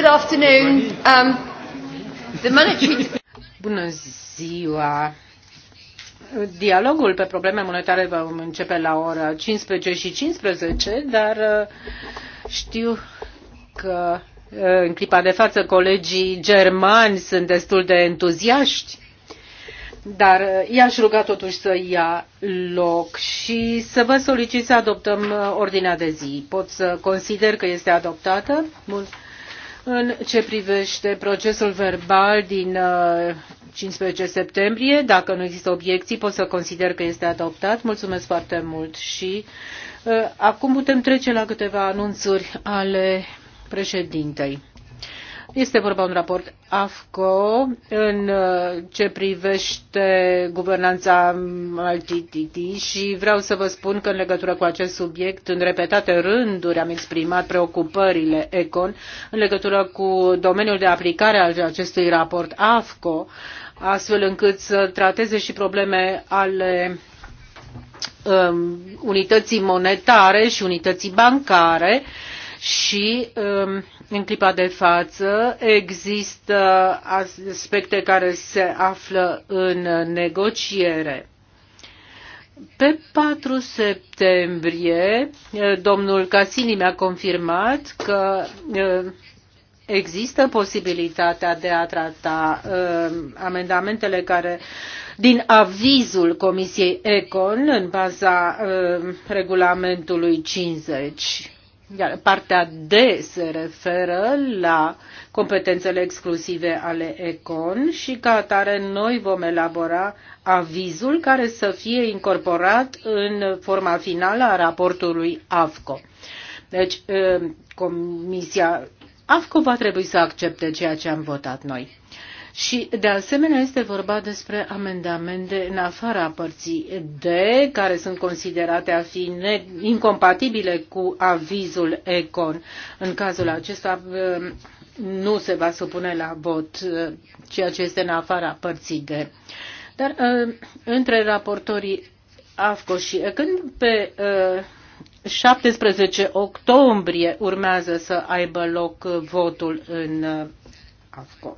Good afternoon. Um, the monetary... Bună ziua. Dialogul pe probleme monetare va începe la ora 15 și 15, dar uh, știu că uh, în clipa de față colegii germani sunt destul de entuziaști dar uh, i-aș ruga totuși să ia loc și să vă solicit să adoptăm ordinea de zi. Pot să consider că este adoptată? Mulțumesc. În ce privește procesul verbal din 15 uh, septembrie, dacă nu există obiecții, pot să consider că este adoptat. Mulțumesc foarte mult și uh, acum putem trece la câteva anunțuri ale președintei. Este vorba un raport AFCO în uh, ce privește guvernanța al TTT și vreau să vă spun că în legătură cu acest subiect, în repetate rânduri am exprimat preocupările ECON în legătură cu domeniul de aplicare al acestui raport AFCO, astfel încât să trateze și probleme ale um, unității monetare și unității bancare, uh, și um, în clipa de față există aspecte care se află în negociere. Pe 4 septembrie, uh, domnul Casini mi-a confirmat că uh, există posibilitatea de a trata uh, amendamentele care din avizul Comisiei Econ în baza regulamentului 50 iar partea D se referă la competențele exclusive ale ECON și ca atare noi vom elabora avizul care să fie incorporat în forma finală a raportului AFCO. Deci, eh, Comisia AFCO va trebui să accepte ceea ce am votat noi. Și, de asemenea, este vorba despre amendamente în afara părții D, care sunt considerate a fi incompatibile cu avizul ECON. În cazul acesta uh, nu se va supune la vot uh, ceea ce este în afara părții D. Dar uh, între raportorii AFCO și când pe 17 octombrie urmează să aibă loc votul în AFCO.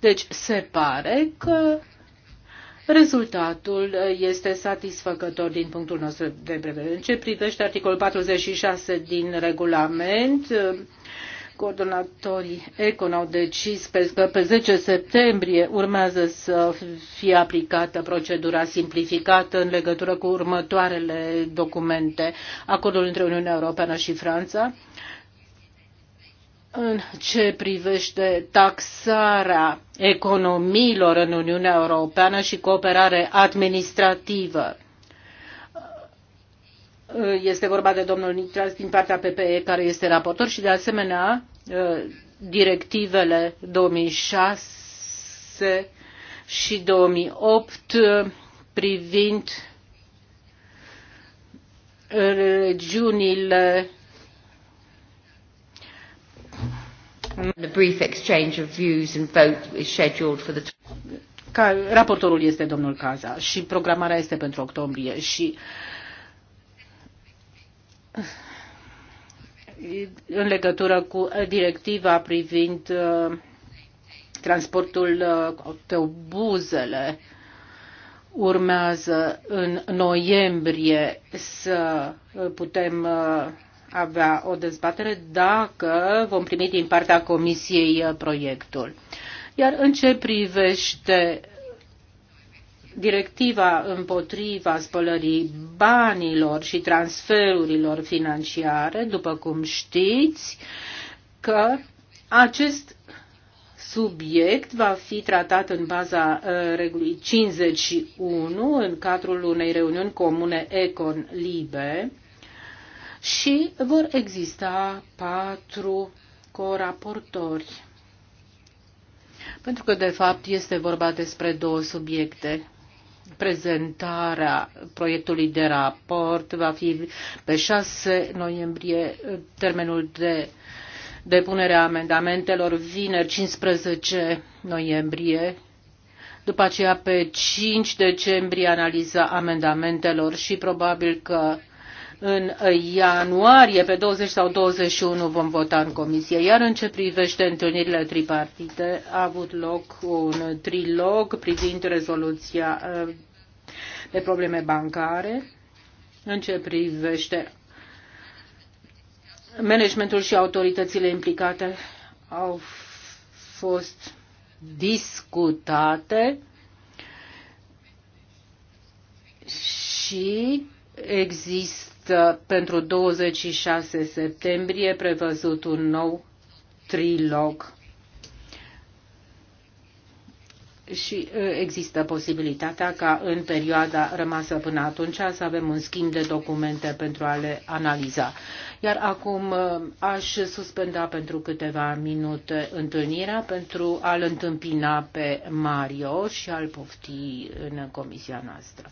Deci se pare că rezultatul uh, este satisfăcător din punctul nostru de vedere. În ce privește articolul 46 din regulament, uh, coordonatorii ECON au decis că pe 10 septembrie urmează să fie aplicată procedura simplificată în legătură cu următoarele documente, acordul între Uniunea Europeană și Franța, în ce privește taxarea economiilor în Uniunea Europeană și cooperare administrativă. Este vorba de domnul Nitras din partea PPE, care este raportor și, de asemenea, ă, directivele 2006 și 2008 privind regiunile The brief exchange of views and vote is scheduled for the Ca, raportorul este domnul Caza și programarea este pentru octombrie și uh, în legătură cu uh, directiva privind uh, transportul transportul autobuzele urmează în noiembrie să putem uh, avea o dezbatere dacă vom primi din partea Comisiei uh, proiectul. Iar în ce privește directiva împotriva spălării banilor și transferurilor financiare, după cum știți, că acest subiect va fi tratat în baza uh, regulii 51 în cadrul unei reuniuni comune Econ Libe și vor exista patru coraportori. Pentru că, de fapt, este vorba despre două subiecte. Prezentarea proiectului de raport va fi pe 6 noiembrie, termenul de depunere a amendamentelor vineri 15 noiembrie, după aceea pe 5 decembrie analiza amendamentelor și probabil că în ianuarie, pe 20 sau 21 vom vota în comisie. Iar în ce privește întâlnirile tripartite, a avut loc un trilog privind rezoluția eh, de probleme bancare, în ce privește managementul și autoritățile implicate au fost discutate și există pentru 26 septembrie prevăzut un nou trilog. Și există posibilitatea ca în perioada rămasă până atunci să avem un schimb de documente pentru a le analiza. Iar acum aș suspenda pentru câteva minute întâlnirea pentru a-l întâmpina pe Mario și a-l pofti în comisia noastră.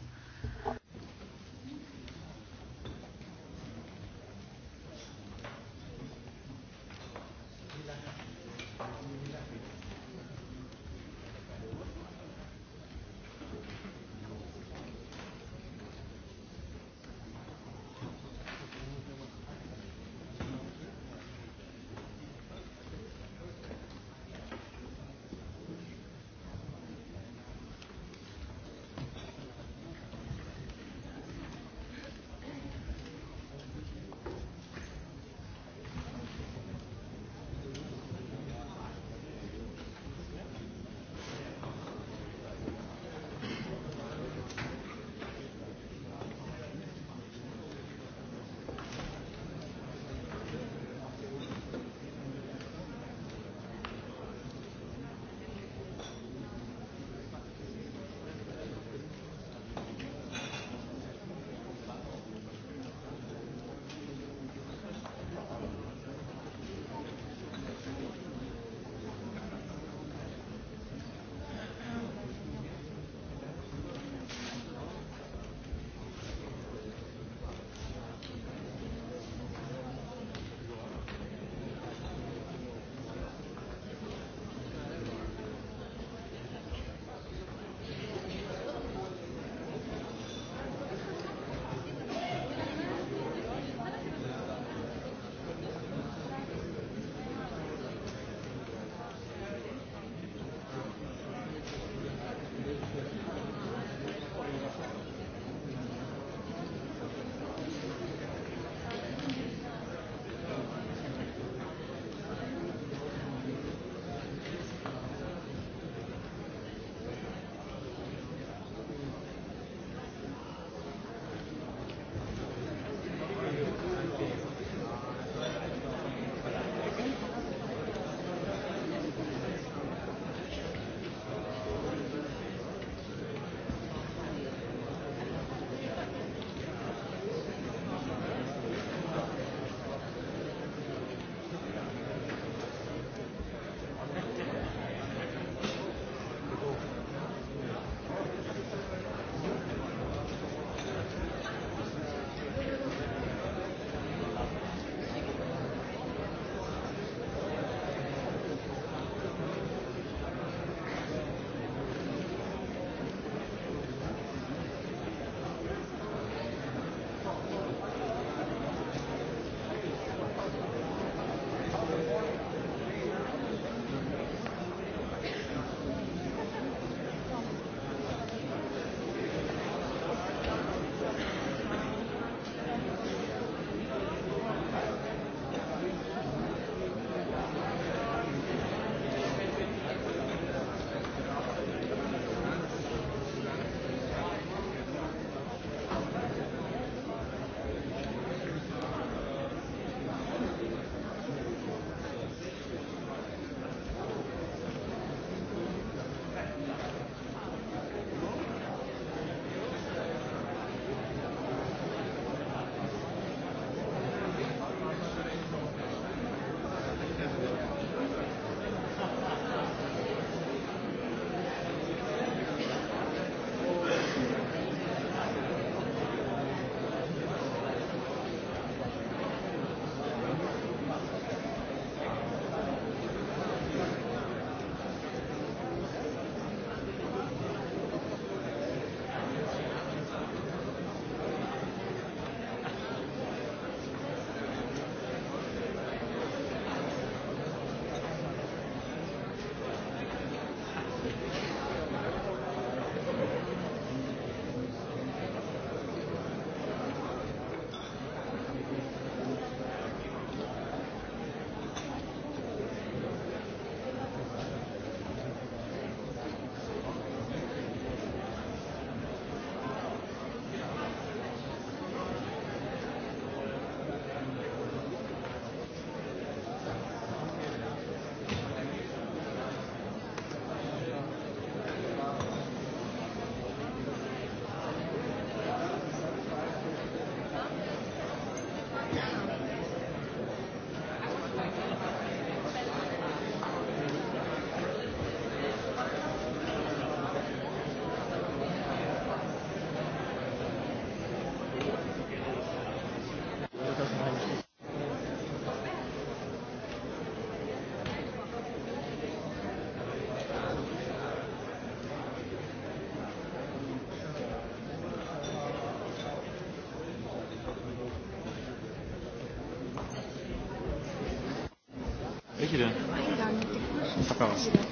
cars.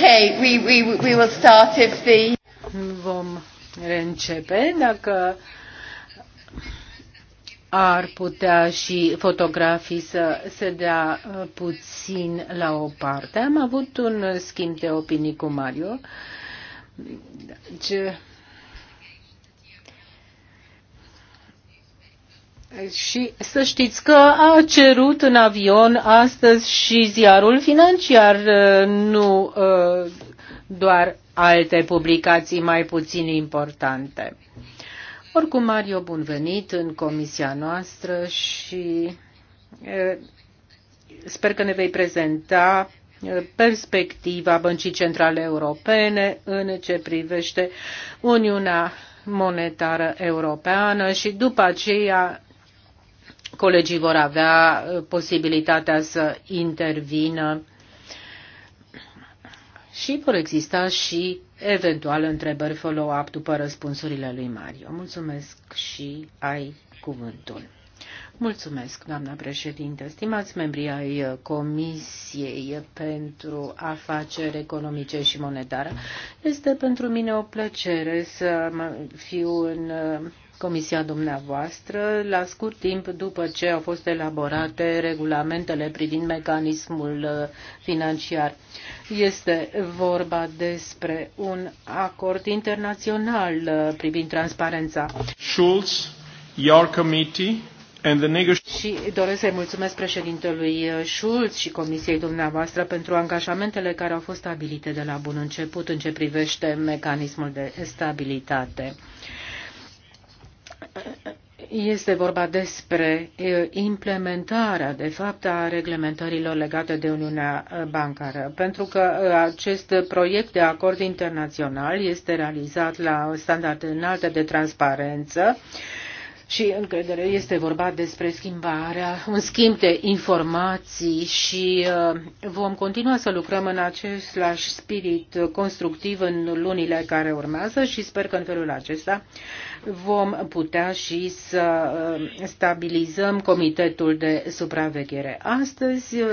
Okay, we, we, we will start if the... Vom reîncepe dacă ar putea și fotografii să se dea uh, puțin la o parte. Am avut un schimb de opinii cu Mario. Ce deci, Și să știți că a cerut în avion astăzi și ziarul financiar, uh, nu uh, doar alte publicații mai puțin importante. Oricum, Mario, bun venit în comisia noastră și uh, sper că ne vei prezenta perspectiva Băncii Centrale Europene în ce privește Uniunea Monetară Europeană și după aceea Colegii vor avea uh, posibilitatea să intervină și vor exista și eventual întrebări follow-up după răspunsurile lui Mario. Mulțumesc și ai cuvântul. Mulțumesc, doamna președinte. Stimați membri ai uh, Comisiei pentru Afaceri Economice și Monetare, este pentru mine o plăcere să fiu în uh, comisia dumneavoastră la scurt timp după ce au fost elaborate regulamentele privind mecanismul uh, financiar. Este vorba despre un acord internațional uh, privind transparența. Schulz, your committee and the și doresc să-i mulțumesc președintelui uh, Schulz și comisiei dumneavoastră pentru angajamentele care au fost stabilite de la bun început în ce privește mecanismul de stabilitate este vorba despre implementarea, de fapt, a reglementărilor legate de Uniunea Bancară, pentru că acest proiect de acord internațional este realizat la standarde înalte de transparență și încredere. Este vorba despre schimbarea, un schimb de informații și uh, vom continua să lucrăm în același spirit constructiv în lunile care urmează și sper că în felul acesta vom putea și să uh, stabilizăm Comitetul de Supraveghere. Astăzi uh,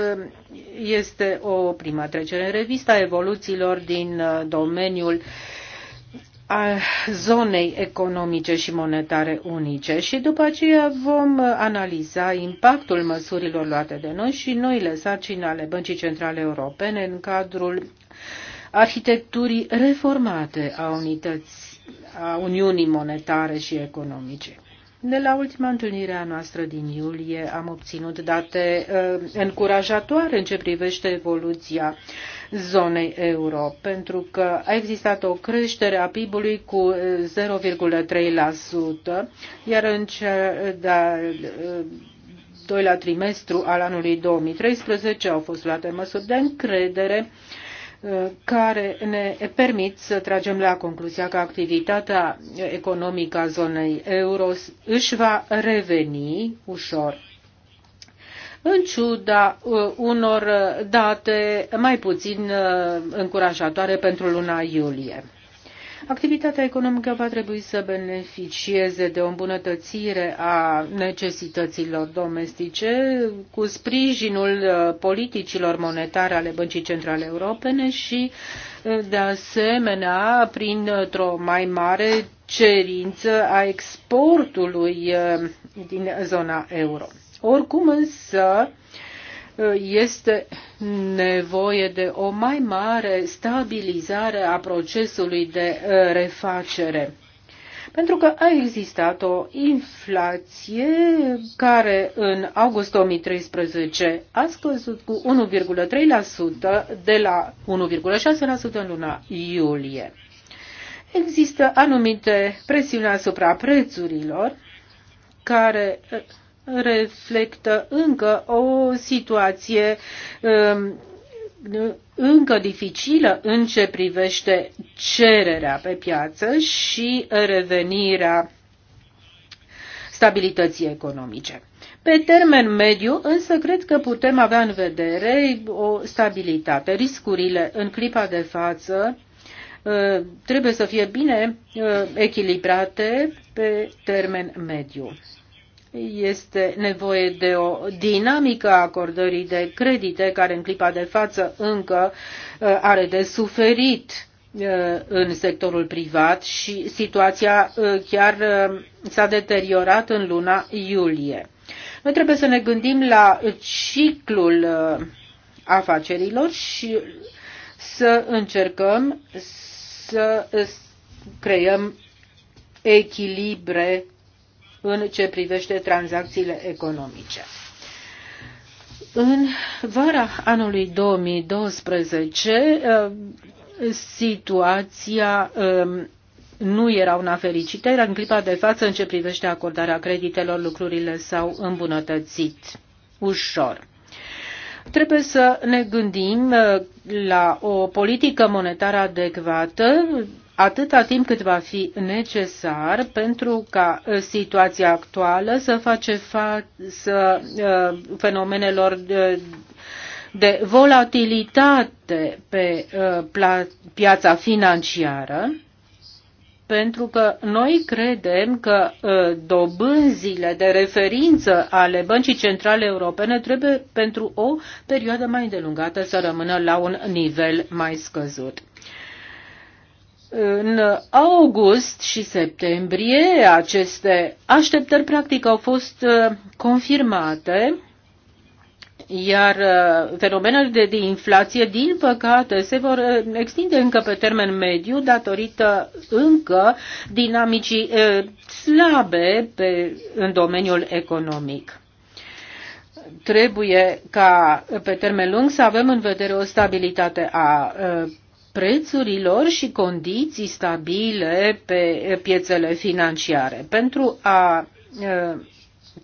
este o prima trecere în revista evoluțiilor din domeniul uh, a zonei economice și monetare unice și după aceea vom analiza impactul măsurilor luate de noi și noile sarcini ale Băncii Centrale Europene în cadrul arhitecturii reformate a, unități, a Uniunii Monetare și Economice. De la ultima întâlnire a noastră din iulie am obținut date uh, încurajatoare în ce privește evoluția uh, zonei euro, pentru că a existat o creștere a PIB-ului cu 0,3%, eh, iar în cel eh, de da, eh, doilea trimestru al anului 2013 au fost luate măsuri de încredere care ne permit să tragem la concluzia că activitatea economică a zonei euro își va reveni ușor în ciuda uh, unor uh, date mai puțin uh, încurajatoare pentru luna iulie. Activitatea economică va trebui să beneficieze de o îmbunătățire a necesităților domestice cu sprijinul politicilor monetare ale Băncii Centrale Europene și, de asemenea, printr-o mai mare cerință a exportului din zona euro. Oricum însă este nevoie de o mai mare stabilizare a procesului de uh, refacere. Pentru că a existat o inflație care în august 2013 a scăzut cu 1,3% de la 1,6% în luna iulie. Există anumite presiuni asupra prețurilor care uh, reflectă încă o situație um, încă dificilă în ce privește cererea pe piață și revenirea stabilității economice. Pe termen mediu, însă, cred că putem avea în vedere o stabilitate. Riscurile în clipa de față uh, trebuie să fie bine uh, echilibrate pe termen mediu. Este nevoie de o dinamică a acordării de credite, care în clipa de față încă uh, are de suferit uh, în sectorul privat și situația uh, chiar s-a deteriorat în luna iulie. Noi trebuie să ne gândim la ciclul afacerilor și să încercăm să creăm echilibre în ce privește tranzacțiile economice. În vara anului 2012, eh, situația eh, nu era una fericită, Era în clipa de față, în ce privește acordarea creditelor, lucrurile s-au îmbunătățit ușor. Trebuie să ne gândim eh, la o politică monetară adecvată atâta timp cât va fi necesar pentru ca ă, situația actuală să face față ă, fenomenelor de, de volatilitate pe ă, piața financiară, pentru că noi credem că dobânzile de referință ale Băncii Centrale Europene trebuie pentru o perioadă mai îndelungată să rămână la un nivel mai scăzut. În august și septembrie aceste așteptări practic au fost uh, confirmate iar uh, fenomenele de inflație, din păcate, se vor uh, extinde încă pe termen mediu datorită încă dinamicii slabe pe, în domeniul economic. Trebuie ca pe termen lung să avem în vedere o stabilitate a prețurilor și condiții stabile pe piețele financiare. Pentru a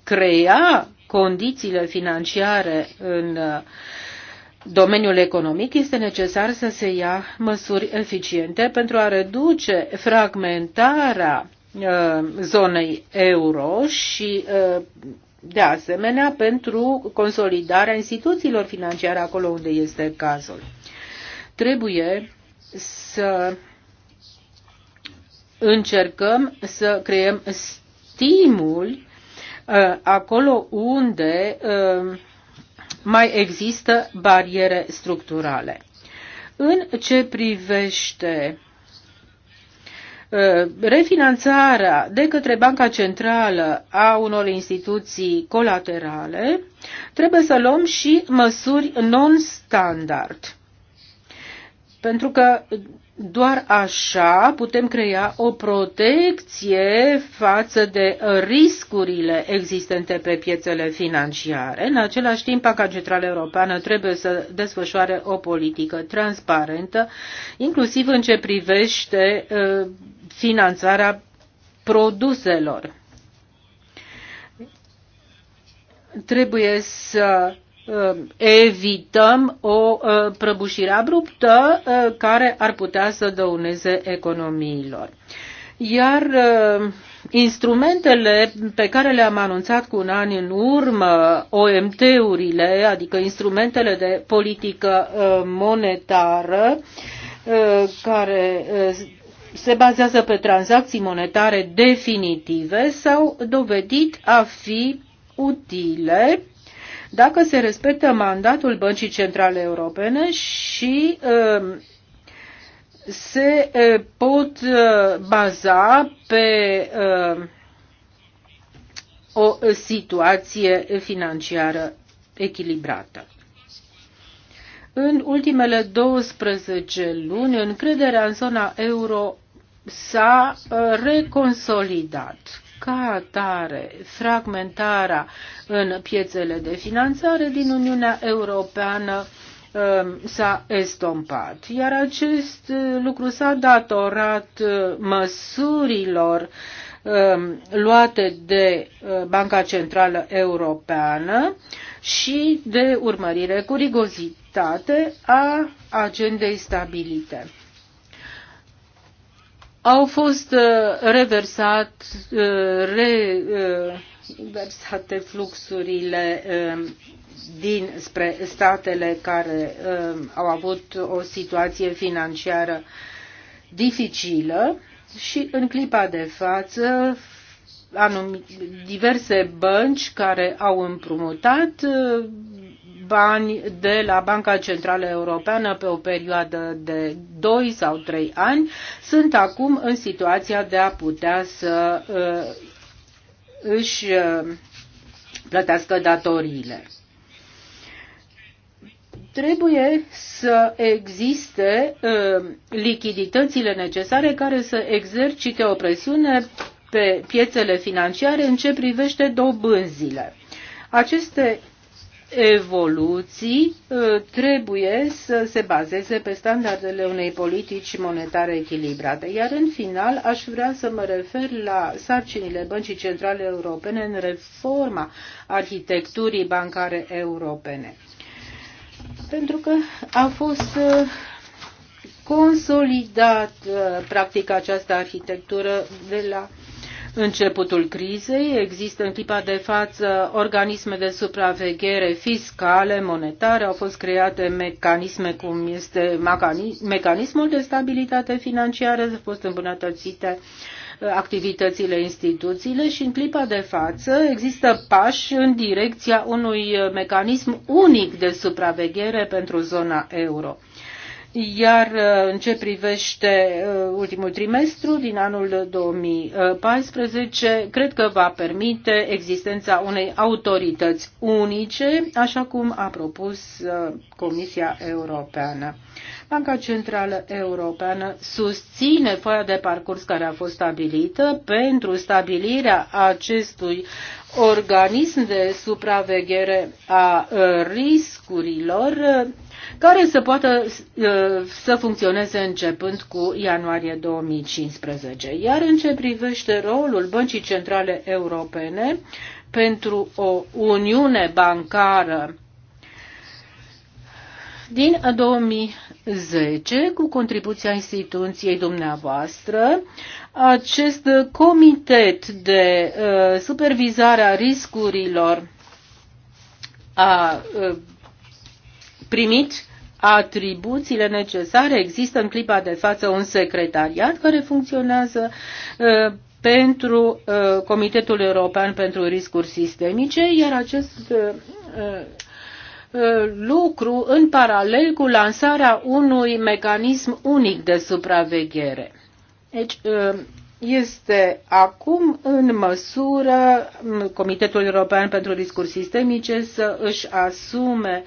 crea condițiile financiare în domeniul economic este necesar să se ia măsuri eficiente pentru a reduce fragmentarea zonei euro și de asemenea pentru consolidarea instituțiilor financiare acolo unde este cazul. Trebuie să încercăm să creăm stimul uh, acolo unde uh, mai există bariere structurale. În ce privește uh, refinanțarea de către Banca Centrală a unor instituții colaterale, trebuie să luăm și măsuri non-standard. Pentru că doar așa putem crea o protecție față de riscurile existente pe piețele financiare. În același timp, Banca Centrală Europeană trebuie să desfășoare o politică transparentă, inclusiv în ce privește uh, finanțarea produselor. Trebuie să Uh, evităm o uh, prăbușire abruptă uh, care ar putea să dăuneze economiilor. Iar instrumentele pe care le-am anunțat cu un an în urmă, OMT-urile, adică instrumentele de politică monetară, care se bazează pe tranzacții monetare definitive, s-au dovedit a fi utile dacă se respectă mandatul Băncii Centrale Europene și um, se uh, pot uh, baza pe um, o situație financiară echilibrată. În ultimele 12 luni, încrederea în zona euro s-a uh, reconsolidat ca atare fragmentarea în piețele de finanțare din Uniunea Europeană um, s-a estompat. Iar acest uh, lucru s-a datorat uh, măsurilor um, luate de uh, Banca Centrală Europeană și de urmărire cu rigozitate a agendei stabilite au fost uh, reversat, uh, uh, reversate fluxurile um, din spre statele care um, au avut o situație financiară dificilă și în clipa de față anum, diverse bănci care au împrumutat bani de la Banca Centrală Europeană pe o perioadă de 2 sau 3 ani, sunt acum în situația de a putea să uh, își uh, plătească datoriile trebuie să existe uh, lichiditățile necesare care să exercite o presiune pe piețele financiare în ce privește dobânzile. Aceste evoluții uh, trebuie să se bazeze pe standardele unei politici monetare echilibrate. Iar în final aș vrea să mă refer la sarcinile Băncii Centrale Europene în reforma arhitecturii bancare europene. Pentru că a fost uh, consolidat practic această arhitectură de la începutul crizei. Există în clipa de față organisme de supraveghere fiscale, monetare, au fost create mecanisme cum este mecanismul de stabilitate financiară, au fost îmbunătățite uh, activitățile instituțiile și în clipa de față există pași în direcția unui uh, mecanism unic de supraveghere pentru zona euro. Iar uh, în ce privește uh, ultimul trimestru din anul 2014, cred că va permite existența unei autorități unice, așa cum a propus uh, Comisia Europeană. Banca Centrală Europeană susține foaia de parcurs care a fost stabilită pentru stabilirea acestui organism de supraveghere a riscurilor care să poată uh, să funcționeze începând cu ianuarie 2015. Iar în ce privește rolul Băncii Centrale Europene pentru o uniune bancară din 2010, cu contribuția instituției dumneavoastră, acest comitet de uh, supervizare a riscurilor a uh, primit atribuțiile necesare. Există în clipa de față un secretariat care funcționează uh, pentru uh, Comitetul European pentru Riscuri Sistemice, iar acest uh, lucru în paralel cu lansarea unui mecanism unic de supraveghere. Deci, este acum în măsură mm, Comitetul European pentru Riscuri Sistemice să își asume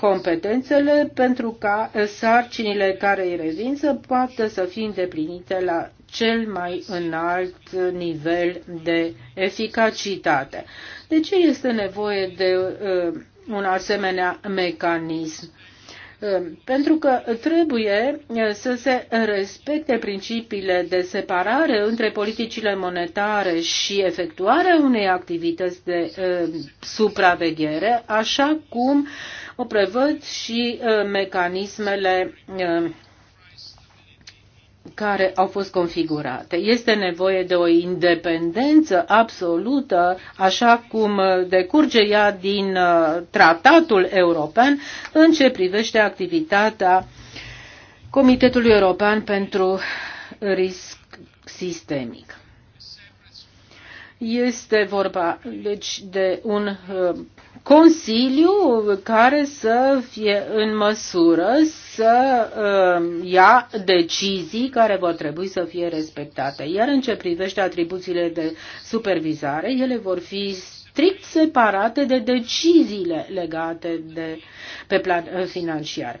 competențele pentru ca eh, sarcinile care îi revin să poată să fie îndeplinite la cel mai înalt nivel de eficacitate. De ce este nevoie de uh, un asemenea mecanism? Eh, pentru că trebuie să se respecte principiile de separare între politicile monetare și efectuarea unei activități de supraveghere, așa cum uh, o prevăd și uh, mecanismele uh, care au fost configurate. Este nevoie de o independență absolută, așa cum uh, decurge ea din tratatul european în ce privește activitatea Comitetului European pentru Risc Sistemic. Este vorba deci, de un Consiliu care să fie în măsură să uh, ia decizii care vor trebui să fie respectate. Iar în ce privește atribuțiile de supervizare, ele vor fi strict separate de deciziile legate de, pe plan uh, financiar.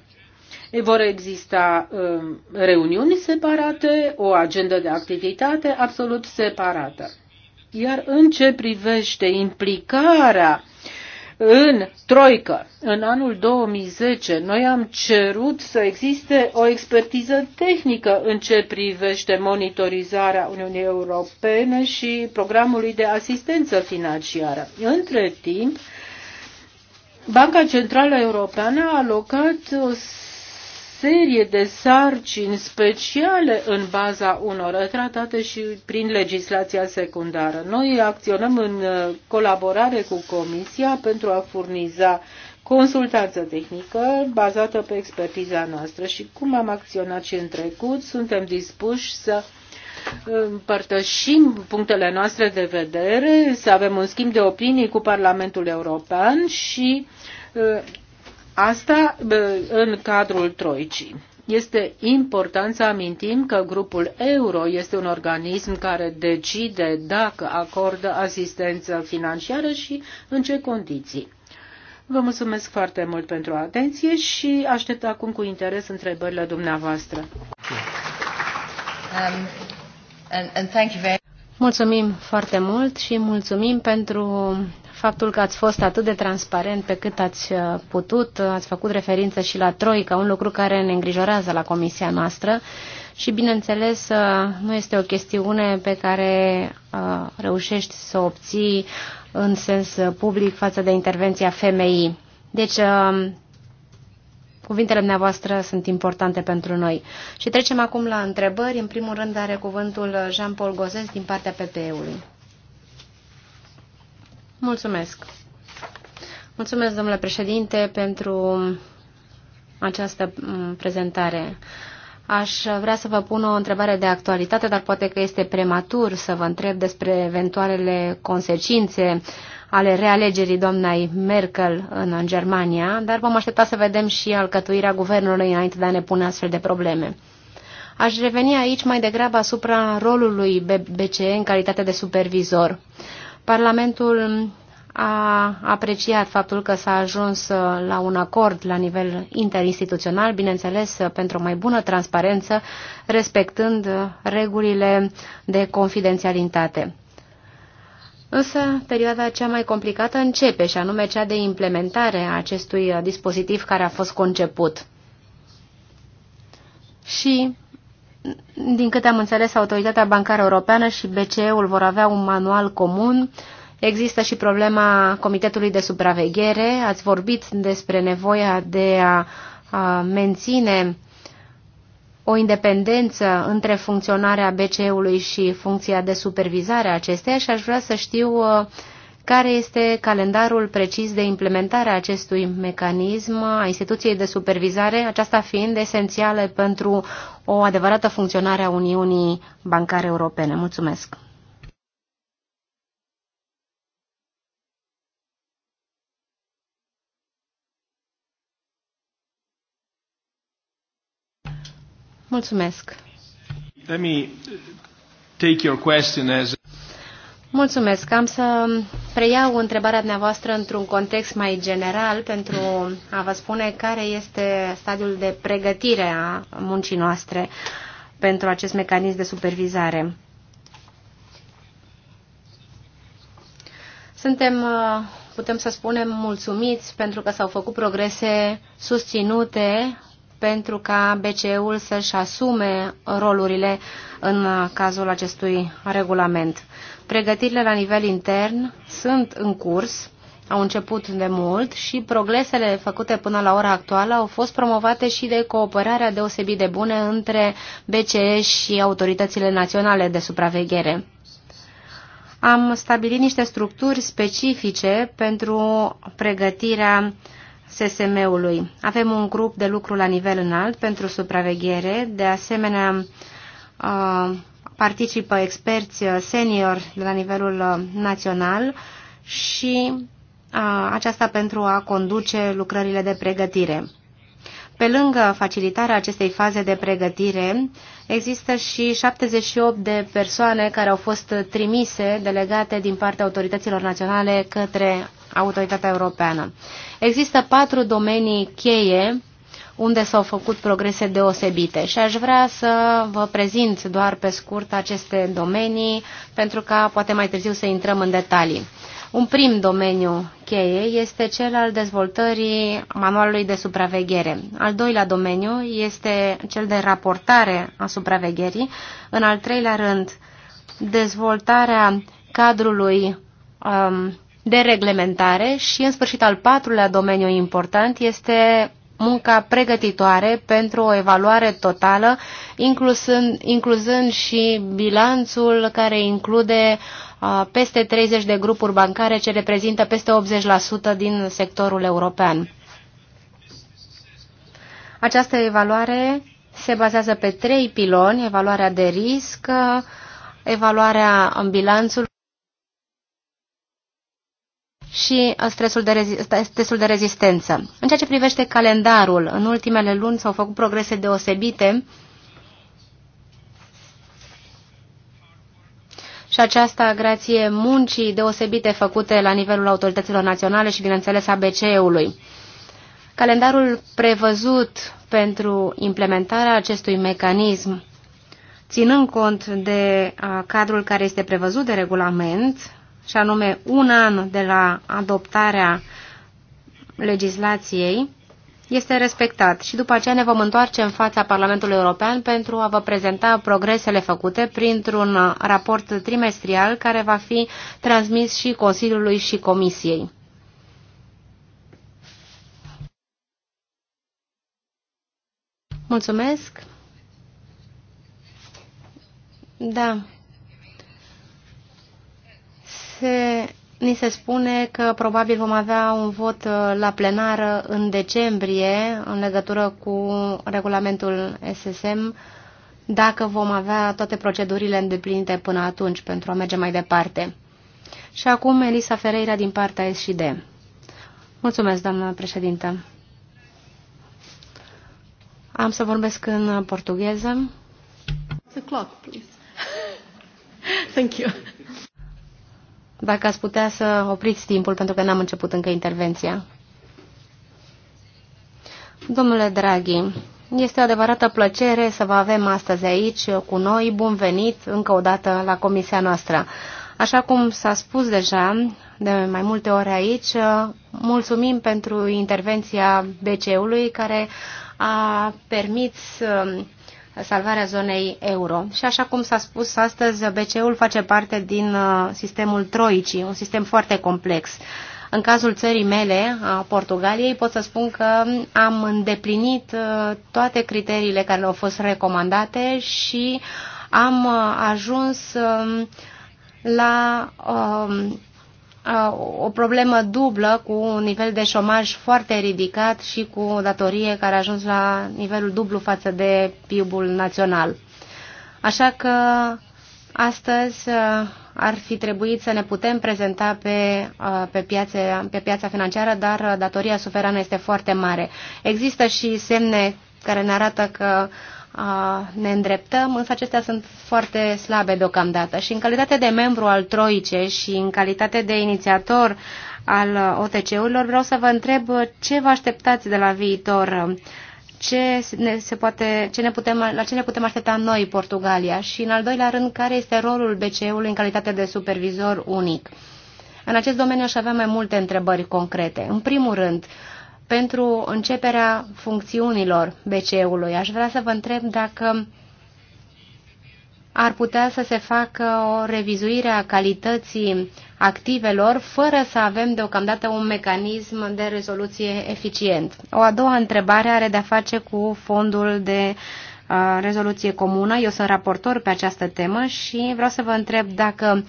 Vor exista uh, reuniuni separate, o agendă de activitate absolut separată. Iar în ce privește implicarea uh, în Troică. În anul 2010 noi am cerut să existe o expertiză tehnică în ce privește monitorizarea Uniunii Europene și programului de asistență financiară. Între timp, Banca Centrală Europeană a alocat o serie de sarcini speciale în baza unor tratate și prin legislația secundară. Noi acționăm în uh, colaborare cu Comisia pentru a furniza consultanță tehnică bazată pe expertiza noastră și cum am acționat și în trecut, suntem dispuși să împărtășim punctele noastre de vedere, să avem un schimb de opinii cu Parlamentul European și uh, Asta în cadrul Troicii. Este important să amintim că grupul euro este un organism care decide dacă acordă asistență financiară și în ce condiții. Vă mulțumesc foarte mult pentru atenție și aștept acum cu interes întrebările dumneavoastră. Um, and, and thank you very... Mulțumim foarte mult și mulțumim pentru faptul că ați fost atât de transparent pe cât ați uh, putut, uh, ați făcut referință și la Troica, un lucru care ne îngrijorează la comisia noastră și, bineînțeles, uh, nu este o chestiune pe care reușești să o obții în sens public față de intervenția femeii. Deci, Cuvintele dumneavoastră sunt importante pentru noi. Și trecem acum la întrebări. În primul rând are cuvântul Jean-Paul Gozes din partea PPE-ului. Mulțumesc. Mulțumesc, domnule președinte, pentru această mm, prezentare. Aș vrea să vă pun o întrebare de actualitate, dar poate că este prematur să vă întreb despre eventualele consecințe ale realegerii doamnei Merkel în Germania, dar vom aștepta să vedem și alcătuirea guvernului înainte de a ne pune astfel de probleme. Aș reveni aici mai degrabă asupra rolului BCE în calitate de supervizor. Parlamentul a apreciat faptul că s-a ajuns uh, la un acord la nivel interinstituțional, bineînțeles uh, pentru o mai bună transparență, respectând uh, regulile de confidențialitate. Însă, perioada cea mai complicată începe, și anume cea de implementare a acestui dispozitiv care a fost conceput. Și din câte am înțeles, Autoritatea Bancară Europeană și BCE-ul vor avea un manual comun. Există și problema Comitetului de Supraveghere. Ați vorbit despre nevoia de a, a menține o independență între funcționarea BCE-ului și funcția de supervizare a acesteia și aș vrea să știu uh, care este calendarul precis de implementare a acestui mecanism a instituției de supervizare, aceasta fiind esențială pentru o adevărată funcționare a Uniunii Bancare Europene. Mulțumesc! Mulțumesc! Let me take your question as... Mulțumesc. Am să preiau întrebarea dumneavoastră într-un context mai general pentru a vă spune care este stadiul de pregătire a muncii noastre pentru acest mecanism de supervizare. Suntem, uh, putem să spunem, mulțumiți pentru că s-au făcut progrese susținute pentru ca BCE-ul să-și asume rolurile în uh, cazul acestui regulament. Pregătirile la nivel intern sunt în curs, au început de mult și progresele făcute până la ora actuală au fost promovate și de cooperarea deosebit de bună între BCE și autoritățile naționale de supraveghere. Am stabilit niște structuri specifice pentru pregătirea SSM-ului. Avem un grup de lucru la nivel înalt pentru supraveghere, de asemenea uh, participă experți uh, senior de la nivelul uh, național și uh, aceasta pentru a conduce lucrările de pregătire. Pe lângă facilitarea acestei faze de pregătire, există și 78 de persoane care au fost trimise, delegate din partea autorităților naționale către autoritatea europeană. Există patru domenii cheie unde s-au făcut progrese deosebite și aș vrea să vă prezint doar pe scurt aceste domenii pentru ca poate mai târziu să intrăm în detalii. Un prim domeniu cheie este cel al dezvoltării manualului de supraveghere. Al doilea domeniu este cel de raportare a supravegherii. În al treilea rând, dezvoltarea cadrului um, de reglementare și, în sfârșit, al patrulea domeniu important este munca pregătitoare pentru o evaluare totală, inclusând, incluzând și bilanțul care include uh, peste 30 de grupuri bancare ce reprezintă peste 80% din sectorul european. Această evaluare se bazează pe trei piloni, evaluarea de risc, evaluarea în bilanțul și stresul de, stresul de rezistență. În ceea ce privește calendarul, în ultimele luni s-au făcut progrese deosebite și aceasta grație muncii deosebite făcute la nivelul autorităților naționale și, bineînțeles, abc ului Calendarul prevăzut pentru implementarea acestui mecanism, ținând cont de cadrul care este prevăzut de regulament, și anume un an de la adoptarea legislației, este respectat și după aceea ne vom întoarce în fața Parlamentului European pentru a vă prezenta progresele făcute printr-un raport trimestrial care va fi transmis și Consiliului și Comisiei. Mulțumesc! Da, se, ni se spune că probabil vom avea un vot uh, la plenară în decembrie în legătură cu regulamentul SSM dacă vom avea toate procedurile îndeplinite până atunci pentru a merge mai departe. Și acum Elisa Ferreira din partea SD. Mulțumesc, doamnă președintă. Am să vorbesc în portugheză. clock, please. Thank you. Dacă ați putea să opriți timpul, pentru că n-am început încă intervenția. Domnule Draghi, este o adevărată plăcere să vă avem astăzi aici cu noi. Bun venit încă o dată la comisia noastră. Așa cum s-a spus deja de mai multe ori aici, mulțumim pentru intervenția BCE-ului care a permis salvarea zonei euro. Și așa cum s-a spus astăzi, BCE-ul face parte din uh, sistemul troicii, un sistem foarte complex. În cazul țării mele, a Portugaliei, pot să spun că am îndeplinit uh, toate criteriile care au fost recomandate și am uh, ajuns um, la um, o problemă dublă cu un nivel de șomaj foarte ridicat și cu o datorie care a ajuns la nivelul dublu față de PIB-ul național. Așa că astăzi uh, ar fi trebuit să ne putem prezenta pe, uh, pe, piațe, pe piața financiară, dar uh, datoria suverană este foarte mare. Există și semne care ne arată că uh, ne îndreptăm, însă acestea sunt foarte slabe deocamdată. Și în calitate de membru al Troice și în calitate de inițiator al OTC-urilor, vreau să vă întreb ce vă așteptați de la viitor, ce ne, se poate, ce ne putem, la ce ne putem aștepta noi, Portugalia, și în al doilea rând, care este rolul BCE-ului în calitate de supervizor unic. În acest domeniu aș avea mai multe întrebări concrete. În primul rând, uh, pentru începerea funcțiunilor BCE-ului. Aș vrea să vă întreb dacă ar putea să se facă o revizuire a calității activelor fără să avem deocamdată un mecanism de rezoluție eficient. O a doua întrebare are de-a face cu fondul de rezoluție comună. Eu sunt raportor pe această temă și vreau să vă întreb dacă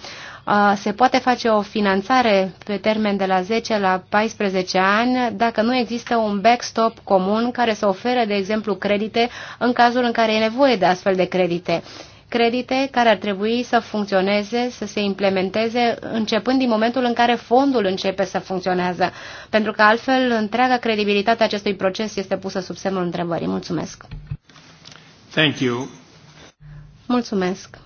se poate face o finanțare pe termen de la 10 la 14 ani dacă nu există un backstop comun care să ofere, de exemplu, credite în cazul în care e nevoie de astfel de credite credite care ar trebui să funcționeze, să se implementeze începând din momentul în care fondul începe să funcționează, pentru că altfel întreaga credibilitate a acestui proces este pusă sub semnul întrebării. Mulțumesc! Thank you. Mulțumesc!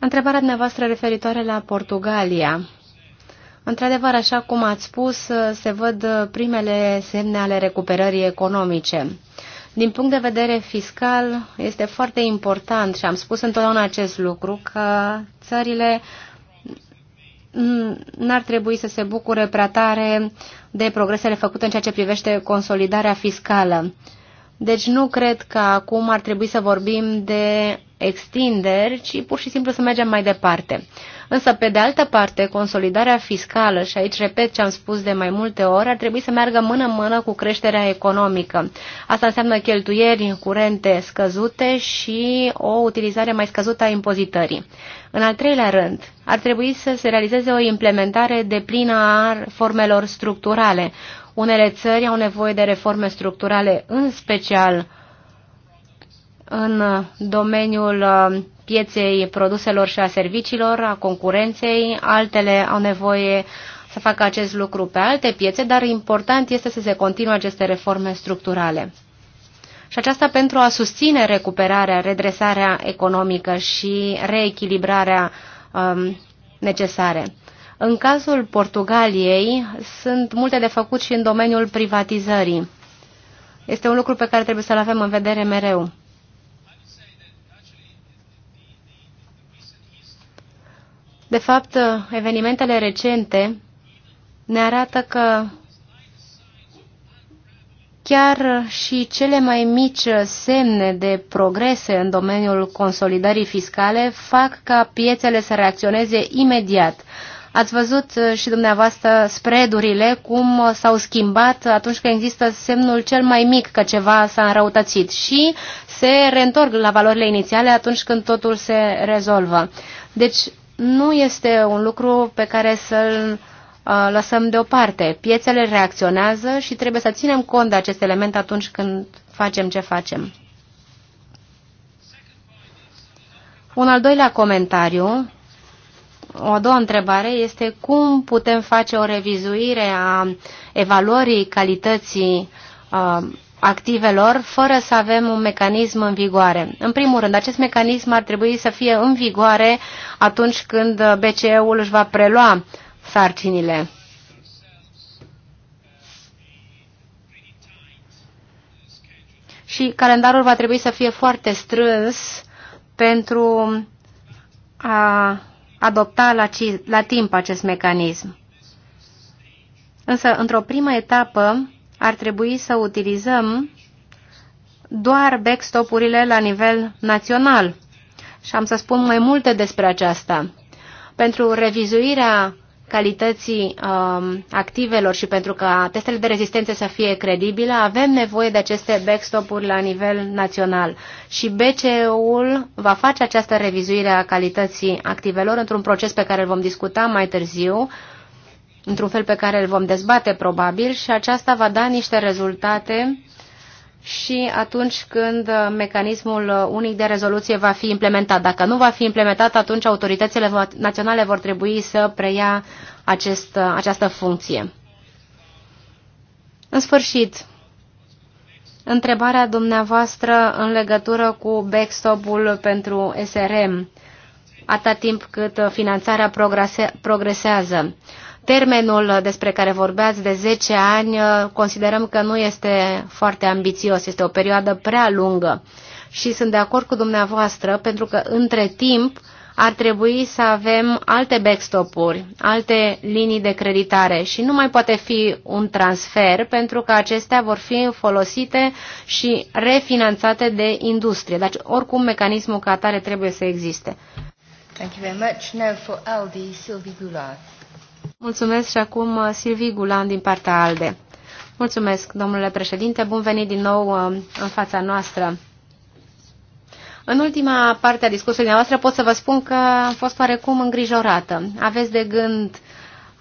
Întrebarea dumneavoastră referitoare la Portugalia. Într-adevăr, așa cum ați spus, se văd primele semne ale recuperării economice. Din punct de vedere fiscal, este foarte important și am spus întotdeauna acest lucru, că țările n-ar trebui să se bucure prea tare de progresele făcute în ceea ce privește consolidarea fiscală. Deci nu cred că acum ar trebui să vorbim de extinderi, ci pur și simplu să mergem mai departe. Însă, pe de altă parte, consolidarea fiscală, și aici repet ce am spus de mai multe ori, ar trebui să meargă mână-mână cu creșterea economică. Asta înseamnă cheltuieri curente scăzute și o utilizare mai scăzută a impozitării. În al treilea rând, ar trebui să se realizeze o implementare de plină a formelor structurale, unele țări au nevoie de reforme structurale, în special în domeniul uh, pieței produselor și a serviciilor, a concurenței, altele au nevoie să facă acest lucru pe alte piețe, dar important este să se continue aceste reforme structurale. Și aceasta pentru a susține recuperarea, redresarea economică și reechilibrarea um, necesare. În cazul Portugaliei sunt multe de făcut și în domeniul privatizării. Este un lucru pe care trebuie să-l avem în vedere mereu. De fapt, evenimentele recente ne arată că chiar și cele mai mici semne de progrese în domeniul consolidării fiscale fac ca piețele să reacționeze imediat. Ați văzut uh, și dumneavoastră spredurile cum uh, s-au schimbat atunci când există semnul cel mai mic că ceva s-a înrăutățit și se reîntorc la valorile inițiale atunci când totul se rezolvă. Deci nu este un lucru pe care să-l uh, lăsăm deoparte. Piețele reacționează și trebuie să ținem cont de acest element atunci când facem ce facem. Un al doilea comentariu o a doua întrebare este cum putem face o revizuire a evaluării calității uh, activelor fără să avem un mecanism în vigoare. În primul rând, acest mecanism ar trebui să fie în vigoare atunci când BCE-ul își va prelua sarcinile. Și calendarul va trebui să fie foarte strâns pentru a adopta la, la timp acest mecanism. Însă, într-o primă etapă, ar trebui să utilizăm doar backstop-urile la nivel național. Și am să spun mai multe despre aceasta. Pentru revizuirea calității um, activelor și pentru ca testele de rezistență să fie credibile, avem nevoie de aceste backstop-uri la nivel național. Și BCE-ul va face această revizuire a calității activelor într-un proces pe care îl vom discuta mai târziu, într-un fel pe care îl vom dezbate probabil și aceasta va da niște rezultate și atunci când uh, mecanismul uh, unic de rezoluție va fi implementat. Dacă nu va fi implementat, atunci autoritățile naționale vor trebui să preia acest, uh, această funcție. În sfârșit, întrebarea dumneavoastră în legătură cu backstop-ul pentru SRM, atât timp cât finanțarea progresează. Termenul despre care vorbeați de 10 ani uh, considerăm că nu este foarte ambițios, este o perioadă prea lungă și sunt de acord cu dumneavoastră pentru că între timp ar trebui să avem alte backstop-uri, alte linii de creditare și nu mai poate fi un transfer pentru că acestea vor fi folosite și refinanțate de industrie. Deci oricum mecanismul ca atare trebuie să existe. Thank you very much. Now for Aldi, Sylvie Goulart. Mulțumesc și acum uh, Silvii Gulan din partea ALDE. Mulțumesc, domnule președinte. Bun venit din nou uh, în fața noastră. În ultima parte a discursului noastră pot să vă spun că am fost oarecum îngrijorată. Aveți de gând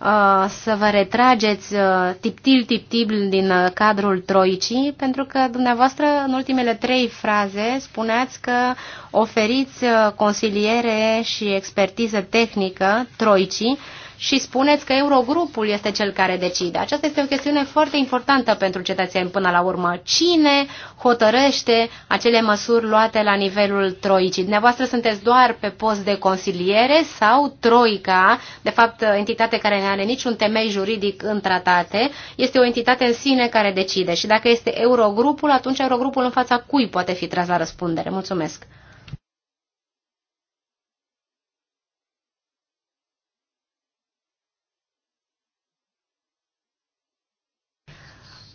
uh, să vă retrageți uh, tiptil, tiptil din uh, cadrul troicii, pentru că dumneavoastră în ultimele trei fraze spuneați că oferiți uh, consiliere și expertiză tehnică troicii, și spuneți că Eurogrupul este cel care decide. Aceasta este o chestiune foarte importantă pentru cetățeni până la urmă. Cine hotărăște acele măsuri luate la nivelul troicii? Dumneavoastră sunteți doar pe post de consiliere sau troica, de fapt entitate care nu are niciun temei juridic în tratate, este o entitate în sine care decide și dacă este Eurogrupul, atunci Eurogrupul în fața cui poate fi tras la răspundere? Mulțumesc!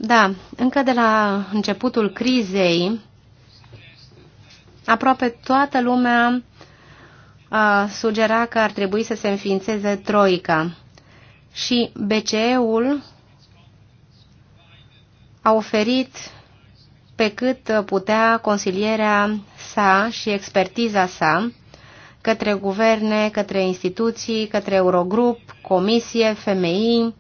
Da, încă de la începutul crizei, aproape toată lumea a sugera că ar trebui să se înființeze Troica. Și BCE-ul a oferit pe cât putea consilierea sa și expertiza sa către guverne, către instituții, către Eurogrup, Comisie, FMI,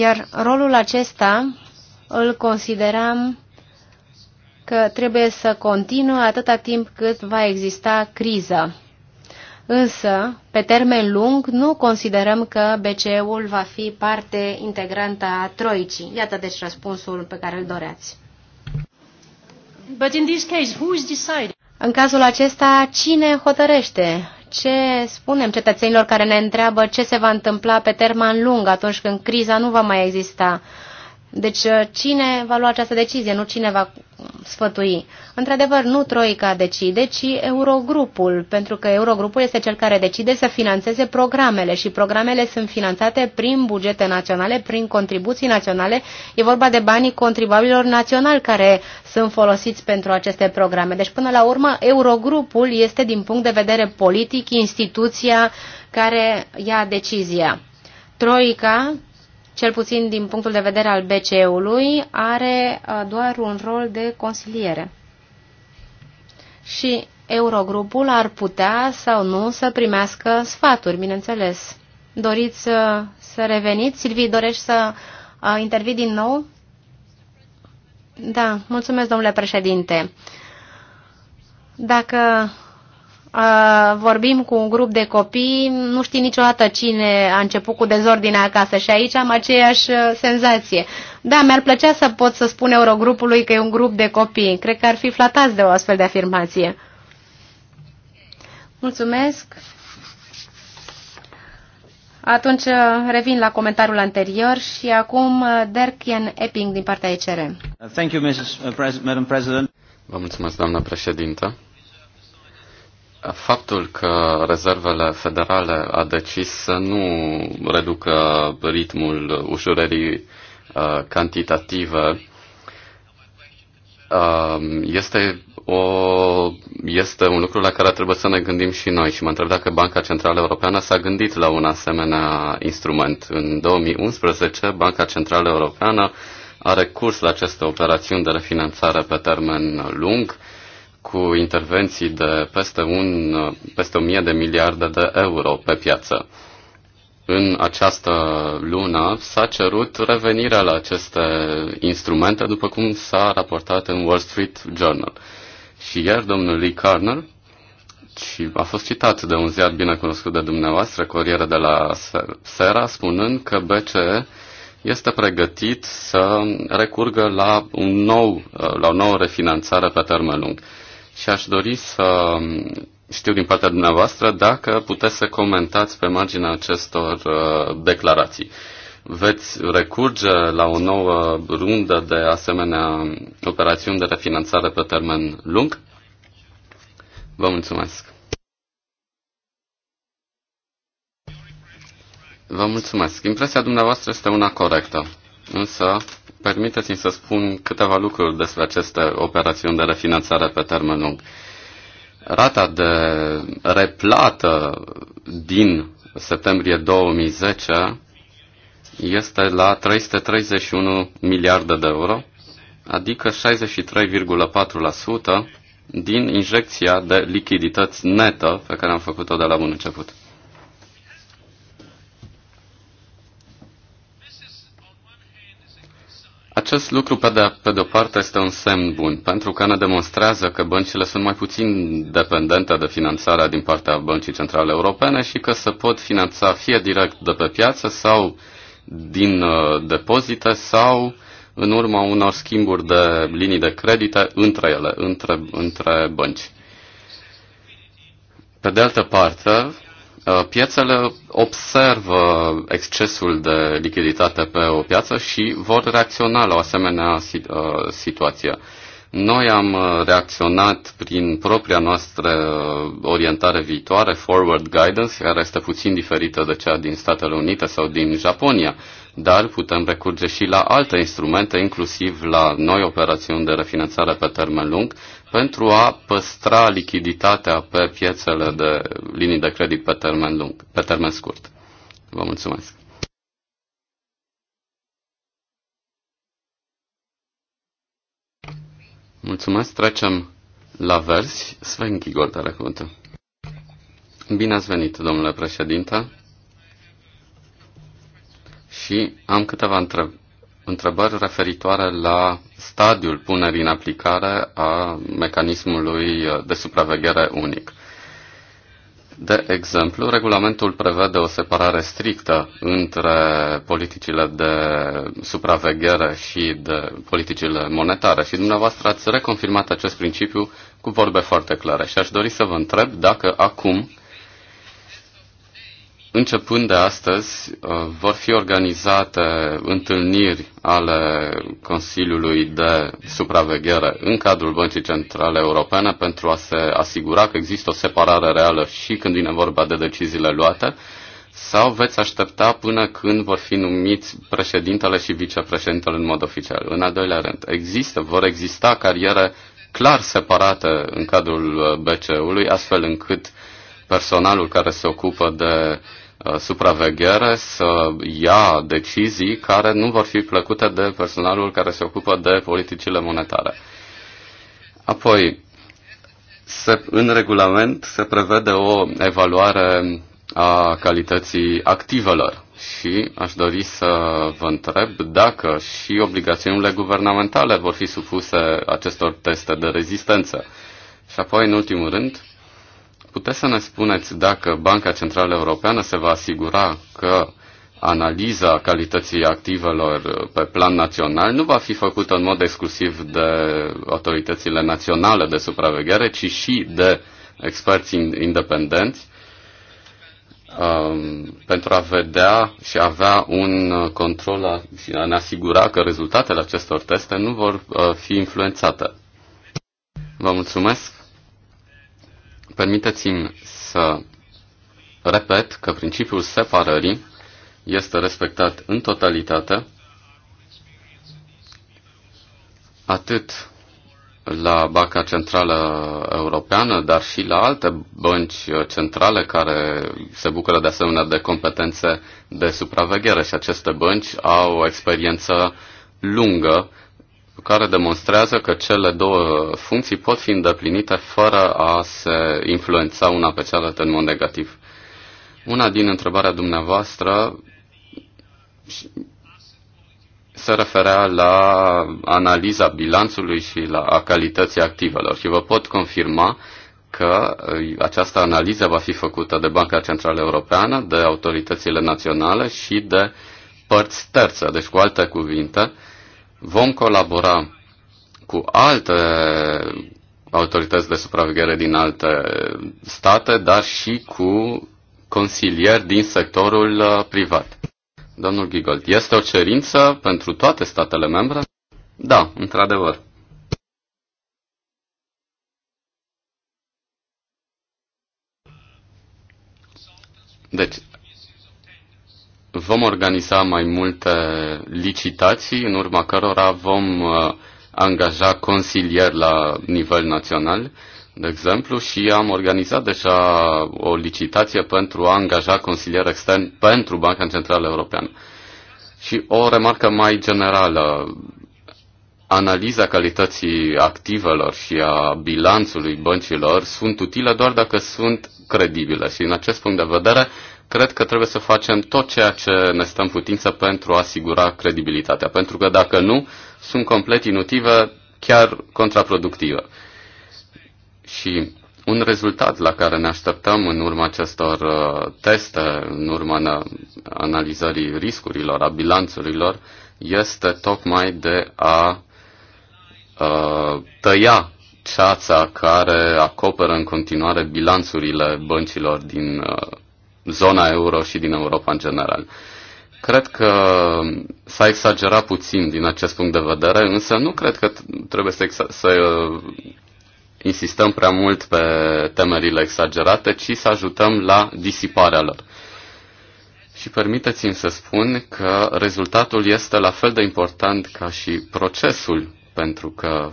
iar rolul acesta îl consideram că trebuie să continue atâta timp cât va exista criză. Însă, pe termen lung, nu considerăm că BCE-ul va fi parte integrantă a Troicii. Iată deci răspunsul pe care îl doreați. But in this case, who is deciding? În cazul acesta, cine hotărăște? ce spunem cetățenilor care ne întreabă ce se va întâmpla pe termen lung atunci când criza nu va mai exista? Deci uh, cine va lua această decizie, nu cine va sfătui. Într-adevăr, nu Troica decide, ci Eurogrupul, pentru că Eurogrupul este cel care decide să financeze programele și programele sunt finanțate prin bugete naționale, prin contribuții naționale. E vorba de banii contribuabililor naționali care sunt folosiți pentru aceste programe. Deci, până la urmă, Eurogrupul este, din punct de vedere politic, instituția care ia decizia. Troica cel puțin din punctul de vedere al BCE-ului, are uh, doar un rol de consiliere. Și Eurogrupul ar putea sau nu să primească sfaturi, bineînțeles. Doriți uh, să reveniți? Silvii, dorești să uh, intervii din nou? Da, mulțumesc, domnule președinte. Dacă vorbim cu un grup de copii, nu știi niciodată cine a început cu dezordinea acasă și aici am aceeași uh, senzație. Da, mi-ar plăcea să pot să spun Eurogrupului că e un grup de copii. Cred că ar fi flatați de o astfel de afirmație. Mulțumesc. Atunci uh, revin la comentariul anterior și acum uh, Dirk Epping din partea ECR. Thank you, Mrs. President. Vă mulțumesc, doamna președintă. Faptul că rezervele federale a decis să nu reducă ritmul ușurării uh, cantitative uh, este, o, este un lucru la care trebuie să ne gândim și noi și mă întreb dacă Banca Centrală Europeană s-a gândit la un asemenea instrument. În 2011, Banca Centrală Europeană a recurs la aceste operațiuni de refinanțare pe termen lung cu intervenții de peste, un, peste 1000 de miliarde de euro pe piață. În această lună s-a cerut revenirea la aceste instrumente, după cum s-a raportat în Wall Street Journal. Și ieri domnul Lee Carner, și a fost citat de un ziar bine cunoscut de dumneavoastră, Corriere de la Sera, spunând că BCE este pregătit să recurgă la, un nou, la o nouă refinanțare pe termen lung și aș dori să mm, știu din partea dumneavoastră dacă puteți să comentați pe marginea acestor uh, declarații. Veți recurge la o nouă rundă de asemenea operațiuni de refinanțare pe termen lung? Vă mulțumesc! Vă mulțumesc. Impresia dumneavoastră este una corectă, însă permiteți-mi să spun câteva lucruri despre aceste operațiuni de refinanțare pe termen lung. Rata de replată din septembrie 2010 este la 331 miliarde de euro, adică 63,4% din injecția de lichidități netă pe care am făcut-o de la bun început. Acest lucru, pe de, pe de o parte, este un semn bun, pentru că ne demonstrează că băncile sunt mai puțin dependente de finanțarea din partea Băncii Centrale Europene și că se pot finanța fie direct de pe piață sau din uh, depozite sau în urma unor schimburi de linii de credite între ele, între, între bănci. Pe de altă parte, Uh, piețele observă excesul de lichiditate pe o piață și vor reacționa la o asemenea uh, situație. Noi am uh, reacționat prin propria noastră orientare viitoare, Forward Guidance, care este puțin diferită de cea din Statele Unite sau din Japonia, dar putem recurge și la alte instrumente, inclusiv la noi operațiuni de refinanțare pe termen lung, pentru a păstra lichiditatea pe piețele de linii de credit pe termen lung, pe termen scurt. Vă mulțumesc. Mulțumesc, trecem la verzi. Sven Gigol, are cuvântul. Bine ați venit, domnule președinte. Și am câteva întrebări întrebări referitoare la stadiul punerii în aplicare a mecanismului de supraveghere unic. De exemplu, regulamentul prevede o separare strictă între politicile de supraveghere și de politicile monetare și dumneavoastră ați reconfirmat acest principiu cu vorbe foarte clare și aș dori să vă întreb dacă acum Începând de astăzi, uh, vor fi organizate întâlniri ale Consiliului de Supraveghere în cadrul Băncii Centrale Europene pentru a se asigura că există o separare reală și când vine vorba de deciziile luate, sau veți aștepta până când vor fi numiți președintele și vicepreședintele în mod oficial? În al doilea rând, există, vor exista cariere clar separate în cadrul uh, BCE-ului, astfel încât uh, personalul care se ocupă de uh, supraveghere să ia decizii care nu vor fi plăcute de personalul care se ocupă de politicile monetare. Apoi, se, în regulament se prevede o evaluare a calității activelor și aș dori să vă întreb dacă și obligațiunile guvernamentale vor fi supuse acestor teste de rezistență. Și apoi, în ultimul rând, Puteți să ne spuneți dacă Banca Centrală Europeană se va asigura că analiza calității activelor pe plan național nu va fi făcută în mod exclusiv de autoritățile naționale de supraveghere, ci și de experți independenți um, pentru a vedea și a avea un control și a ne asigura că rezultatele acestor teste nu vor uh, fi influențate. Vă mulțumesc! Permiteți-mi să repet că principiul separării este respectat în totalitate, atât la Banca Centrală Europeană, dar și la alte bănci centrale care se bucură de asemenea de competențe de supraveghere și aceste bănci au o experiență lungă care demonstrează că cele două funcții pot fi îndeplinite fără a se influența una pe cealaltă în mod negativ. Una din întrebarea dumneavoastră se referea la analiza bilanțului și la a calității activelor și vă pot confirma că uh, această analiză va fi făcută de Banca Centrală Europeană, de autoritățile naționale și de părți terțe. Deci, cu alte cuvinte, Vom colabora cu alte autorități de supraveghere din alte state, dar și cu consilieri din sectorul uh, privat. Domnul Gigold, este o cerință pentru toate statele membre? Da, într-adevăr. Deci, Vom organiza mai multe licitații, în urma cărora vom uh, angaja consilieri la nivel național, de exemplu, și am organizat deja o licitație pentru a angaja consilier extern pentru Banca Centrală Europeană. Și o remarcă mai generală, analiza calității activelor și a bilanțului băncilor sunt utile doar dacă sunt credibile și în acest punct de vedere Cred că trebuie să facem tot ceea ce ne stă în putință pentru a asigura credibilitatea, pentru că dacă nu, sunt complet inutile, chiar contraproductive. Și un rezultat la care ne așteptăm în urma acestor uh, teste, în urma analizării riscurilor, a bilanțurilor, este tocmai de a uh, tăia ceața care acoperă în continuare bilanțurile băncilor din uh, zona euro și din Europa în general. Cred că s-a exagerat puțin din acest punct de vedere, însă nu cred că trebuie să, să uh, insistăm prea mult pe temerile exagerate, ci să ajutăm la disiparea lor. Și permiteți-mi să spun că rezultatul este la fel de important ca și procesul, pentru că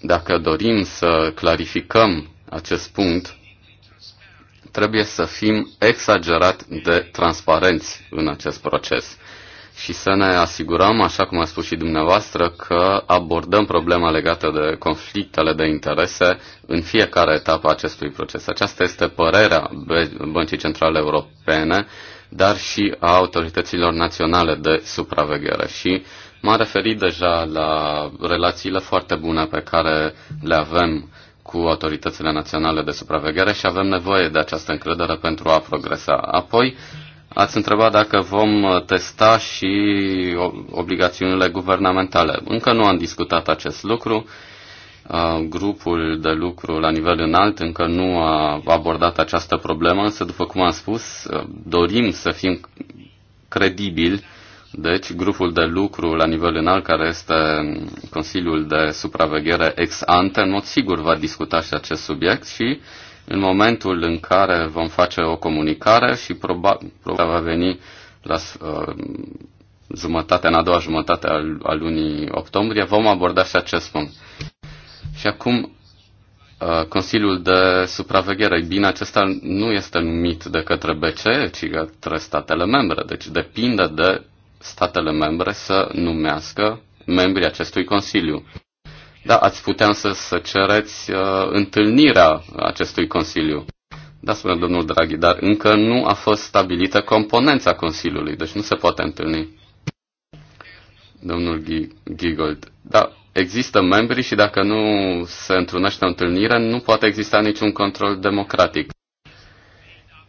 dacă dorim să clarificăm acest punct, trebuie să fim exagerat de transparenți în acest proces și să ne asigurăm, așa cum a spus și dumneavoastră, că abordăm problema legată de conflictele de interese în fiecare etapă a acestui proces. Aceasta este părerea Băncii Centrale Europene, dar și a autorităților naționale de supraveghere. Și m-am referit deja la relațiile foarte bune pe care le avem cu autoritățile naționale de supraveghere și avem nevoie de această încredere pentru a progresa. Apoi, ați întrebat dacă vom testa și obligațiunile guvernamentale. Încă nu am discutat acest lucru. Grupul de lucru la nivel înalt încă nu a abordat această problemă, însă, după cum am spus, dorim să fim credibili deci, grupul de lucru la nivel înalt, care este Consiliul de Supraveghere ex ante, în mod sigur va discuta și acest subiect și în momentul în care vom face o comunicare și probabil proba va veni la uh, jumătate, în a doua jumătate a a lunii octombrie, vom aborda și acest punct. Și acum, uh, Consiliul de Supraveghere, bine, acesta nu este numit de către BCE, ci către statele membre, deci depinde de statele membre să numească membrii acestui Consiliu. Da, ați putea să, să cereți uh, întâlnirea acestui Consiliu. Da, spune domnul Draghi, dar încă nu a fost stabilită componența Consiliului, deci nu se poate întâlni. Domnul Gigold, da, există membri și dacă nu se întrunește o întâlnire, nu poate exista niciun control democratic.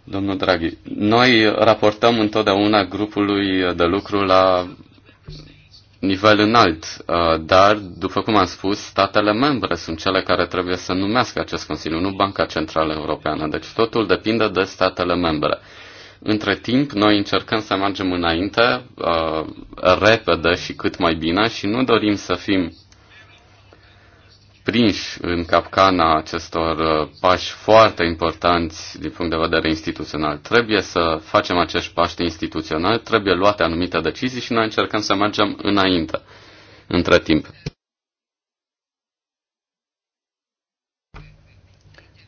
Domnul Draghi, noi raportăm întotdeauna grupului de lucru la nivel înalt, uh, dar, după cum am spus, statele membre sunt cele care trebuie să numească acest Consiliu, nu Banca Centrală Europeană. Deci totul depinde de statele membre. Între timp, noi încercăm să mergem înainte, uh, repede și cât mai bine și nu dorim să fim prinși în capcana acestor uh, pași foarte importanți din punct de vedere instituțional. Trebuie să facem acești pași instituționali, trebuie luate anumite decizii și noi încercăm să mergem înainte, între timp.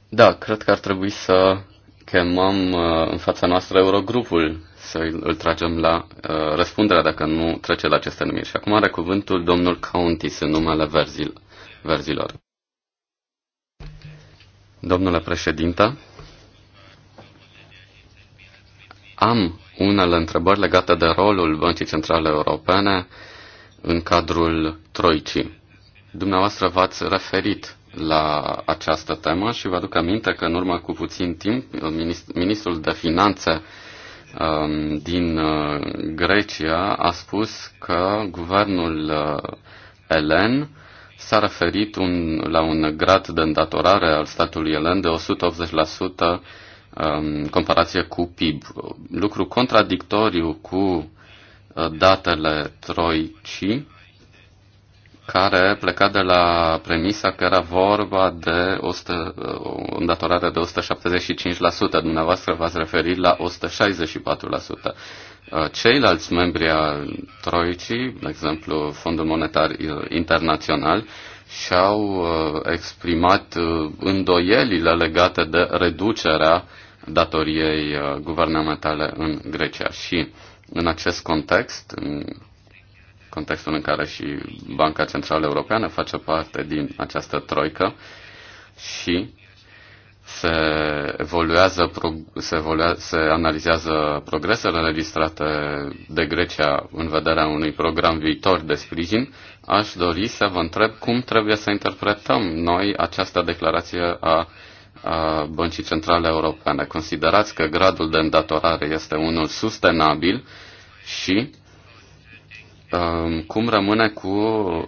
Da, cred că ar trebui să chemăm uh, în fața noastră Eurogrupul să îl tragem la uh, răspunderea dacă nu trece la aceste numiri. Și acum are cuvântul domnul Countis în numele verzilor verzilor. Domnule președinte, am unele întrebări legate de rolul Băncii Centrale Europene în cadrul Troicii. Dumneavoastră v-ați referit la această temă și vă aduc aminte că în urmă cu puțin timp ministrul de finanțe um, din uh, Grecia a spus că guvernul uh, elen s-a referit un, la un grad de îndatorare al statului elen de 180% în um, comparație cu PIB, lucru contradictoriu cu uh, datele troicii, care pleca de la premisa că era vorba de 100, o uh, îndatorare de 175%. Dumneavoastră v-ați referit la 164%. Uh, ceilalți membri a Troicii, de exemplu Fondul Monetar uh, Internațional, și-au uh, exprimat îndoielile legate de reducerea datoriei guvernamentale în Grecia. Și în acest context, în contextul în care și Banca Centrală Europeană face parte din această troică și se evoluează, se, evoluea, se analizează progresele înregistrate de Grecia în vederea unui program viitor de sprijin, aș dori să vă întreb cum trebuie să interpretăm noi această declarație a, a Băncii Centrale Europene. Considerați că gradul de îndatorare este unul sustenabil și um, cum rămâne cu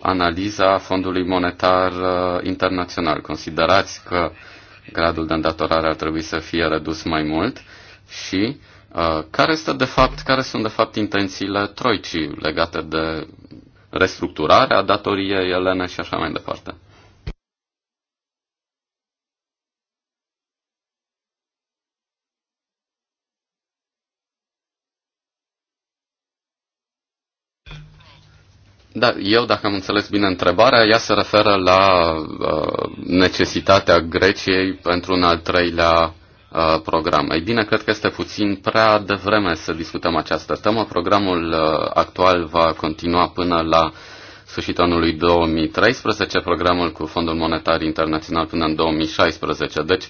analiza Fondului Monetar uh, Internațional? Considerați că uh, gradul de îndatorare ar trebui să fie redus mai mult și uh, care, este de fapt, care sunt de fapt intențiile troicii legate de restructurarea datoriei elene și așa mai departe. Da, eu, dacă am înțeles bine întrebarea, ea se referă la uh, necesitatea Greciei pentru un al treilea uh, program. Ei bine, cred că este puțin prea devreme să discutăm această temă. Programul uh, actual va continua până la sfârșitul anului 2013, programul cu Fondul Monetar Internațional până în 2016. Deci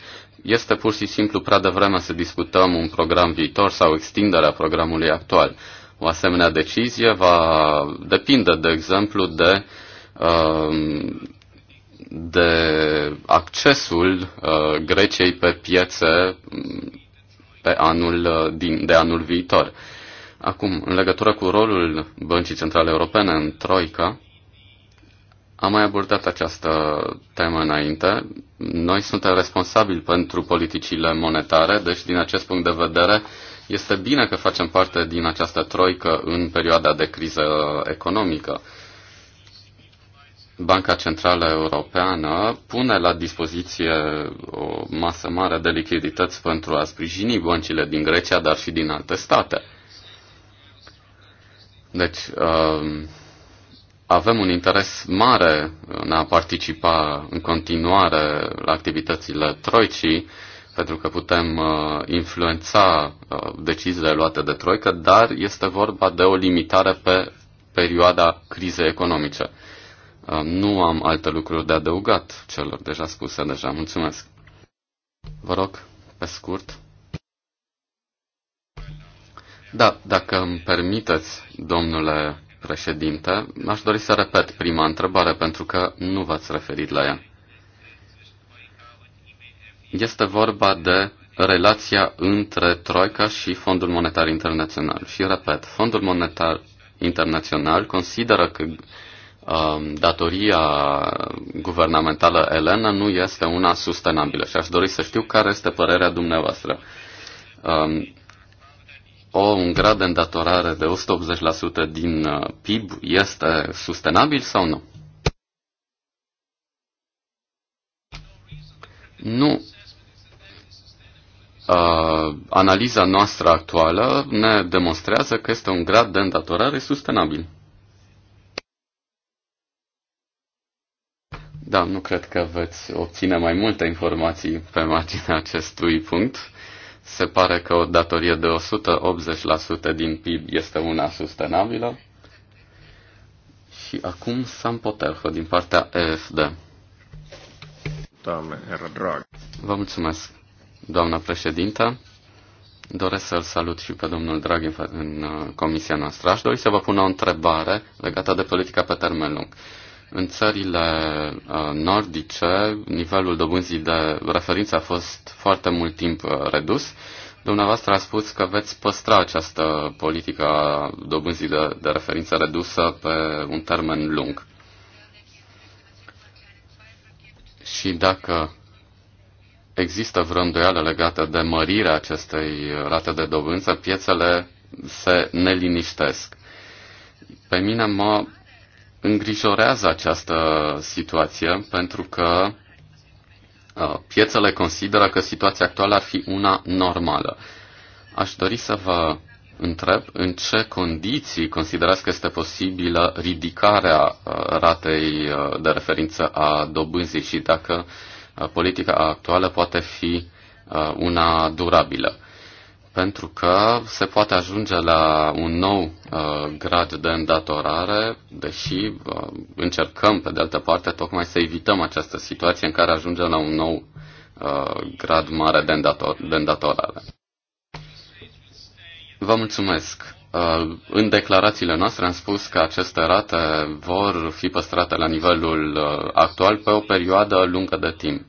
este pur și simplu prea devreme să discutăm un program viitor sau extinderea programului actual. Uh, o asemenea decizie va depinde, de exemplu, de, um, de accesul uh, Greciei pe piețe mm, pe anul, uh, de anul viitor. Acum, în legătură cu rolul Băncii Centrale Europene în Troica, am mai abordat această temă înainte. Noi suntem responsabili pentru politicile monetare, deci din acest punct de vedere este bine că facem parte din această troică în perioada de criză economică. Banca Centrală Europeană pune la dispoziție o masă mare de lichidități pentru a sprijini băncile din Grecia, dar și din alte state. Deci, um, avem un interes mare în a participa în continuare la activitățile troicii pentru că putem uh, influența uh, deciziile luate de Troică, dar este vorba de o limitare pe perioada crizei economice. Uh, nu am alte lucruri de adăugat celor deja spuse deja. Mulțumesc. Vă rog, pe scurt. Da, dacă îmi permiteți, domnule președinte, aș dori să repet prima întrebare pentru că nu v-ați referit la ea. Este vorba de relația între Troica și Fondul Monetar Internațional. Și repet, Fondul Monetar Internațional consideră că um, datoria guvernamentală elena nu este una sustenabilă și aș dori să știu care este părerea dumneavoastră. Um, o, un grad de îndatorare de 180% din uh, PIB este sustenabil sau nu? Nu uh, analiza noastră actuală ne demonstrează că este un grad de îndatorare sustenabil. Da, nu cred că veți obține mai multe informații pe marginea acestui punct. Se pare că o datorie de 180% din PIB este una sustenabilă. Și acum Sam Poterho din partea EFD. Doamne, era drag. Vă mulțumesc. Doamna președintă, doresc să-l salut și pe domnul Draghi în uh, comisia noastră. Aș dori să vă pun o întrebare legată de politica pe termen lung. În țările uh, nordice, nivelul dobânzii de referință a fost foarte mult timp uh, redus. Dumneavoastră a spus că veți păstra această politică a dobânzii de, de referință redusă pe un termen lung. Și dacă există vreo îndoială legată de mărirea acestei rate de dobânză, piețele se neliniștesc. Pe mine mă îngrijorează această situație pentru că ă, piețele consideră că situația actuală ar fi una normală. Aș dori să vă întreb în ce condiții considerați că este posibilă ridicarea ă, ratei ă, de referință a dobânzii și dacă uh, politica actuală poate fi uh, una durabilă. Pentru că se poate ajunge la un nou uh, grad de îndatorare, deși uh, încercăm, pe de altă parte, tocmai să evităm această situație în care ajungem la un nou grad mare de, îndatorare. Vă mulțumesc. Uh, în declarațiile noastre am spus că aceste rate vor fi păstrate la nivelul uh, actual pe o perioadă lungă de timp.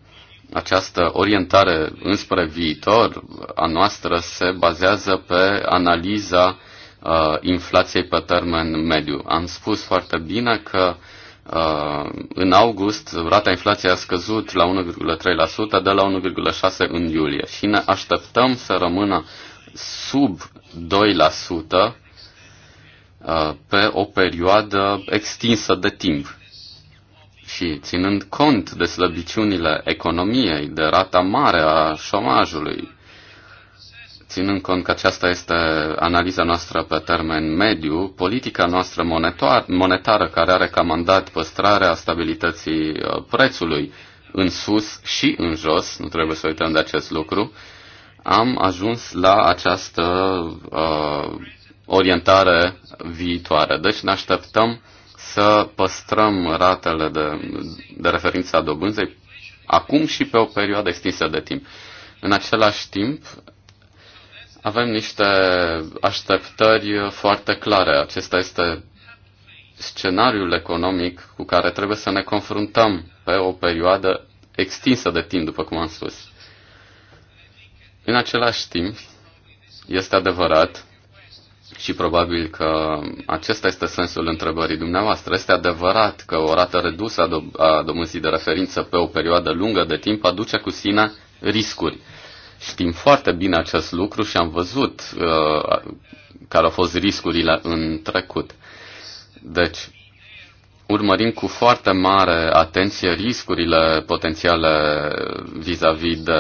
Această orientare înspre viitor a noastră se bazează pe analiza uh, inflației pe termen mediu. Am spus foarte bine că în august rata inflației a scăzut la 1,3% de la 1,6% în iulie și ne așteptăm să rămână sub 2% uh, pe o perioadă extinsă de timp. Și ținând cont de slăbiciunile economiei, de rata mare a șomajului, ținând cont că aceasta este analiza noastră pe termen mediu, politica noastră monetar, monetară care are ca mandat păstrarea stabilității uh, prețului în sus și în jos, nu trebuie să uităm de acest lucru, am ajuns la această uh, orientare viitoare. Deci ne așteptăm să păstrăm ratele de, de referință a dobânzei acum și pe o perioadă extinsă de timp. În același timp, avem niște așteptări foarte clare. Acesta este scenariul economic cu care trebuie să ne confruntăm pe o perioadă extinsă de timp, după cum am spus. În același timp, este adevărat și probabil că acesta este sensul întrebării dumneavoastră. Este adevărat că o rată redusă a domânzii de referință pe o perioadă lungă de timp aduce cu sine riscuri. Știm foarte bine acest lucru și am văzut uh, care au fost riscurile în trecut. Deci, urmărim cu foarte mare atenție riscurile potențiale vis-a-vis -vis de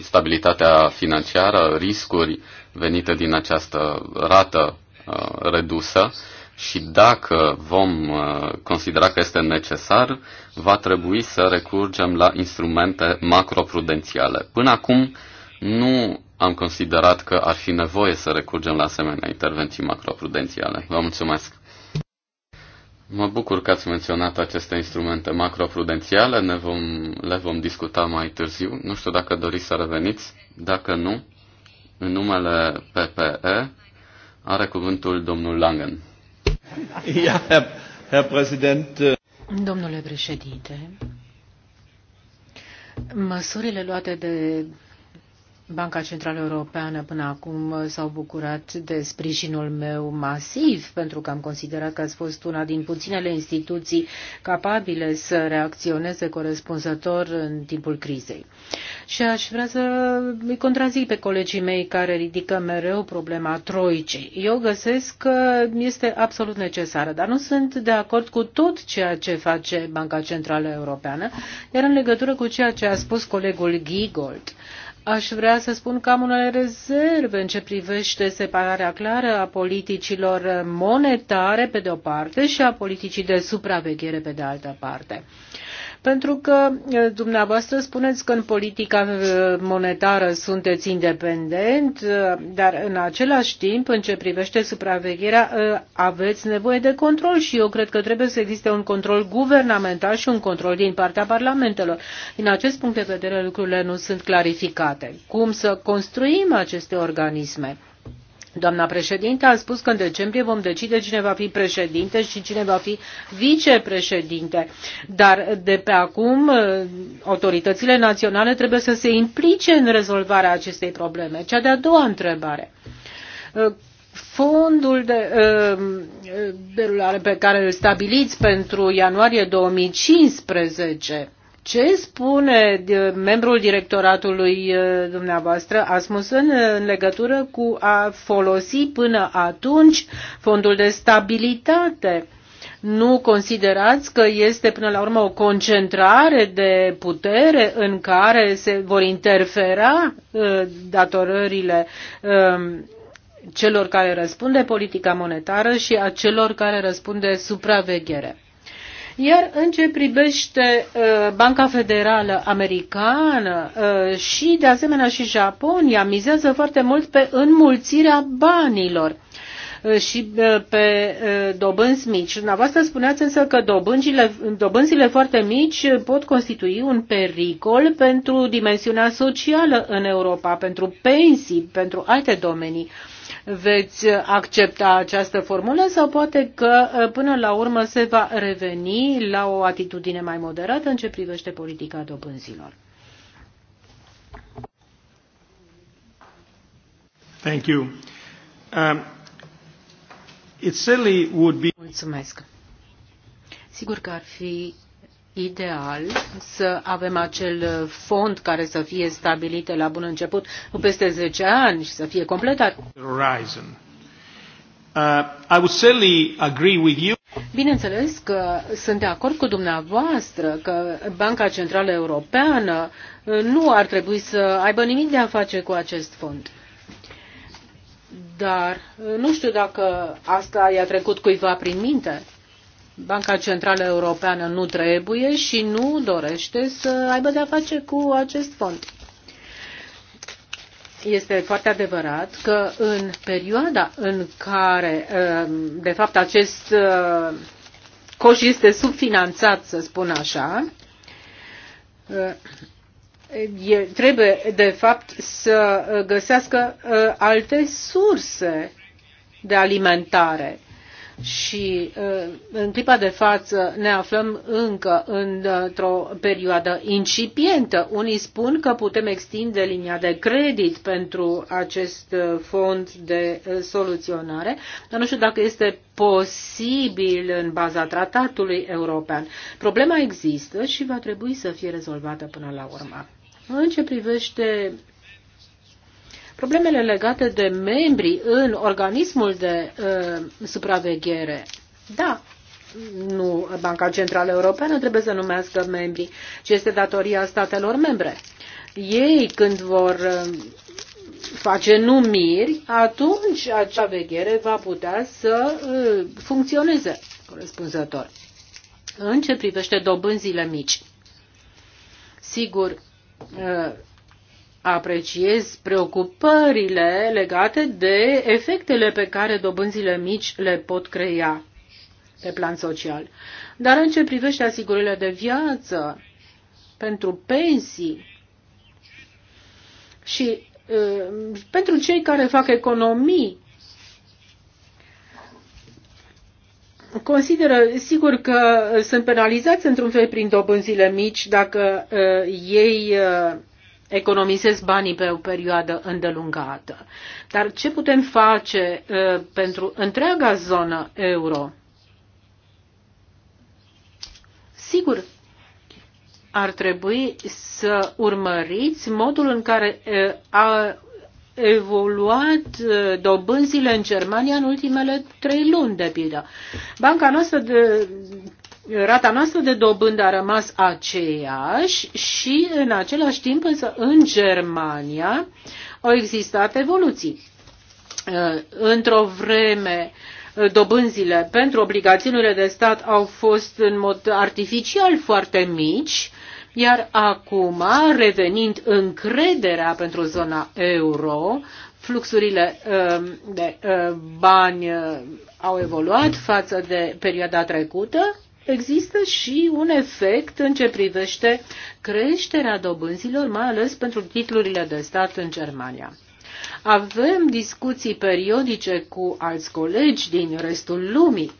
stabilitatea financiară, riscuri venite din această rată uh, redusă și dacă vom uh, considera că este necesar, va trebui să recurgem la instrumente macroprudențiale. Până acum nu am considerat că ar fi nevoie să recurgem la asemenea intervenții macroprudențiale. Vă mulțumesc! Mă bucur că ați menționat aceste instrumente macroprudențiale, ne vom, le vom discuta mai târziu. Nu știu dacă doriți să reveniți, dacă nu, în numele PPE are cuvântul domnul Langen. Ja, Herr, Herr Präsident. Domnule președinte, măsurile luate de Banca Centrală Europeană până acum s-au bucurat de sprijinul meu masiv, pentru că am considerat că ați fost una din puținele instituții capabile să reacționeze corespunzător în timpul crizei. Și aș vrea să îi contrazic pe colegii mei care ridică mereu problema troicii. Eu găsesc că este absolut necesară, dar nu sunt de acord cu tot ceea ce face Banca Centrală Europeană, iar în legătură cu ceea ce a spus colegul Giegold, Aș vrea să spun că am unele rezerve în ce privește separarea clară a politicilor monetare pe de o parte și a politicii de supraveghere pe de altă parte. Pentru că eh, dumneavoastră spuneți că în politica eh, monetară sunteți independent, eh, dar în același timp, în ce privește supravegherea, aveți nevoie de control și eu cred că trebuie să existe un control guvernamental și un control din partea parlamentelor. Din acest punct de vedere, lucrurile nu sunt clarificate. Cum să construim aceste organisme? Doamna președinte a spus că în decembrie vom decide cine va fi președinte și cine va fi vicepreședinte. Dar de pe acum uh, autoritățile naționale trebuie să se implice în rezolvarea acestei probleme. Cea de-a doua întrebare. Uh, fondul uh, de derulare pe care îl stabiliți pentru ianuarie 2015 ce spune membrul directoratului dumneavoastră Asmussen în legătură cu a folosi până atunci fondul de stabilitate? Nu considerați că este până la urmă o concentrare de putere în care se vor interfera datorările celor care răspunde politica monetară și a celor care răspunde supraveghere? Iar în ce privește uh, Banca Federală Americană uh, și de asemenea și Japonia mizează foarte mult pe înmulțirea banilor uh, și pe dobânzi mici. Dumneavoastră spuneați însă că dobânzile, dobânzile foarte mici pot constitui un pericol pentru dimensiunea socială în Europa, pentru pensii, pentru alte domenii. Uh, veți accepta această formulă sau poate că uh, până la urmă se va reveni la o atitudine mai moderată în ce privește politica dobânzilor. Thank you. Um, it certainly would be... Mulțumesc. Sigur că ar fi ideal să avem acel fond care să fie stabilit la bun început, nu peste 10 ani și să fie completat. Uh, I would certainly agree with you. Bineînțeles că sunt de acord cu dumneavoastră că Banca Centrală Europeană uh, nu ar trebui să aibă nimic de a face cu acest fond. Dar uh, nu știu dacă asta i-a trecut cuiva prin minte. Banca Centrală Europeană nu trebuie și nu dorește să aibă de-a face cu acest fond. Este foarte adevărat că în perioada în care, um, de fapt, acest uh, coș este subfinanțat, să spun așa, uh, e, trebuie, de fapt, să găsească uh, alte surse de alimentare și ă, în clipa de față ne aflăm încă într-o perioadă incipientă. Unii spun că putem extinde linia de credit pentru acest ă, fond de ă, soluționare, dar nu știu dacă este posibil în baza tratatului european. Problema există și va trebui să fie rezolvată până la urmă. În ce privește Problemele legate de membri în organismul de uh, supraveghere. Da, nu Banca Centrală Europeană trebuie să numească membri, ci este datoria statelor membre. Ei, când vor uh, face numiri, atunci acea veghere va putea să uh, funcționeze corespunzător. În ce privește dobânzile mici, sigur, uh, apreciez preocupările legate de efectele pe care dobânzile mici le pot crea pe plan social. Dar în ce privește asigurările de viață pentru pensii și uh, pentru cei care fac economii, consideră, sigur că sunt penalizați într-un fel prin dobânzile mici dacă uh, ei uh, economisesc banii pe o perioadă îndelungată. Dar ce putem face uh, pentru întreaga zonă euro? Sigur, ar trebui să urmăriți modul în care uh, a evoluat uh, dobânzile în Germania în ultimele trei luni, de pildă. Banca noastră de, rata noastră de dobândă a rămas aceeași și în același timp însă în Germania au existat evoluții. Uh, într-o vreme uh, dobânzile pentru obligațiunile de stat au fost în mod artificial foarte mici, iar acum, revenind încrederea pentru zona euro, fluxurile uh, de bani au evoluat față de perioada trecută există și un efect în ce privește creșterea dobânzilor, mai ales pentru titlurile de stat în Germania. Avem discuții periodice cu alți colegi din restul lumii.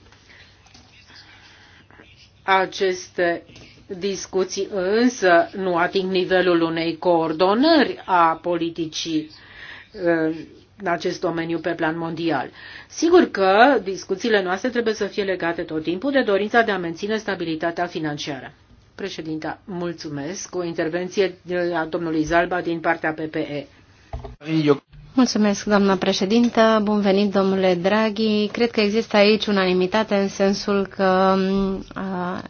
Aceste discuții însă nu ating nivelul unei coordonări a politicii în acest domeniu pe plan mondial. Sigur că discuțiile noastre trebuie să fie legate tot timpul de dorința de a menține stabilitatea financiară. Președinta, mulțumesc. cu intervenție a domnului Zalba din partea PPE. Eu... Mulțumesc, doamna președintă. Bun venit, domnule Draghi. Cred că există aici unanimitate în sensul că mm,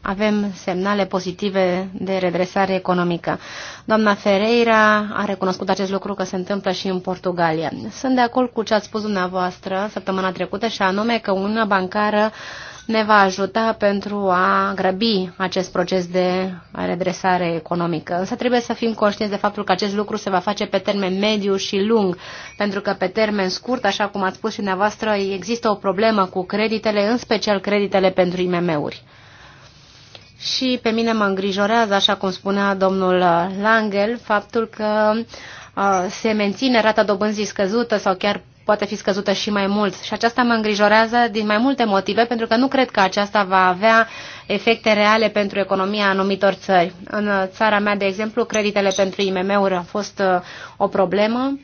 avem semnale pozitive de redresare economică. Doamna Ferreira a recunoscut acest lucru că se întâmplă și în Portugalia. Sunt de acord cu ce ați spus dumneavoastră săptămâna trecută și anume că Uniunea Bancară uh, ne va ajuta pentru a grăbi acest proces de redresare economică. Însă trebuie să fim conștienți de faptul că acest lucru se va face pe termen mediu și lung, pentru că pe termen scurt, așa cum ați spus și dumneavoastră, există o problemă cu creditele, în special creditele pentru IMM-uri. Și pe mine mă îngrijorează, așa cum spunea domnul Langel, faptul că uh, se menține rata dobânzii scăzută sau chiar poate fi scăzută și mai mult. Și aceasta mă îngrijorează din mai multe motive, pentru că nu cred că aceasta va avea efecte reale pentru economia anumitor țări. În țara mea, de exemplu, creditele pentru IMM-uri au fost uh, o problemă.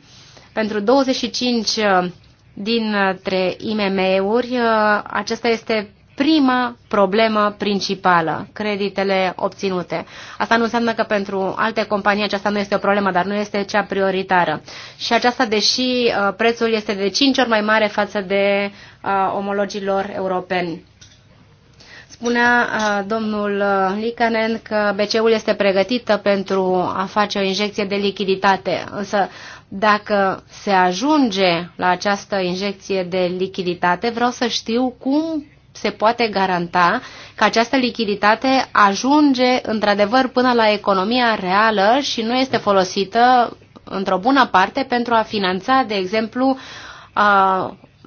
Pentru 25 uh, dintre IMM-uri, uh, acesta este prima problemă principală, creditele obținute. Asta nu înseamnă că pentru alte companii aceasta nu este o problemă, dar nu este cea prioritară. Și aceasta, deși uh, prețul este de 5 ori mai mare față de uh, omologilor europeni. Spunea uh, domnul Licanen că BCE-ul este pregătită pentru a face o injecție de lichiditate, însă dacă se ajunge la această injecție de lichiditate, vreau să știu cum se poate garanta că această lichiditate ajunge într-adevăr până la economia reală și nu este folosită într-o bună parte pentru a finanța, de exemplu,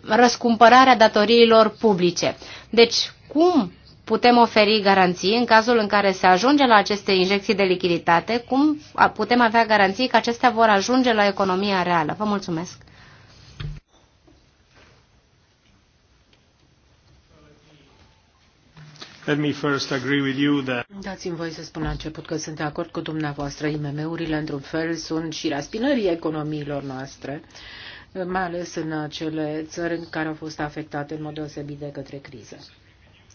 răscumpărarea datoriilor publice. Deci, cum putem oferi garanții în cazul în care se ajunge la aceste injecții de lichiditate? Cum putem avea garanții că acestea vor ajunge la economia reală? Vă mulțumesc! Dați-mi voie să spun la început că sunt de acord cu dumneavoastră. IMM-urile, într-un fel, sunt și raspinării economiilor noastre, mai ales în acele țări în care au fost afectate în mod deosebit de către criză.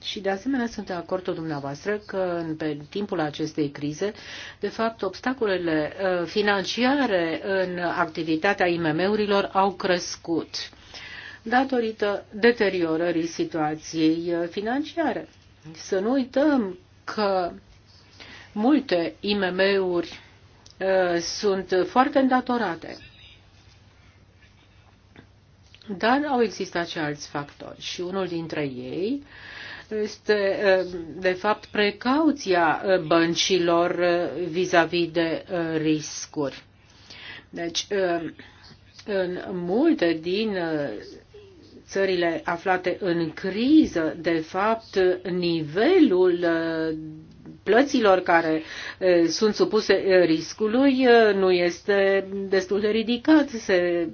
Și de asemenea sunt de acord cu dumneavoastră că în pe timpul acestei crize, de fapt, obstacolele uh, financiare în activitatea IMM-urilor au crescut datorită deteriorării situației uh, financiare. Să nu uităm că multe IMM-uri uh, sunt foarte îndatorate. Dar au existat și alți factori și unul dintre ei este, uh, de fapt, precauția uh, băncilor uh, vis-a-vis -vis de riscuri. Deci, în multe din țările aflate în criză, de fapt, nivelul uh, plăților care uh, sunt supuse uh, riscului nu este destul de ridicat. Se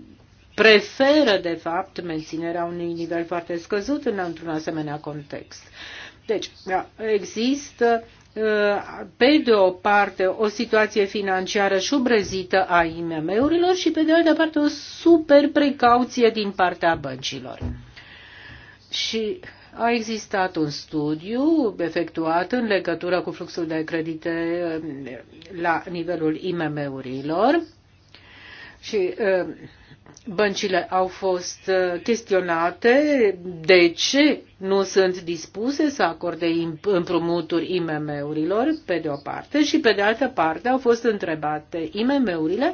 preferă, de fapt, menținerea unui nivel foarte scăzut într-un asemenea context. Deci, da, există uh, Uh, pe de o parte o situație financiară șubrezită a IMM-urilor și pe de altă parte o super precauție din partea băncilor. Și a existat un studiu efectuat în legătură cu fluxul de credite uh, la nivelul IMM-urilor și uh, băncile au fost uh, chestionate de ce nu sunt dispuse să acorde împrumuturi IMM-urilor, pe de o parte, și pe de altă parte au fost întrebate IMM-urile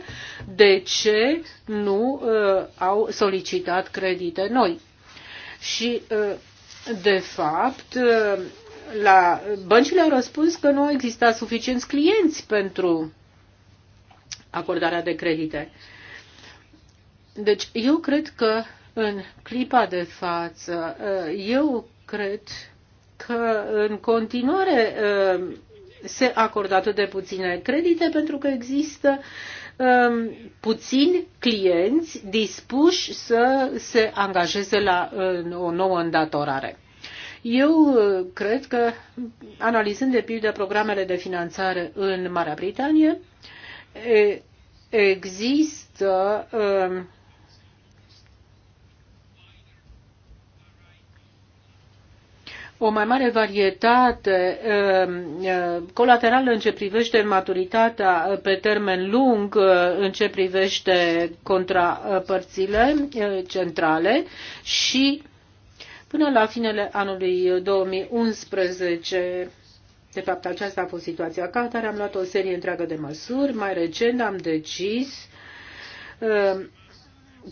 de ce nu uh, au solicitat credite noi. Și, uh, de fapt, uh, la băncile au răspuns că nu au existat suficienți clienți pentru acordarea de credite. Uh, deci eu cred că în clipa de față, uh, eu cred că în continuare uh, se acordă atât de puține credite pentru că există um, puțini clienți dispuși să se angajeze la o nouă îndatorare. Eu uh, cred că, analizând de pildă programele de finanțare în Marea Britanie, există um, o mai mare varietate um, um, colaterală în ce privește maturitatea uh, pe termen lung, uh, în ce privește contrapărțile uh, centrale și până la finele anului 2011 de fapt, aceasta a fost situația ca atare. Am luat o serie întreagă de măsuri. Mai recent am decis um,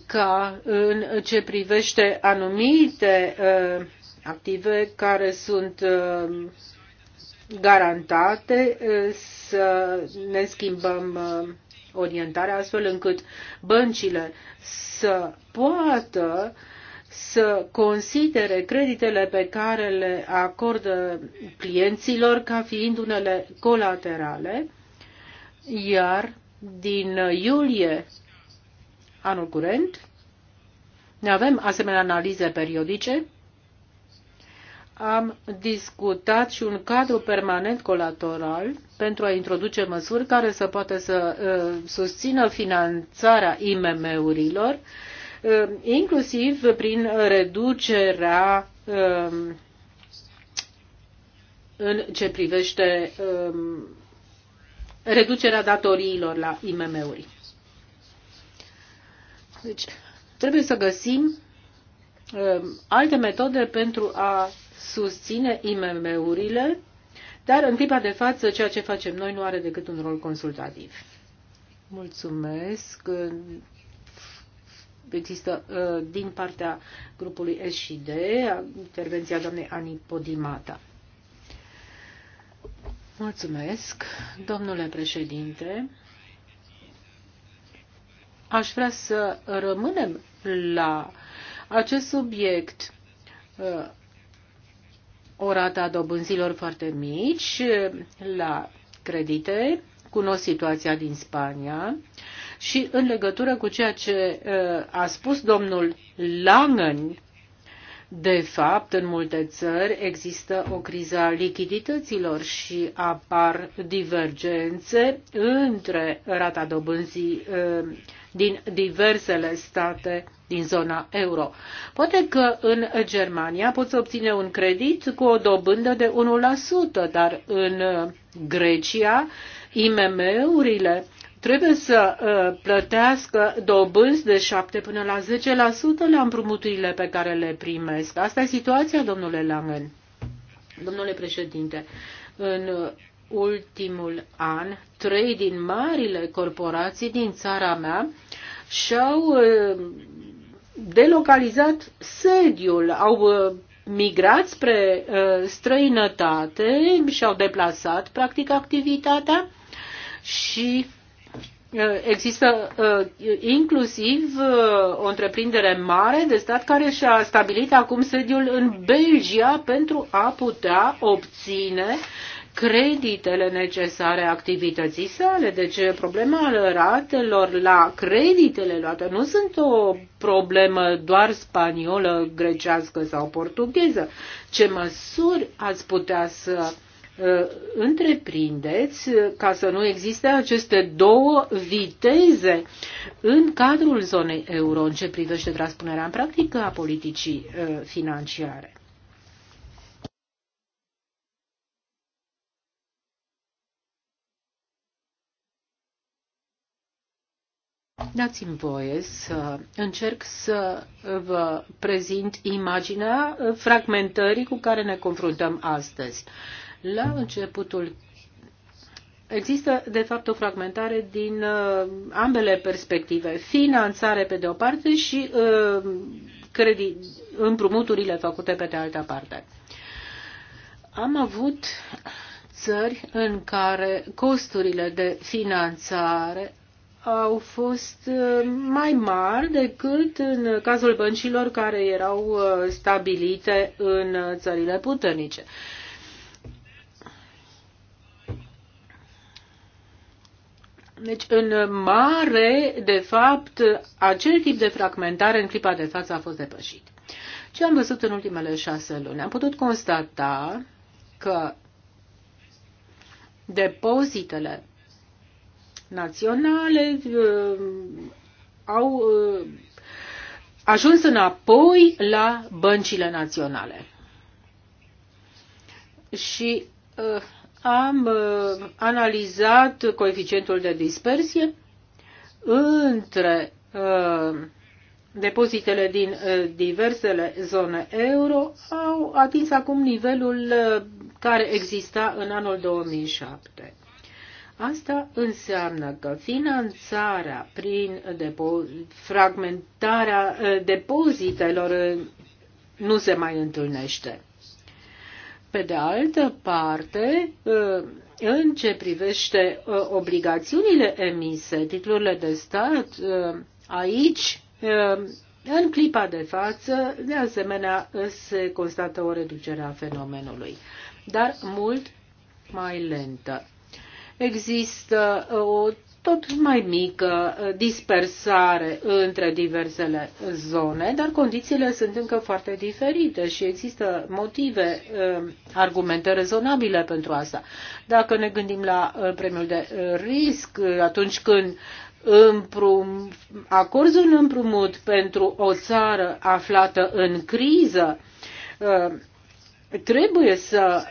ca în ce privește anumite uh, active care sunt uh, garantate, uh, să ne schimbăm uh, orientarea astfel încât băncile să poată să considere creditele pe care le acordă clienților ca fiind unele colaterale, iar din iulie anul curent ne avem asemenea analize periodice am discutat și un cadru permanent colateral pentru a introduce măsuri care să poată să uh, susțină finanțarea IMM-urilor, uh, inclusiv prin reducerea uh, în ce privește uh, reducerea datoriilor la IMM-uri. Deci, trebuie să găsim um, alte metode pentru a susține IMM-urile, dar în clipa de față ceea ce facem noi nu are decât un rol consultativ. Mulțumesc. Există uh, din partea grupului S și D intervenția doamnei Ani Podimata. Mulțumesc, domnule președinte. Aș vrea să rămânem la acest subiect uh, o rată a dobânzilor foarte mici la credite, cunosc situația din Spania și în legătură cu ceea ce uh, a spus domnul Langen, de fapt, în multe țări există o criză a lichidităților și apar divergențe între rata dobânzii uh, din diversele state din zona euro. Poate că în Germania poți obține un credit cu o dobândă de 1%, dar în uh, Grecia IMM-urile trebuie să uh, plătească dobânzi de 7 până la 10% la împrumuturile pe care le primesc. Asta e situația, domnule Langen. Domnule președinte, în ultimul an, trei din marile corporații din țara mea și-au uh, delocalizat sediul, au uh, migrat spre uh, străinătate, și-au deplasat practic activitatea și Există inclusiv o întreprindere mare de stat care și-a stabilit acum sediul în Belgia pentru a putea obține creditele necesare activității sale. Deci problema ratelor la creditele luate nu sunt o problemă doar spaniolă, grecească sau portugheză. Ce măsuri ați putea să uh, întreprindeți ca să nu existe aceste două viteze în cadrul zonei euro în ce privește transpunerea în practică a politicii uh, financiare. Dați-mi voie să încerc să vă prezint imaginea fragmentării cu care ne confruntăm astăzi. La începutul Există, de fapt, o fragmentare din uh, ambele perspective. Finanțare pe de o parte și uh, credit, împrumuturile făcute pe de alta parte. Am avut țări în care costurile de finanțare au fost uh, mai mari decât în cazul băncilor care erau uh, stabilite în uh, țările puternice. Deci, în mare, de fapt, acel tip de fragmentare în clipa de față a fost depășit. Ce am văzut în ultimele șase luni? Am putut constata că depozitele naționale uh, au uh, ajuns înapoi la băncile naționale. Și uh, am analizat coeficientul de dispersie între depozitele din diversele zone euro au atins acum nivelul care exista în anul 2007. Asta înseamnă că finanțarea prin depo- fragmentarea ă, depozitelor ă, nu se mai întâlnește. Pe de altă parte, ă, în ce privește obligațiunile emise, titlurile de stat, aici, în clipa de față, de asemenea, se constată o reducere a fenomenului, dar mult mai lentă există uh, o tot mai mică uh, dispersare între diversele zone, dar condițiile sunt încă foarte diferite și există motive, uh, argumente rezonabile pentru asta. Dacă ne gândim la premiul de risc, atunci când împrum, acorzi un împrumut pentru o țară aflată în criză, trebuie să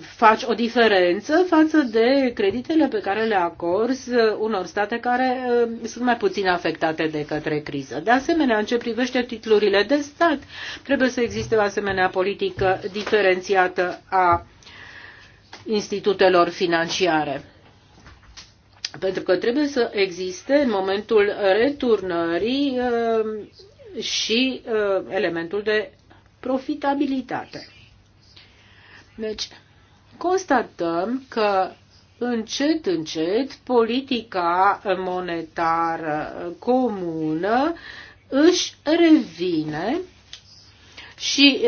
faci o diferență față de creditele pe care le acorzi uh, unor state care uh, sunt mai puțin afectate de către criză. De asemenea, în ce privește titlurile de stat, trebuie să existe o asemenea politică diferențiată a institutelor financiare. Pentru că trebuie să existe în momentul returnării uh, și elementul de profitabilitate. Deci, constatăm că încet, încet, politica monetară comună își revine și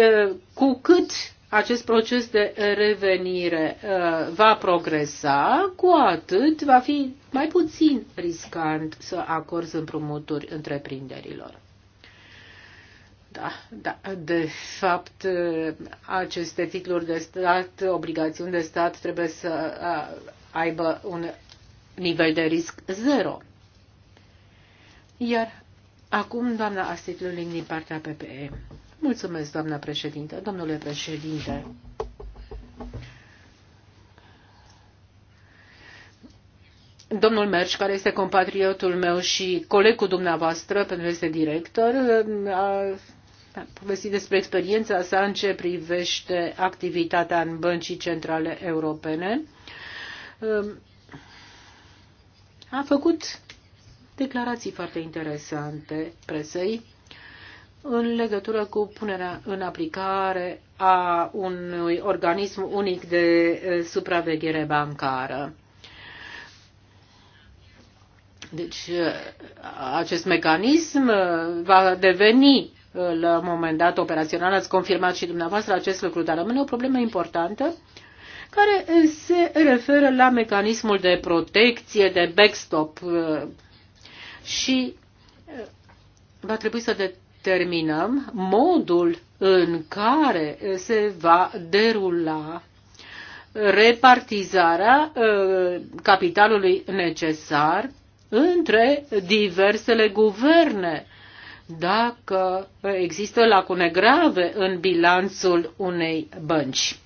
cu cât acest proces de revenire va progresa, cu atât va fi mai puțin riscant să acorzi împrumuturi întreprinderilor. Da, da, de fapt, aceste titluri de stat, obligațiuni de stat, trebuie să aibă un nivel de risc zero. Iar acum, doamna Astrid din partea PPE. Mulțumesc, doamna președinte. Domnule președinte, domnul Merș, care este compatriotul meu și colegul dumneavoastră, pentru că este director, a povestit despre experiența sa în ce privește activitatea în băncii centrale europene. Um, a făcut declarații foarte interesante presei în legătură cu punerea în aplicare a unui organism unic de supraveghere bancară. Deci acest mecanism va deveni la un moment dat operațional, ați confirmat și dumneavoastră acest lucru, dar rămâne o problemă importantă care se referă la mecanismul de protecție, de backstop uh, și uh, va trebui să determinăm modul în care se va derula repartizarea uh, capitalului necesar între diversele guverne dacă există lacune grave în bilanțul unei bănci.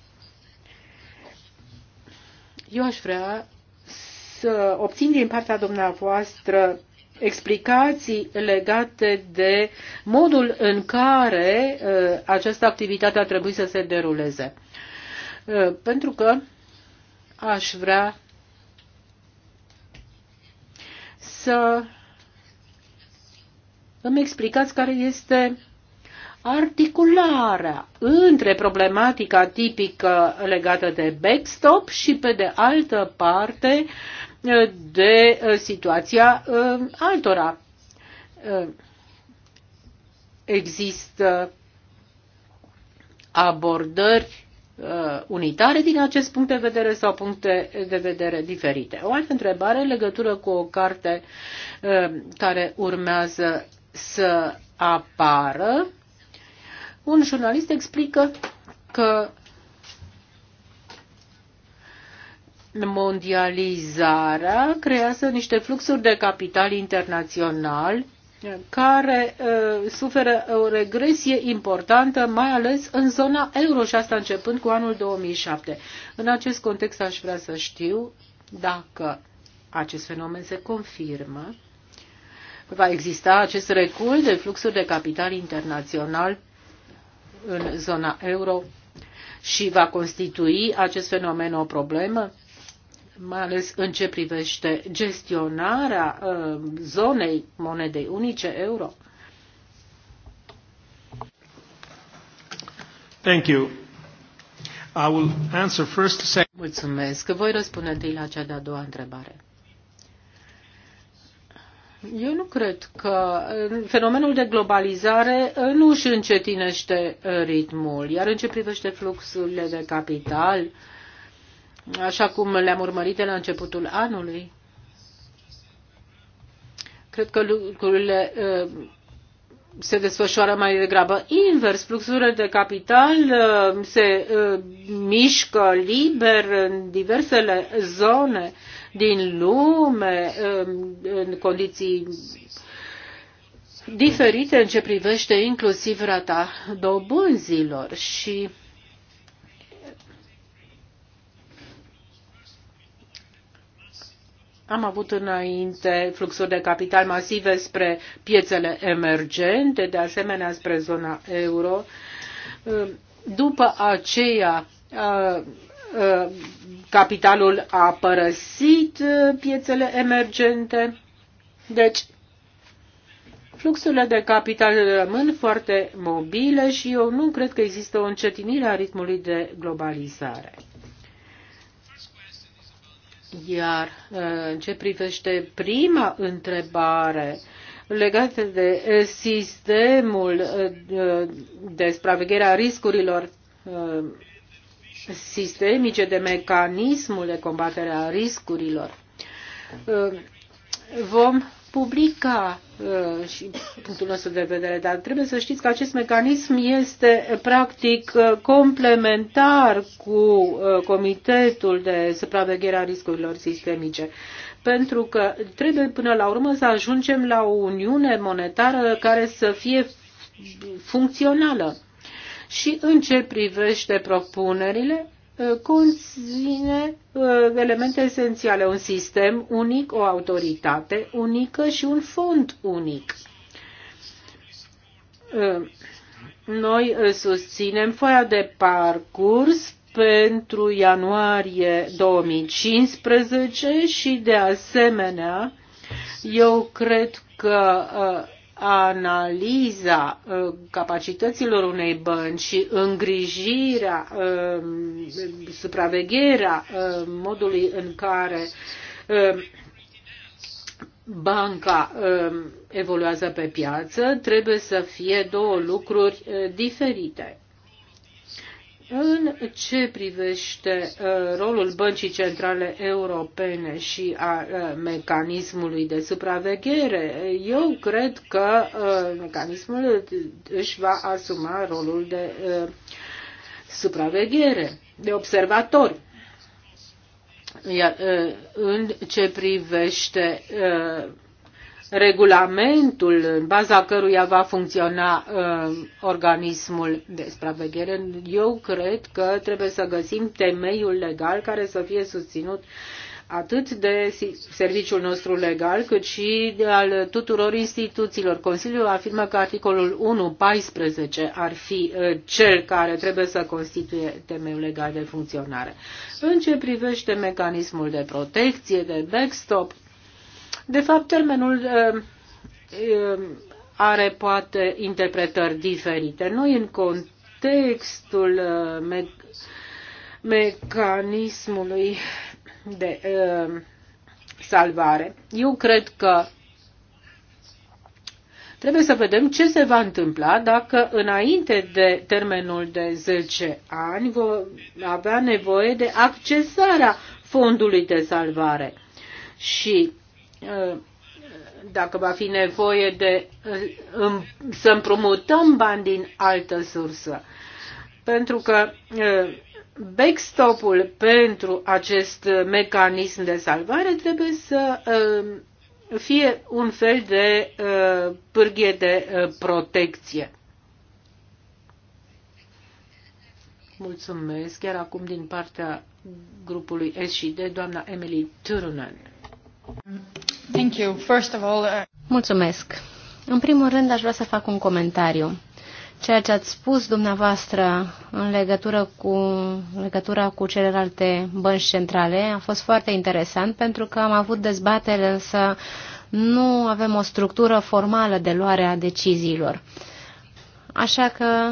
Eu aș vrea să obțin din partea dumneavoastră explicații legate de modul în care uh, această activitate a trebuit să se deruleze. Uh, pentru că aș vrea să îmi explicați care este articularea între problematica tipică legată de backstop și, pe de altă parte, de uh, situația uh, altora. Uh, există abordări unitare din acest punct de vedere sau puncte de vedere diferite. O altă întrebare în legătură cu o carte care urmează să apară, un jurnalist explică că mondializarea creează niște fluxuri de capital internațional care uh, suferă o regresie importantă, mai ales în zona euro și asta începând cu anul 2007. În acest context aș vrea să știu dacă acest fenomen se confirmă va exista acest recul de fluxuri de capital internațional în zona euro și va constitui acest fenomen o problemă, mai ales în ce privește gestionarea uh, zonei monedei unice euro. Thank you. I will answer first, second. Mulțumesc. Voi răspunde întâi la cea de-a doua întrebare. Eu nu cred că fenomenul de globalizare nu își încetinește uh, ritmul, iar în ce privește fluxurile de capital, așa cum le-am urmărit de la începutul anului, cred că lucrurile uh, se desfășoară mai degrabă invers. Fluxurile de capital uh, se mișcă liber în diversele zone din lume um, în condiții diferite în ce privește inclusiv rata dobânzilor și Am avut înainte fluxuri de capital masive spre piețele emergente, de asemenea spre zona euro. Um, după aceea uh, Uh, capitalul a părăsit uh, piețele emergente. Deci, fluxurile de capital rămân foarte mobile și eu nu cred că există o încetinire a ritmului de globalizare. Iar uh, în ce privește prima întrebare legată de sistemul de supraveghere a riscurilor sistemice, de mecanismul de combatere a riscurilor. Uh, vom publica uh, și punctul nostru de vedere, dar trebuie să știți că acest mecanism este practic uh, complementar cu Comitetul de Supraveghere a Riscurilor Sistemice pentru că trebuie până la urmă să ajungem la o uniune monetară care să fie funcțională și în ce privește propunerile, ă, conține ă, elemente esențiale, un sistem unic, o autoritate unică și un fond unic. Ă, noi susținem foaia de parcurs pentru ianuarie 2015 și de asemenea eu cred că analiza uh, capacităților unei bănci și îngrijirea, um, supravegherea uh, modului în care um, banca um, evoluează pe piață trebuie să fie două lucruri uh, diferite. În ce privește uh, rolul Băncii Centrale Europene și a uh, mecanismului de supraveghere, eu cred că uh, mecanismul își va asuma rolul de supraveghere, de observatori. Iar în ce privește regulamentul în baza căruia va funcționa uh, organismul de supraveghere, eu cred că trebuie să găsim temeiul legal care să fie susținut atât de serviciul nostru legal, cât și al tuturor instituțiilor. Consiliul afirmă că articolul 1.14 ar fi uh, cel care trebuie să constituie temeiul legal de funcționare. În ce privește mecanismul de protecție, de backstop, de fapt, termenul uh, uh, are poate interpretări diferite. Noi în contextul uh, me mecanismului de uh, salvare. Eu cred că trebuie să vedem ce se va întâmpla dacă înainte de termenul de 10 ani vom avea nevoie de accesarea fondului de salvare. Și Eh, dacă va fi nevoie de eh, să împrumutăm bani din altă sursă. Pentru că eh, backstop-ul pentru acest mecanism de salvare trebuie să fie un fel de pârghie de protecție. Mulțumesc. Chiar acum din partea grupului S și doamna Emily Turunen. Uh, Mulțumesc. În primul rând, aș vrea să fac un comentariu. Ceea ce ați spus dumneavoastră în legătură cu, legătura cu celelalte bănci centrale a fost foarte interesant pentru că am avut dezbatere, însă nu avem o structură formală de luare a deciziilor. Așa că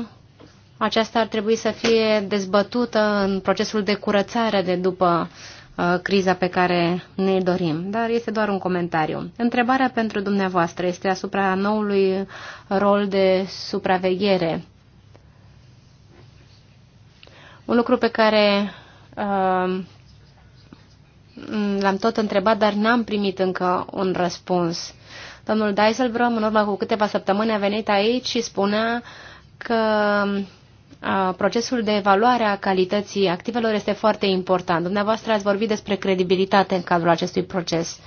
aceasta ar trebui să fie dezbătută în procesul de curățare de după uh, Uh, criza pe care ne dorim, dar este doar un comentariu. Întrebarea pentru dumneavoastră este asupra noului rol de supraveghere. Un lucru pe care uh, l-am tot întrebat, dar n-am primit încă un răspuns. Domnul Dijsselbrom, în urmă cu câteva săptămâni, a venit aici și spunea că procesul de evaluare a calității activelor este foarte important. Dumneavoastră ați vorbit despre credibilitate în cadrul acestui proces.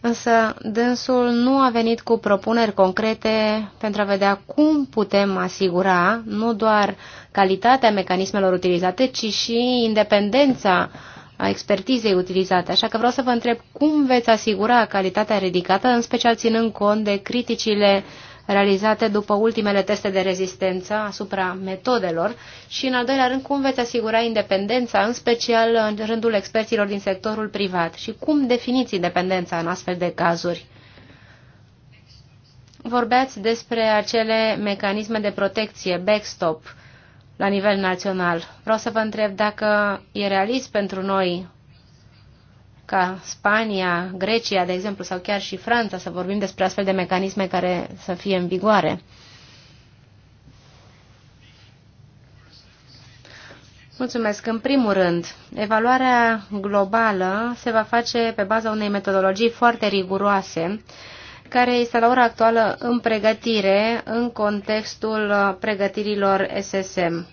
Însă dânsul nu a venit cu propuneri concrete pentru a vedea cum putem asigura nu doar calitatea mecanismelor utilizate, ci și independența expertizei utilizate. Așa că vreau să vă întreb cum veți asigura calitatea ridicată, în special ținând cont de criticile uh, realizate după ultimele teste de rezistență asupra metodelor și, în al doilea rând, cum veți asigura independența, în special în rândul experților din sectorul privat și cum definiți independența în astfel de cazuri. Vorbeați despre acele mecanisme de protecție, backstop, la nivel național. Vreau să vă întreb dacă e realist pentru noi ca Spania, Grecia, de exemplu, sau chiar și Franța, să vorbim despre astfel de mecanisme care să fie în vigoare. Mulțumesc. În primul rând, evaluarea globală se va face pe baza unei metodologii foarte riguroase, care este la ora actuală în pregătire în contextul pregătirilor SSM.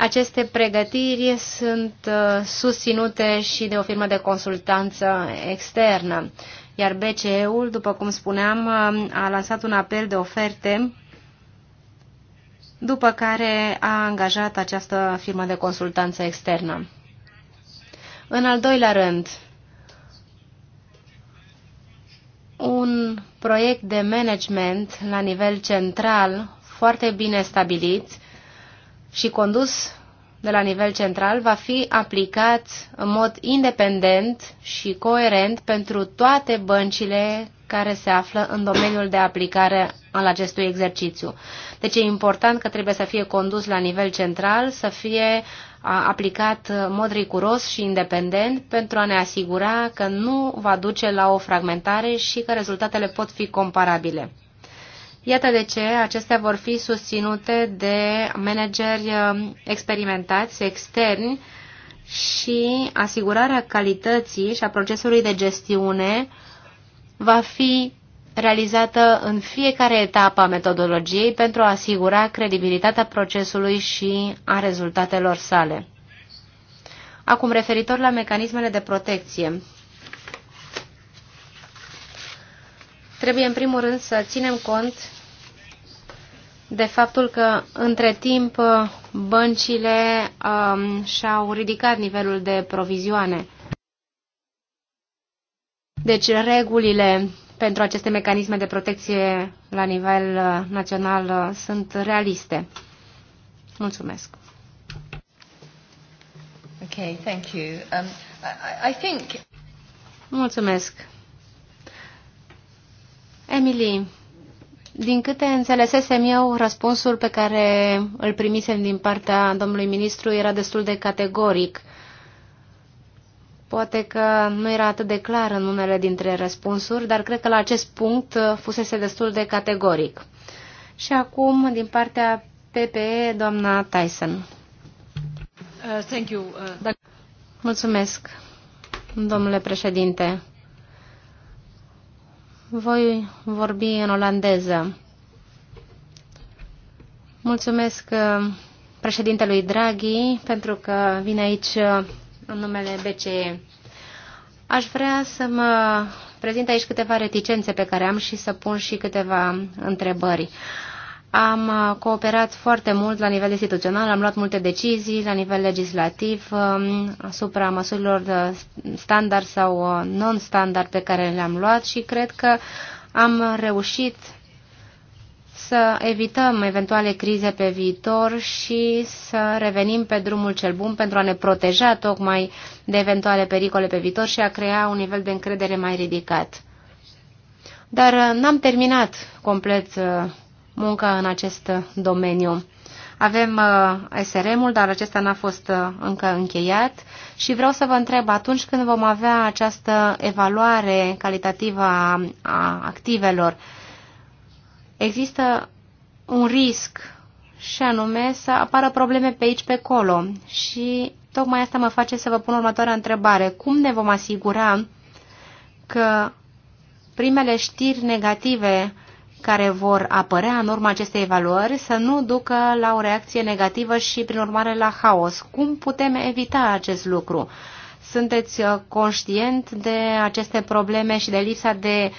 Aceste pregătiri sunt uh, susținute și de o firmă de consultanță externă, iar BCE-ul, după cum spuneam, uh, a lansat un apel de oferte după care a angajat această firmă de consultanță externă. În al doilea rând, un proiect de management la nivel central foarte bine stabilit și condus de la nivel central va fi aplicat în mod independent și coerent pentru toate băncile care se află în domeniul de aplicare al acestui exercițiu. Deci e important că trebuie să fie condus la nivel central, să fie aplicat în mod ricuros și independent pentru a ne asigura că nu va duce la o fragmentare și că rezultatele pot fi comparabile. Iată de ce acestea vor fi susținute de manageri um, experimentați, externi și asigurarea calității și a procesului de gestiune va fi realizată în fiecare etapă a metodologiei pentru a asigura credibilitatea procesului și a rezultatelor sale. Acum, referitor la mecanismele de protecție. Trebuie, în primul rând, să ținem cont de faptul că între timp băncile um, și-au ridicat nivelul de provizioane. Deci regulile pentru aceste mecanisme de protecție la nivel uh, național uh, sunt realiste. Mulțumesc. Okay, thank you. Um, I, I think... Mulțumesc. Emily, din câte înțelesesem eu, răspunsul pe care îl primisem din partea domnului ministru era destul de categoric. Poate că nu era atât de clar în unele dintre răspunsuri, dar cred că la acest punct fusese destul de categoric. Și acum, din partea PPE, doamna Tyson. Uh, thank you. Uh, Mulțumesc, domnule președinte. Voi vorbi în olandeză. Mulțumesc uh, președintelui Draghi pentru că vine aici uh, în numele BCE. Aș vrea să mă prezint aici câteva reticențe pe care am și să pun și câteva întrebări. Am uh, cooperat foarte mult la nivel instituțional, am luat multe decizii la nivel legislativ um, asupra măsurilor standard sau uh, non-standard pe care le-am luat și cred că am reușit să evităm eventuale crize pe viitor și să revenim pe drumul cel bun pentru a ne proteja tocmai de eventuale pericole pe viitor și a crea un nivel de încredere mai ridicat. Dar uh, n-am terminat complet muncă în acest domeniu. Avem uh, SRM-ul, dar acesta n-a fost uh, încă încheiat și vreau să vă întreb, atunci când vom avea această evaluare calitativă a activelor, există un risc și anume să apară probleme pe aici, pe acolo. Și tocmai asta mă face să vă pun următoarea întrebare. Cum ne vom asigura că primele știri negative care vor apărea în urma acestei evaluări să nu ducă la o reacție negativă și, prin urmare, la haos. Cum putem evita acest lucru? Sunteți uh, conștient de aceste probleme și de lipsa de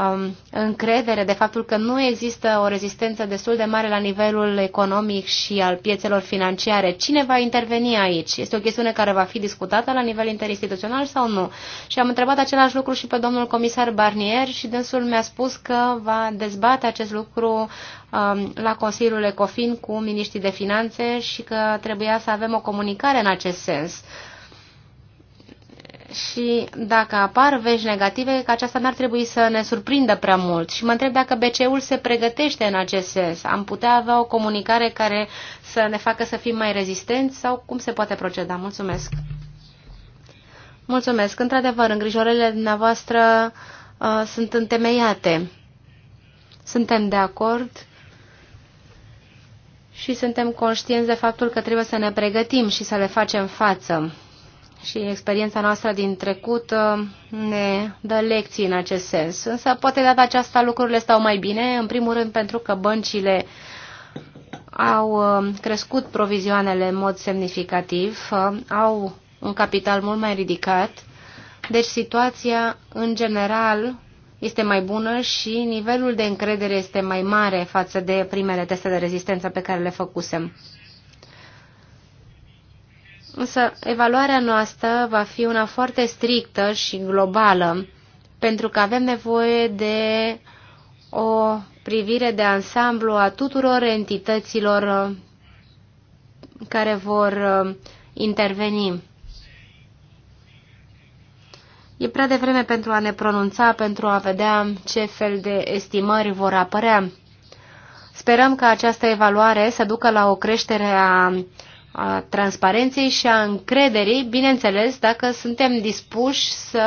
um, încredere de faptul că nu există o rezistență destul de mare la nivelul economic și al piețelor financiare. Cine va interveni aici? Este o chestiune care va fi discutată la nivel interinstituțional sau nu? Și am întrebat același lucru și pe domnul comisar Barnier și dânsul mi-a spus că va dezbate acest lucru um, la Consiliul Ecofin cu miniștrii de finanțe și că trebuia să avem o comunicare în acest sens. Uh, și dacă apar vești negative, că aceasta n-ar trebui să ne surprindă prea mult. Și mă întreb dacă BCE-ul se pregătește în acest sens. Am putea avea o comunicare care să ne facă să fim mai rezistenți sau cum se poate proceda? Mulțumesc! Mulțumesc! Într-adevăr, îngrijorările dumneavoastră uh, sunt întemeiate. Suntem de acord și suntem conștienți de faptul că trebuie să ne pregătim și să le facem față și experiența noastră din trecut uh, ne dă lecții în acest sens. Însă poate data aceasta lucrurile stau mai bine, în primul rând pentru că băncile au uh, crescut provizioanele în mod semnificativ, uh, au un capital mult mai ridicat, deci situația în general este mai bună și nivelul de încredere este mai mare față de primele teste de rezistență pe care le făcusem. Însă evaluarea noastră va fi una foarte strictă și globală, pentru că avem nevoie de o privire de ansamblu a tuturor entităților uh, care vor uh, interveni. E prea devreme pentru a ne pronunța, pentru a vedea ce fel de estimări vor apărea. Sperăm că această evaluare să ducă la o creștere a a transparenței și a încrederii, bineînțeles, dacă suntem dispuși să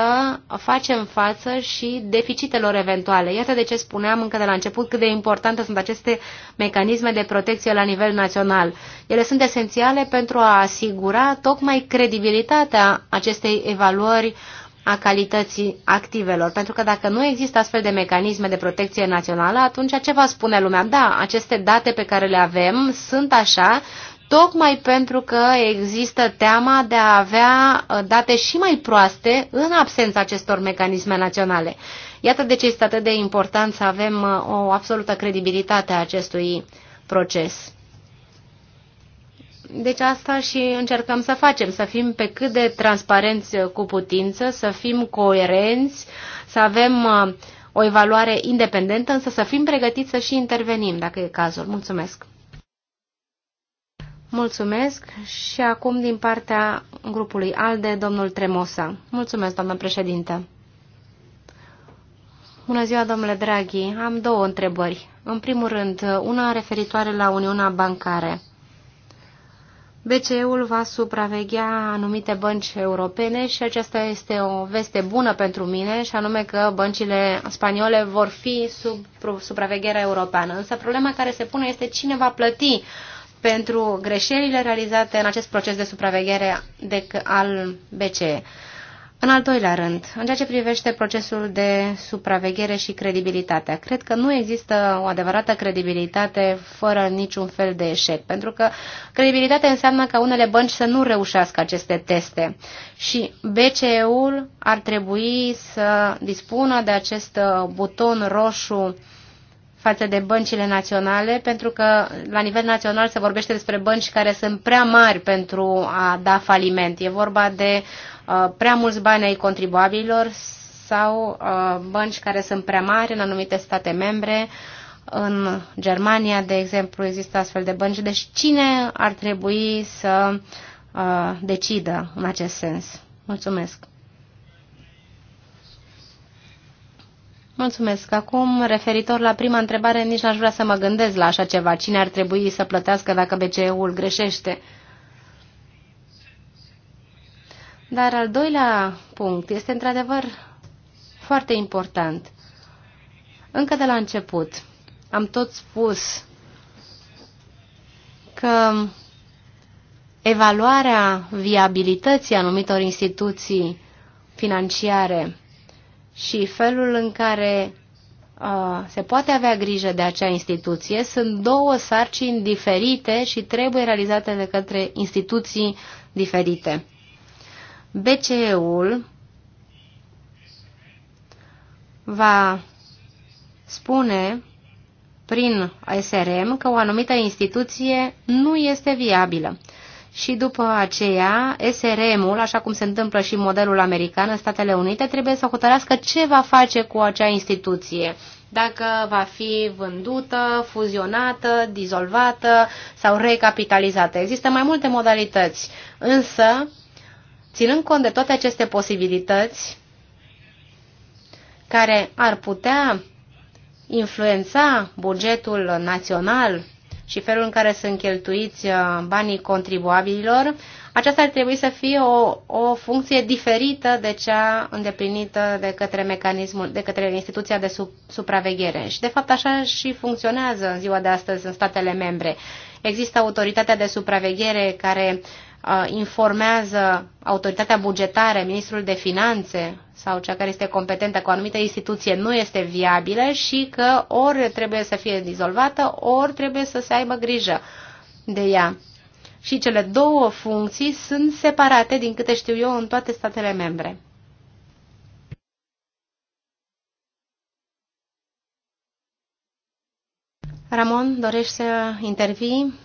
facem față și deficitelor eventuale. Iată de ce spuneam încă de la început cât de importante sunt aceste mecanisme de protecție la nivel național. Ele sunt esențiale pentru a asigura tocmai credibilitatea acestei evaluări a calității activelor. Pentru că dacă nu există astfel de mecanisme de protecție națională, atunci ce va spune lumea? Da, aceste date pe care le avem sunt așa, tocmai pentru că există teama de a avea uh, date și mai proaste în absența acestor mecanisme naționale. Iată de ce este atât de important să avem uh, o absolută credibilitate a acestui proces. Deci asta și încercăm să facem, să fim pe cât de transparenți uh, cu putință, să fim coerenți, să avem o evaluare independentă, însă să fim pregătiți să și intervenim, dacă e cazul. Mulțumesc! Mulțumesc și acum din partea grupului ALDE, domnul Tremosa. Mulțumesc, doamnă președintă. Bună ziua, domnule Draghi. Am două întrebări. În primul rând, una referitoare la Uniunea Bancare. BCE-ul va supraveghea anumite bănci europene și aceasta este o veste bună pentru mine, și anume că băncile spaniole vor fi sub supravegherea europeană. Însă problema care se pune este cine va plăti pentru greșelile realizate în acest proces de supraveghere de, al BCE. În al doilea rând, în ceea ce privește procesul de supraveghere și credibilitatea, cred că nu există o adevărată credibilitate fără niciun fel de eșec, pentru că credibilitatea înseamnă ca unele bănci să nu reușească aceste teste și BCE-ul ar trebui să dispună de acest buton roșu față de băncile naționale, pentru că la nivel național se vorbește despre bănci care sunt prea mari pentru a da faliment. E vorba de uh, prea mulți bani ai contribuabililor sau uh, bănci care sunt prea mari în anumite state membre. În Germania, de exemplu, există astfel de bănci. Deci cine ar trebui să uh, decidă în acest sens? Mulțumesc! Mulțumesc. Acum, referitor la prima întrebare, nici n-aș vrea să mă gândesc la așa ceva. Cine ar trebui să plătească dacă BCE-ul greșește? Dar al doilea punct este într-adevăr foarte important. Încă de la început am tot spus că evaluarea viabilității anumitor instituții financiare și felul în care uh, se poate avea grijă de acea instituție sunt două sarcini diferite și trebuie realizate de către instituții diferite. BCE-ul va spune prin SRM că o anumită instituție nu este viabilă și după aceea SRM-ul, așa cum se întâmplă și modelul american în Statele Unite, trebuie să hotărească ce va face cu acea instituție. Dacă va fi vândută, fuzionată, dizolvată sau recapitalizată. Există mai multe modalități, însă, ținând cont de toate aceste posibilități care ar putea influența bugetul național și felul în care sunt cheltuiți uh, banii contribuabililor, aceasta ar trebui să fie o, o funcție diferită de cea îndeplinită de către mecanismul, de către instituția de sub, supraveghere. Și de fapt așa și funcționează în ziua de astăzi în statele membre. Există autoritatea de supraveghere care uh, informează autoritatea bugetară, ministrul de finanțe sau cea care este competentă cu o anumită instituție nu este viabilă și că ori trebuie să fie dizolvată, ori trebuie să se aibă grijă de ea. Și cele două funcții sunt separate, din câte știu eu, în toate statele membre. Ramon, dorești să intervii?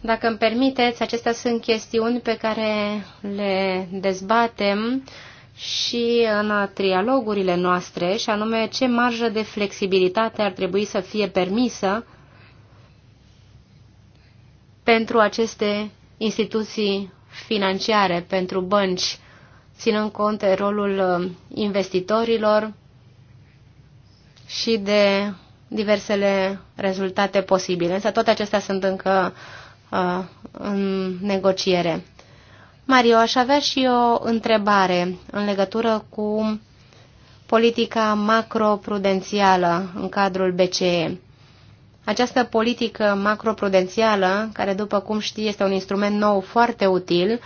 Dacă îmi permiteți, acestea sunt chestiuni pe care le dezbatem și în trialogurile noastre, și anume ce marjă de flexibilitate ar trebui să fie permisă pentru aceste instituții financiare, pentru bănci, ținând cont de rolul um, investitorilor și de diversele rezultate posibile. Însă toate acestea sunt încă Uh, în negociere. Mario, aș avea și o întrebare în legătură cu politica macroprudențială în cadrul BCE. Această politică macroprudențială, care după cum știi este un instrument nou foarte util,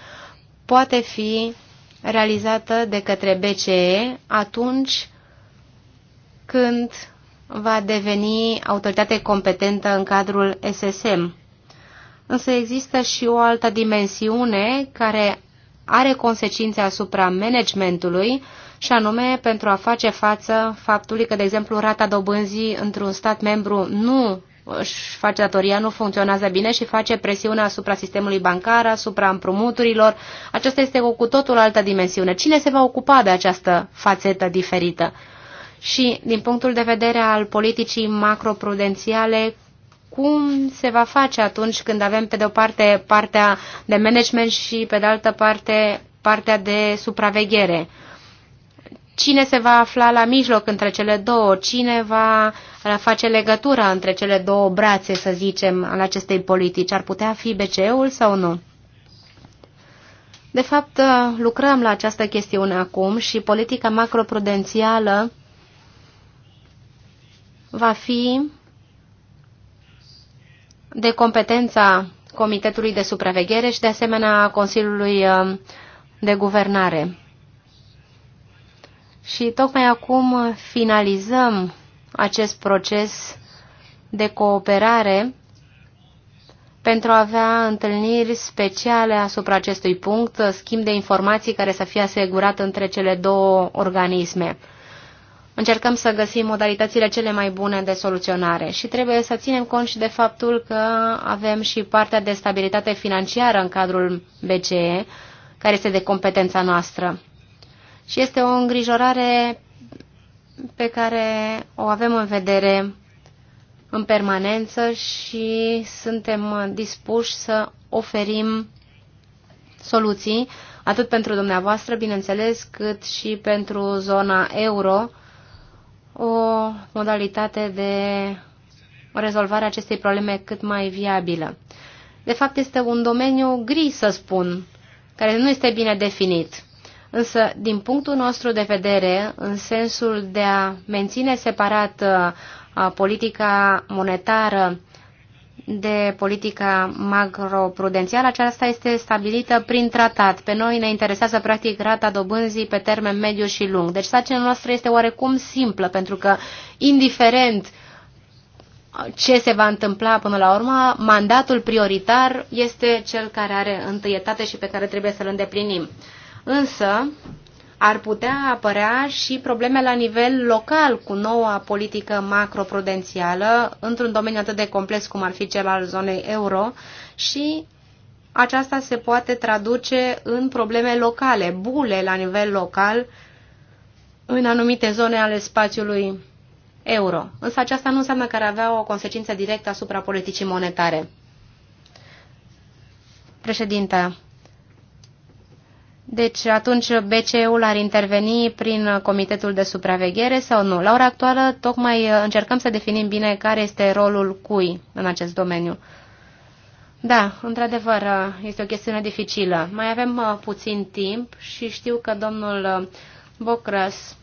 poate fi realizată de către BCE atunci când va deveni autoritate competentă în cadrul SSM. Însă există și o altă dimensiune care are consecințe asupra managementului și anume pentru a face față faptului că, de exemplu, rata dobânzii într-un stat membru nu își face datoria, nu funcționează bine și face presiune asupra sistemului bancar, asupra împrumuturilor. Aceasta este o cu totul altă dimensiune. Cine se va ocupa de această fațetă diferită? Și, din punctul de vedere al politicii macroprudențiale, cum se va face atunci când avem pe de o parte partea de management și pe de altă parte partea de supraveghere. Cine se va afla la mijloc între cele două? Cine va face legătura între cele două brațe, să zicem, al acestei politici? Ar putea fi BCE-ul sau nu? De fapt, lucrăm la această chestiune acum și politica macroprudențială va fi de competența Comitetului de Supraveghere și de asemenea Consiliului um, de Guvernare. Și tocmai acum finalizăm acest proces de cooperare pentru a avea întâlniri speciale asupra acestui punct, schimb de informații care să fie asigurat între cele două organisme. Încercăm să găsim modalitățile cele mai bune de soluționare și trebuie să ținem cont și de faptul că avem și partea de stabilitate financiară în cadrul BCE, care este de competența noastră. Și este o îngrijorare pe care o avem în vedere în permanență și suntem dispuși să oferim soluții, atât pentru dumneavoastră, bineînțeles, cât și pentru zona euro, o modalitate de rezolvare a acestei probleme cât mai viabilă. De fapt, este un domeniu gri, să spun, care nu este bine definit. Însă, din punctul nostru de vedere, în sensul de a menține separat uh, politica monetară de politica macroprudențială, aceasta este stabilită prin tratat. Pe noi ne interesează practic rata dobânzii pe termen mediu și lung. Deci sarcina noastră este oarecum simplă, pentru că indiferent ce se va întâmpla până la urmă, mandatul prioritar este cel care are întâietate și pe care trebuie să-l îndeplinim. Însă, ar putea apărea și probleme la nivel local cu noua politică macroprudențială într-un domeniu atât de complex cum ar fi cel al zonei euro și aceasta se poate traduce în probleme locale, bule la nivel local în anumite zone ale spațiului euro. Însă aceasta nu înseamnă că ar avea o consecință directă asupra politicii monetare. Președinte, deci atunci BCE-ul ar interveni prin Comitetul de Supraveghere sau nu? La ora actuală tocmai uh, încercăm să definim bine care este rolul cui în acest domeniu. Da, într-adevăr, uh, este o chestiune dificilă. Mai avem uh, puțin timp și știu că domnul Bocras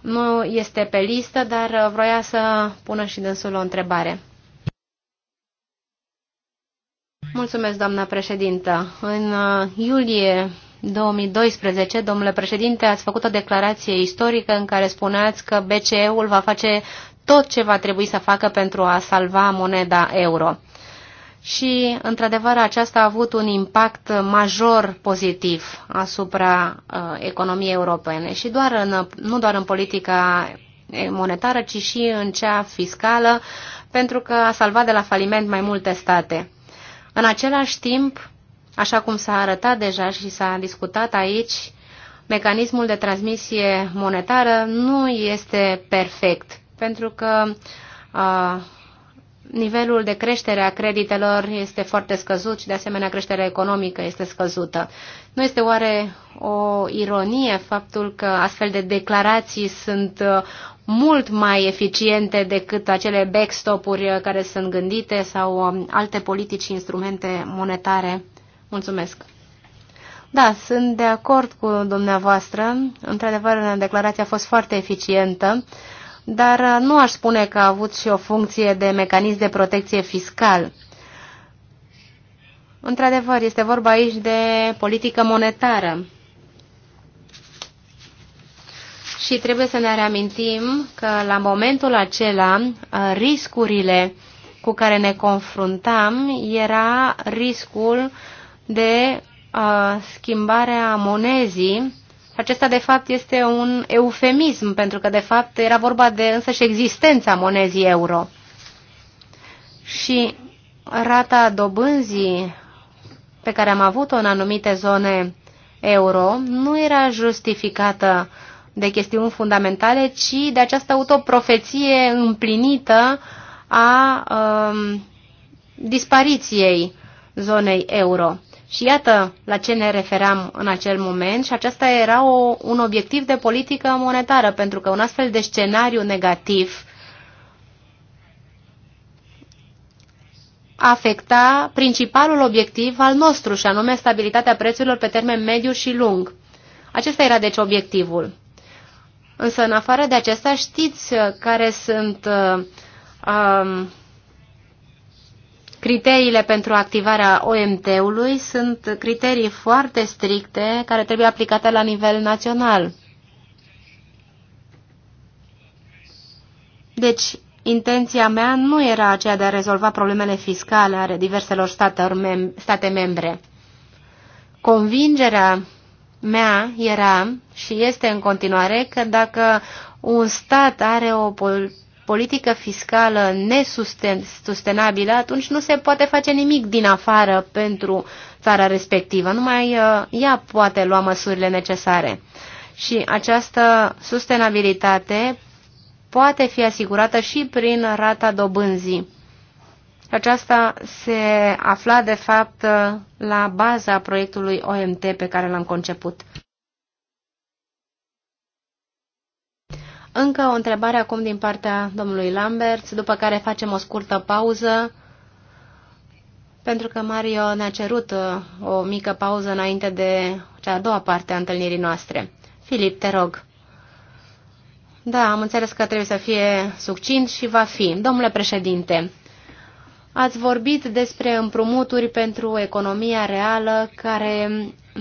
nu este pe listă, dar vroia să pună și dânsul o întrebare. Mulțumesc, doamna președintă. În iulie 2012, domnule președinte, ați făcut o declarație istorică în care spuneați că BCE-ul va face tot ce va trebui să facă pentru a salva moneda euro. Și, într-adevăr, aceasta a avut un impact major pozitiv asupra uh, economiei europene și doar în, nu doar în politica monetară, ci și în cea fiscală, pentru că a salvat de la faliment mai multe state. În același timp, Așa cum s-a arătat deja și s-a discutat aici, mecanismul de transmisie monetară nu este perfect, pentru că a, nivelul de creștere a creditelor este foarte scăzut și, de asemenea, creșterea economică este scăzută. Nu este oare o ironie faptul că astfel de declarații sunt mult mai eficiente decât acele backstop-uri care sunt gândite sau alte politici și instrumente monetare? Mulțumesc! Da, sunt de acord cu dumneavoastră. Într-adevăr, declarația a fost foarte eficientă, dar nu aș spune că a avut și o funcție de mecanism de protecție fiscal. Într-adevăr, este vorba aici de politică monetară. Și trebuie să ne reamintim că la momentul acela riscurile cu care ne confruntam era riscul uh, de uh, schimbarea monezii. Acesta, de fapt, este un eufemism, pentru că, de fapt, era vorba de însăși existența monezii euro. Și rata dobânzii pe care am avut-o în anumite zone euro nu era justificată de chestiuni fundamentale, ci de această autoprofeție împlinită a um, dispariției zonei euro. Și iată la ce ne referam în acel moment și acesta era o, un obiectiv de politică monetară, pentru că un astfel de scenariu negativ afecta principalul obiectiv al nostru, și anume stabilitatea prețurilor pe termen mediu și lung. Acesta era deci obiectivul. Însă, în afară de acesta, știți care sunt uh, uh, Criteriile pentru activarea OMT-ului sunt criterii foarte stricte care trebuie aplicate la nivel național. Deci, intenția mea nu era aceea de a rezolva problemele fiscale ale diverselor mem state membre. Convingerea mea era și este în continuare că dacă un stat are o politică fiscală nesustenabilă, atunci nu se poate face nimic din afară pentru țara respectivă. Numai uh, ea poate lua măsurile necesare. Și această sustenabilitate poate fi asigurată și prin rata dobânzii. Aceasta se afla, de fapt, uh, la baza proiectului OMT pe care l-am conceput. Încă o întrebare acum din partea domnului Lambert, după care facem o scurtă pauză, pentru că Mario ne-a cerut uh, o mică pauză înainte de cea a doua parte a întâlnirii noastre. Filip, te rog. Da, am înțeles că trebuie să fie succint și va fi. Domnule președinte, Ați vorbit despre împrumuturi pentru economia reală care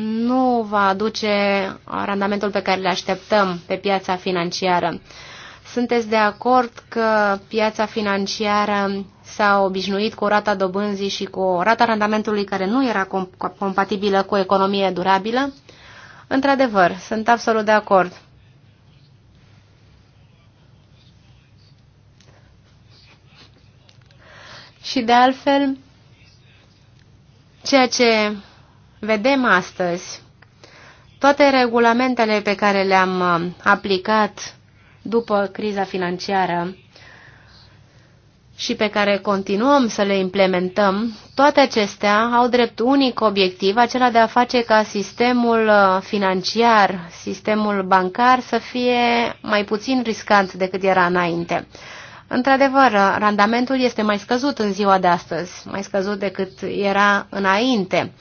nu va aduce randamentul pe care le așteptăm pe piața financiară. Sunteți de acord că piața financiară s-a obișnuit cu rata dobânzii și cu rata randamentului care nu era compatibilă cu economie durabilă? Într-adevăr, sunt absolut de acord. Și de altfel, ceea ce vedem astăzi, toate regulamentele pe care le-am uh, aplicat după criza financiară și pe care continuăm să le implementăm, toate acestea au drept unic obiectiv acela de a face ca sistemul uh, financiar, sistemul bancar să fie mai puțin riscant decât era înainte. Într-adevăr, randamentul este mai scăzut în ziua de astăzi, mai scăzut decât era înainte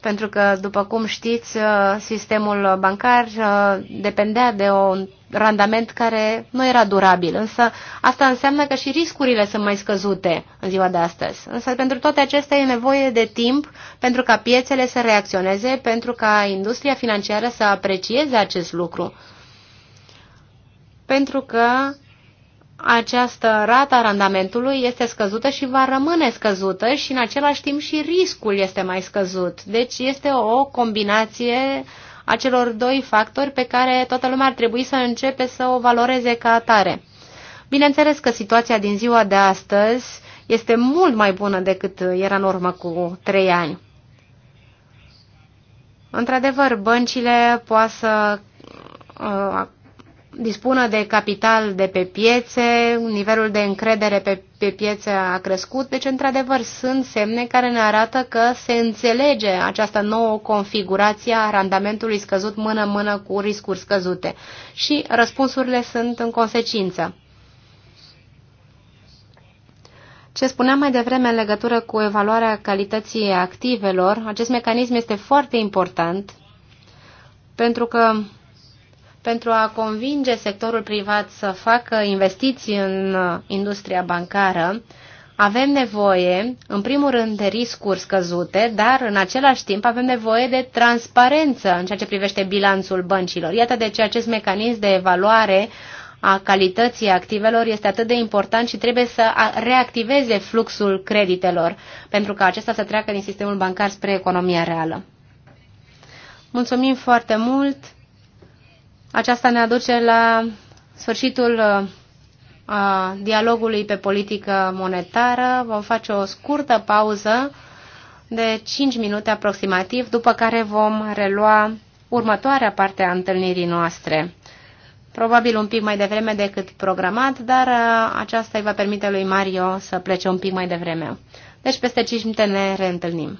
pentru că, după cum știți, sistemul bancar uh, depindea de un randament care nu era durabil, însă asta înseamnă că și riscurile sunt mai scăzute în ziua de astăzi. Însă pentru toate acestea e nevoie de timp pentru ca piețele să reacționeze, pentru ca industria financiară să aprecieze acest lucru. Pentru că această rata a randamentului este scăzută și va rămâne scăzută și în același timp și riscul este mai scăzut. Deci este o combinație a celor doi factori pe care toată lumea ar trebui să începe să o valoreze ca atare. Bineînțeles că situația din ziua de astăzi este mult mai bună decât era în urmă cu trei ani. Într-adevăr, băncile poate să uh, dispună de capital de pe piețe, nivelul de încredere pe, pe piețe a crescut, deci într-adevăr sunt semne care ne arată că se înțelege această nouă configurație a randamentului scăzut mână-mână cu riscuri scăzute și răspunsurile sunt în consecință. Ce spuneam mai devreme în legătură cu evaluarea calității activelor, acest mecanism este foarte important pentru că pentru a convinge sectorul privat să facă investiții în uh, industria bancară, avem nevoie, în primul rând, de riscuri scăzute, dar în același timp avem nevoie de transparență în ceea ce privește bilanțul băncilor. Iată de ce acest mecanism de evaluare a calității activelor este atât de important și trebuie să reactiveze fluxul creditelor, pentru ca acesta să treacă din sistemul bancar spre economia reală. Mulțumim foarte mult! Aceasta ne aduce la sfârșitul uh, dialogului pe politică monetară. Vom face o scurtă pauză de 5 minute aproximativ, după care vom relua următoarea parte a întâlnirii noastre. Probabil un pic mai devreme decât programat, dar uh, aceasta îi va permite lui Mario să plece un pic mai devreme. Deci peste 5 minute ne reîntâlnim.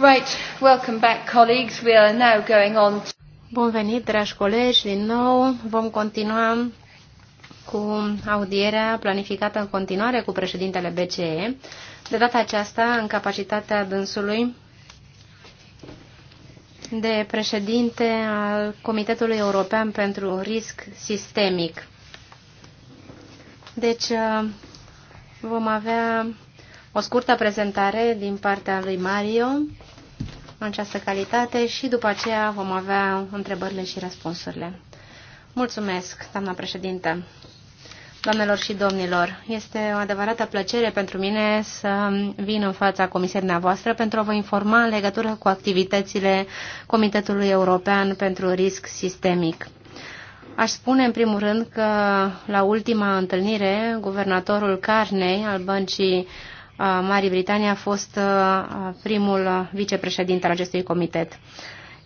Right, welcome back colleagues. We are now going on. Bun venit, dragi colegi, din nou. Vom continua cu audierea planificată în continuare cu președintele BCE, de data aceasta în capacitatea dânsului de președinte al Comitetului European pentru Risc Sistemic. Deci uh, vom avea o scurtă prezentare din partea lui Mario în această calitate și după aceea vom avea întrebările și răspunsurile. Mulțumesc, doamna președinte. Doamnelor și domnilor, este o adevărată plăcere pentru mine să vin în fața comisiei dumneavoastră pentru a vă informa în legătură cu activitățile Comitetului European pentru Risc Sistemic. Aș spune în primul rând că la ultima întâlnire, guvernatorul Carney al Băncii Marii Britanii a fost primul vicepreședinte al acestui comitet.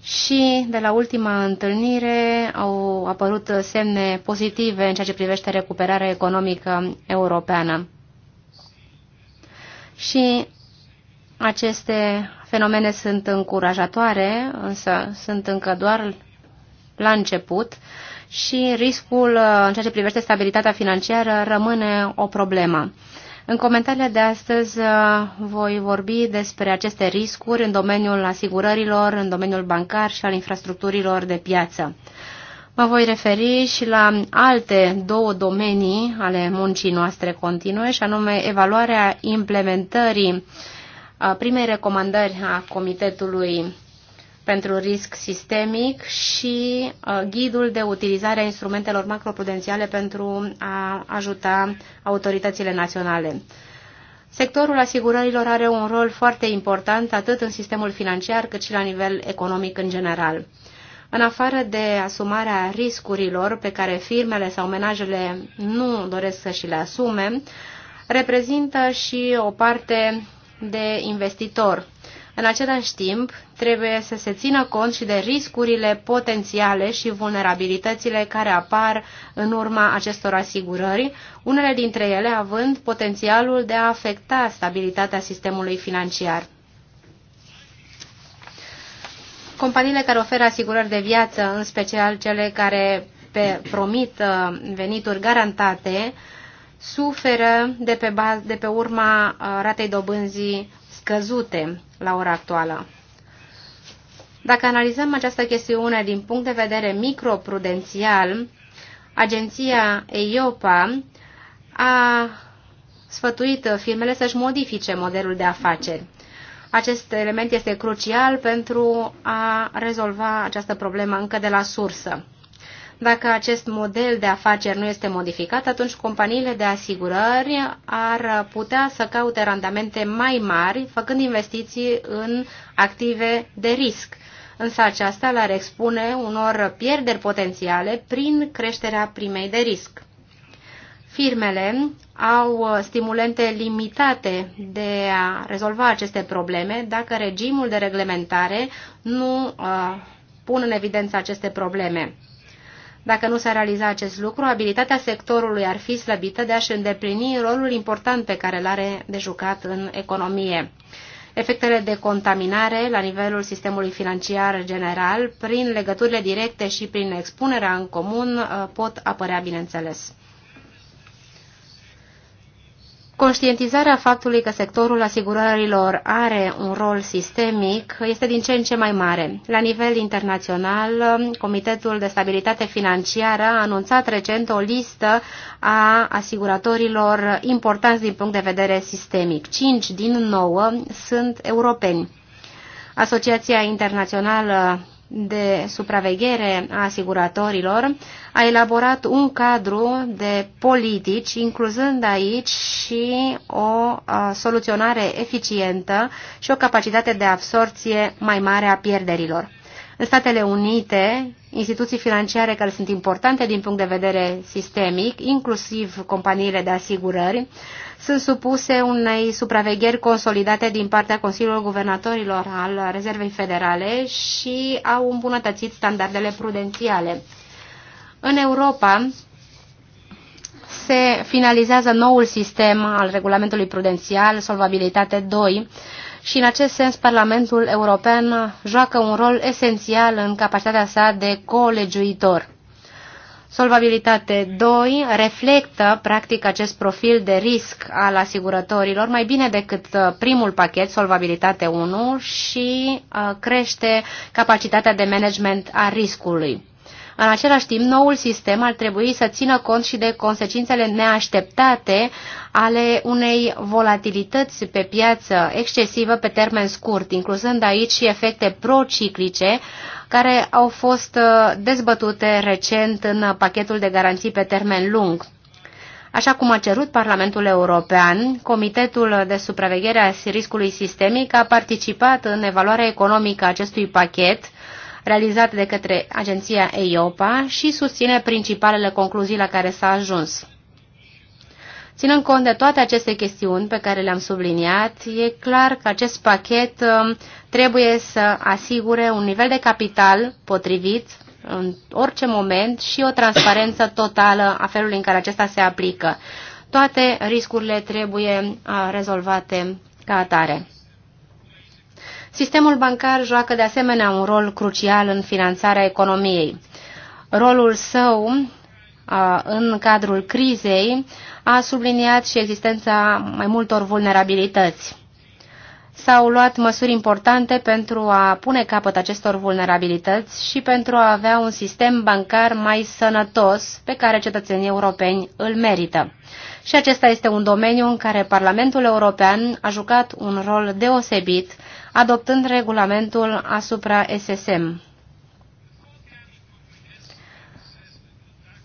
Și de la ultima întâlnire au apărut semne pozitive în ceea ce privește recuperarea economică europeană. Și aceste fenomene sunt încurajatoare, însă sunt încă doar la început și riscul în ceea ce privește stabilitatea financiară rămâne o problemă. În comentariile de astăzi uh, voi vorbi despre aceste riscuri în domeniul asigurărilor, în domeniul bancar și al infrastructurilor de piață. Mă voi referi și la alte două domenii ale muncii noastre continue, și anume evaluarea implementării uh, primei recomandări a Comitetului pentru risc sistemic și uh, ghidul de utilizare a instrumentelor macroprudențiale pentru a ajuta autoritățile naționale. Sectorul asigurărilor are un rol foarte important atât în sistemul financiar cât și la nivel economic în general. În afară de asumarea riscurilor pe care firmele sau menajele nu doresc să și le asume, reprezintă și o parte de investitor în același timp, trebuie să se țină cont și de riscurile potențiale și vulnerabilitățile care apar în urma acestor asigurări, unele dintre ele având potențialul de a afecta stabilitatea sistemului financiar. Companiile care oferă asigurări de viață, în special cele care pe, promit uh, venituri garantate, suferă de pe, baz, de pe urma uh, ratei dobânzii scăzute la ora actuală. Dacă analizăm această chestiune din punct de vedere microprudențial, agenția EIOPA a sfătuit firmele să-și modifice modelul de afaceri. Acest element este crucial pentru a rezolva această problemă încă de la sursă. Dacă acest model de afaceri nu este modificat, atunci companiile de asigurări ar putea să caute randamente mai mari, făcând investiții în active de risc. Însă aceasta l-ar expune unor pierderi potențiale prin creșterea primei de risc. Firmele au stimulente limitate de a rezolva aceste probleme dacă regimul de reglementare nu uh, pun în evidență aceste probleme. Dacă nu s-a realizat acest lucru, abilitatea sectorului ar fi slăbită de a-și îndeplini rolul important pe care îl are de jucat în economie. Efectele de contaminare la nivelul sistemului financiar general, prin legăturile directe și prin expunerea în comun, uh, pot apărea, bineînțeles. Conștientizarea faptului că sectorul asigurărilor are un rol sistemic este din ce în ce mai mare. La nivel internațional, Comitetul de Stabilitate Financiară a anunțat recent o listă a asiguratorilor importanți din punct de vedere sistemic. Cinci din nouă sunt europeni. Asociația Internațională de supraveghere a asiguratorilor a elaborat un cadru de politici, incluzând aici și o soluționare eficientă și o capacitate de absorție mai mare a pierderilor. În Statele Unite, instituții financiare care sunt importante din punct de vedere sistemic, inclusiv companiile de asigurări, sunt supuse unei supravegheri consolidate din partea Consiliului Guvernatorilor al Rezervei Federale și au îmbunătățit standardele prudențiale. În Europa, se finalizează noul sistem al regulamentului prudențial, Solvabilitate 2, și în acest sens Parlamentul European joacă un rol esențial în capacitatea sa de colegiuitor. Solvabilitate 2 reflectă, practic, acest profil de risc al asigurătorilor mai bine decât uh, primul pachet, Solvabilitate 1, și uh, crește capacitatea de management a riscului. În același timp, noul sistem ar trebui să țină cont și de consecințele neașteptate ale unei volatilități pe piață excesivă pe termen scurt, incluzând aici și efecte prociclice care au fost uh, dezbătute recent în pachetul de garanții pe termen lung. Așa cum a cerut Parlamentul European, Comitetul de Supraveghere a Riscului Sistemic a participat în evaluarea economică a acestui pachet realizat de către agenția EIOPA și susține principalele concluzii la care s-a ajuns. Ținând cont de toate aceste chestiuni pe care le-am subliniat, e clar că acest pachet um, trebuie să asigure un nivel de capital potrivit în orice moment și o transparență totală a felului în care acesta se aplică. Toate riscurile trebuie uh, rezolvate ca atare. Sistemul bancar joacă de asemenea un rol crucial în finanțarea economiei. Rolul său în cadrul crizei a subliniat și existența mai multor vulnerabilități. S-au luat măsuri importante pentru a pune capăt acestor vulnerabilități și pentru a avea un sistem bancar mai sănătos pe care cetățenii europeni îl merită. Și acesta este un domeniu în care Parlamentul European a jucat un rol deosebit adoptând regulamentul asupra SSM.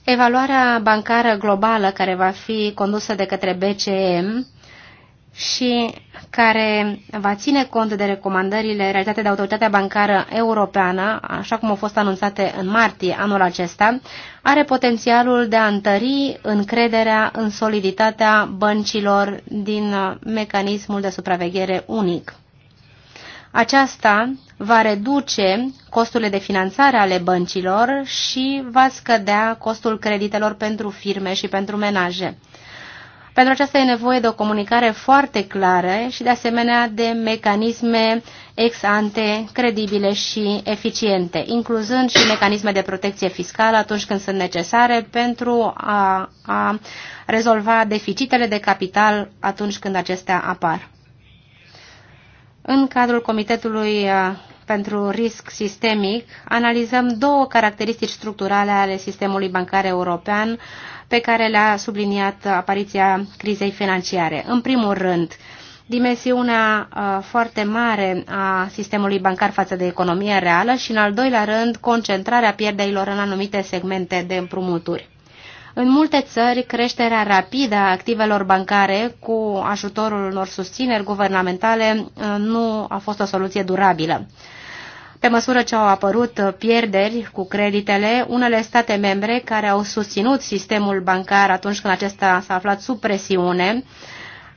Evaluarea bancară globală care va fi condusă de către BCM și care va ține cont de recomandările realizate de Autoritatea Bancară Europeană, așa cum au fost anunțate în martie anul acesta, are potențialul de a întări încrederea în soliditatea băncilor din mecanismul de supraveghere unic. Aceasta va reduce costurile de finanțare ale băncilor și va scădea costul creditelor pentru firme și pentru menaje. Pentru aceasta e nevoie de o comunicare foarte clară și de asemenea de mecanisme ex ante credibile și eficiente, incluzând și mecanisme de protecție fiscală atunci când sunt necesare pentru a, a rezolva deficitele de capital atunci când acestea apar. În cadrul Comitetului uh, pentru Risc Sistemic, analizăm două caracteristici structurale ale sistemului bancar european pe care le-a subliniat apariția crizei financiare. În primul rând, dimensiunea uh, foarte mare a sistemului bancar față de economia reală și, în al doilea rând, concentrarea pierderilor în anumite segmente de împrumuturi. În multe țări, creșterea rapidă a activelor bancare cu ajutorul unor susțineri guvernamentale uh, nu a fost o soluție durabilă. Pe măsură ce au apărut pierderi cu creditele, unele state membre care au susținut sistemul bancar atunci când acesta s-a aflat sub presiune,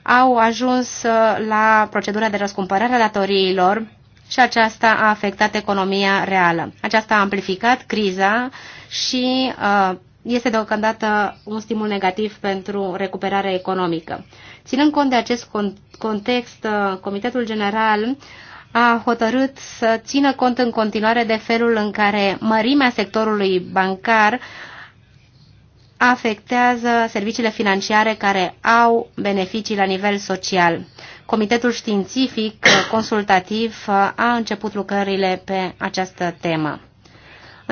au ajuns uh, la procedura de răscumpărare a datoriilor și aceasta a afectat economia reală. Aceasta a amplificat criza și uh, este deocamdată un stimul negativ pentru recuperarea economică. Ținând cont de acest context, uh, Comitetul General a hotărât să țină cont în continuare de felul în care mărimea sectorului bancar afectează serviciile financiare care au beneficii la nivel social. Comitetul științific uh, consultativ uh, a început lucrările pe această temă.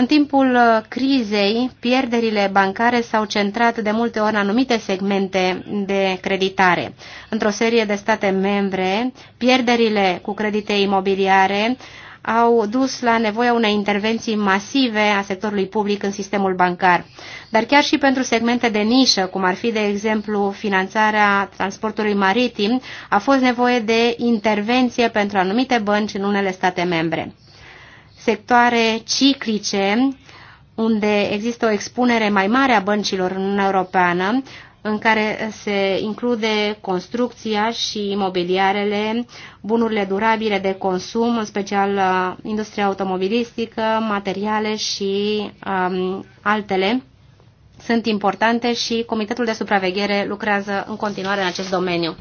În timpul uh, crizei, pierderile bancare s-au centrat de multe ori în anumite segmente de creditare. Într-o serie de state membre, pierderile cu credite imobiliare au dus la nevoia unei intervenții masive a sectorului public în sistemul bancar. Dar chiar și pentru segmente de nișă, cum ar fi, de exemplu, finanțarea transportului maritim, a fost nevoie de intervenție pentru anumite bănci în unele state membre sectoare ciclice, unde există o expunere mai mare a băncilor în Uniunea Europeană, în care se include construcția și imobiliarele, bunurile durabile de consum, în special uh, industria automobilistică, materiale și um, altele, sunt importante și Comitetul de Supraveghere lucrează în continuare în acest domeniu.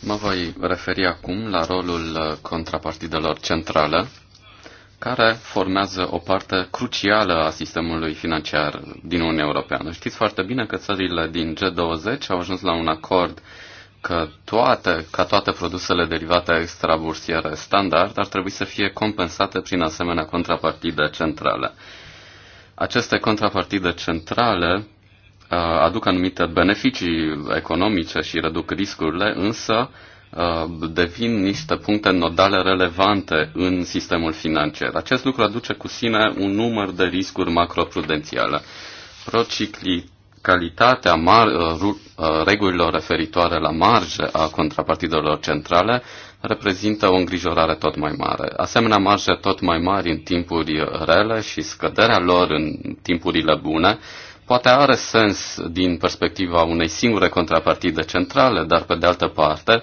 Mă voi referi acum la rolul uh, contrapartidelor centrale care formează o parte crucială a sistemului financiar din Uniunea Europeană. Știți foarte bine că țările din G20 au ajuns la un acord că toate, ca toate produsele derivate extrabursiere standard ar trebui să fie compensate prin asemenea contrapartide centrale. Aceste contrapartide centrale uh, aduc anumite beneficii economice și reduc riscurile, însă Uh, devin niște puncte nodale relevante în sistemul financiar. Acest lucru aduce cu sine un număr de riscuri macroprudențiale. Prociclicalitatea mar- uh, uh, regulilor referitoare la marge a contrapartidelor centrale reprezintă o îngrijorare tot mai mare. Asemenea, marge tot mai mari în timpuri rele și scăderea lor în timpurile bune poate are sens din perspectiva unei singure contrapartide centrale, dar pe de altă parte,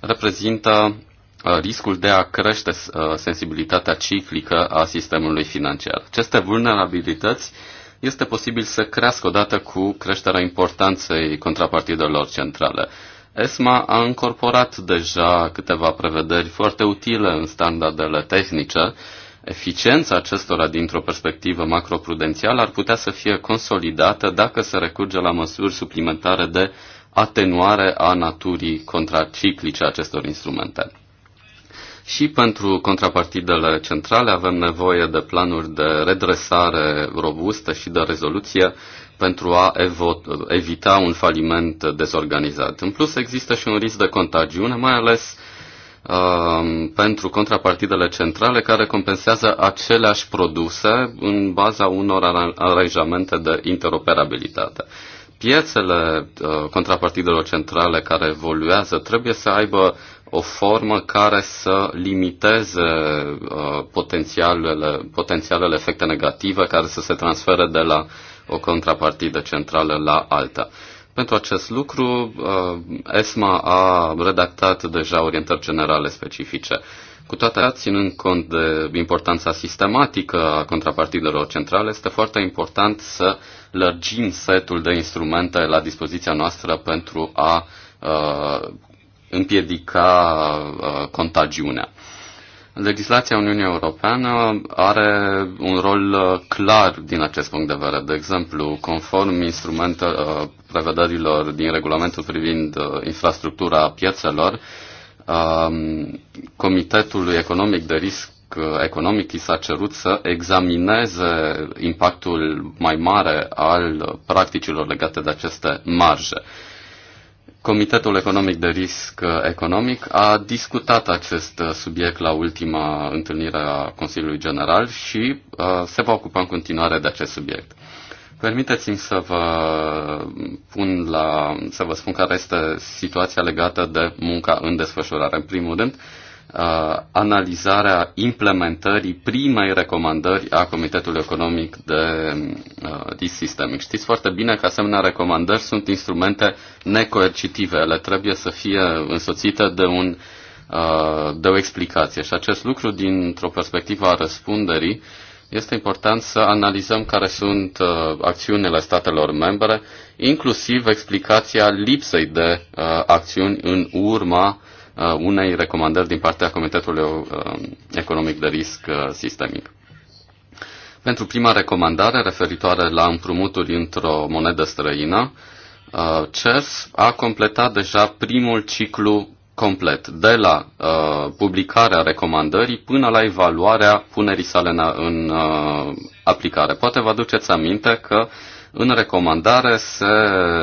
reprezintă uh, riscul de a crește uh, sensibilitatea ciclică a sistemului financiar. Aceste vulnerabilități este posibil să crească odată cu creșterea importanței contrapartidelor centrale. ESMA a incorporat deja câteva prevederi foarte utile în standardele tehnice. Eficiența acestora dintr-o perspectivă macroprudențială ar putea să fie consolidată dacă se recurge la măsuri suplimentare de uh, atenuare a naturii contraciclice a acestor instrumente. Și pentru contrapartidele centrale avem nevoie de planuri de redresare robustă și de rezoluție pentru a evita un faliment dezorganizat. În plus, există și un risc de contagiune, mai ales uh, pentru contrapartidele centrale care compensează aceleași produse în baza unor aranjamente de interoperabilitate. Uh, piețele uh, contrapartidelor centrale care evoluează trebuie să aibă o formă care să limiteze uh, potențialele, potențialele efecte negative care să se transfere de la o contrapartidă centrală la alta. Pentru acest lucru, uh, ESMA a redactat deja orientări generale specifice. Cu toate ținând cont de importanța sistematică a contrapartidelor centrale, este foarte important să lărgim setul de instrumente la dispoziția noastră pentru a uh, împiedica uh, contagiunea. Legislația Uniunii Europeană are un rol clar din acest punct de vedere. De exemplu, conform instrumentelor prevederilor din regulamentul privind infrastructura piețelor, Um, Comitetului Economic de Risc uh, Economic i s-a cerut să examineze impactul mai mare al practicilor legate de aceste marje. Comitetul Economic de Risc uh, Economic a discutat acest uh, subiect la ultima întâlnire a Consiliului General și uh, se va ocupa în continuare de acest subiect. Permiteți-mi să vă pun la, să vă spun care este situația legată de munca în desfășurare. În primul rând, uh, analizarea implementării primei recomandări a Comitetului Economic de uh, Risk Systemic. Știți foarte bine că asemenea recomandări sunt instrumente necoercitive. Ele trebuie să fie însoțite de, un, uh, de o explicație. Și acest lucru, dintr-o perspectivă a răspunderii, uh, este important să analizăm care sunt uh, acțiunile statelor membre, inclusiv explicația lipsei de uh, acțiuni în urma uh, unei recomandări din partea Comitetului uh, Economic de Risc uh, Sistemic. Pentru prima recomandare referitoare la împrumuturi într-o monedă străină, uh, CERS a completat deja primul ciclu complet, de la uh, publicarea recomandării până la evaluarea punerii sale în, în uh, aplicare. Poate vă aduceți aminte că în recomandare se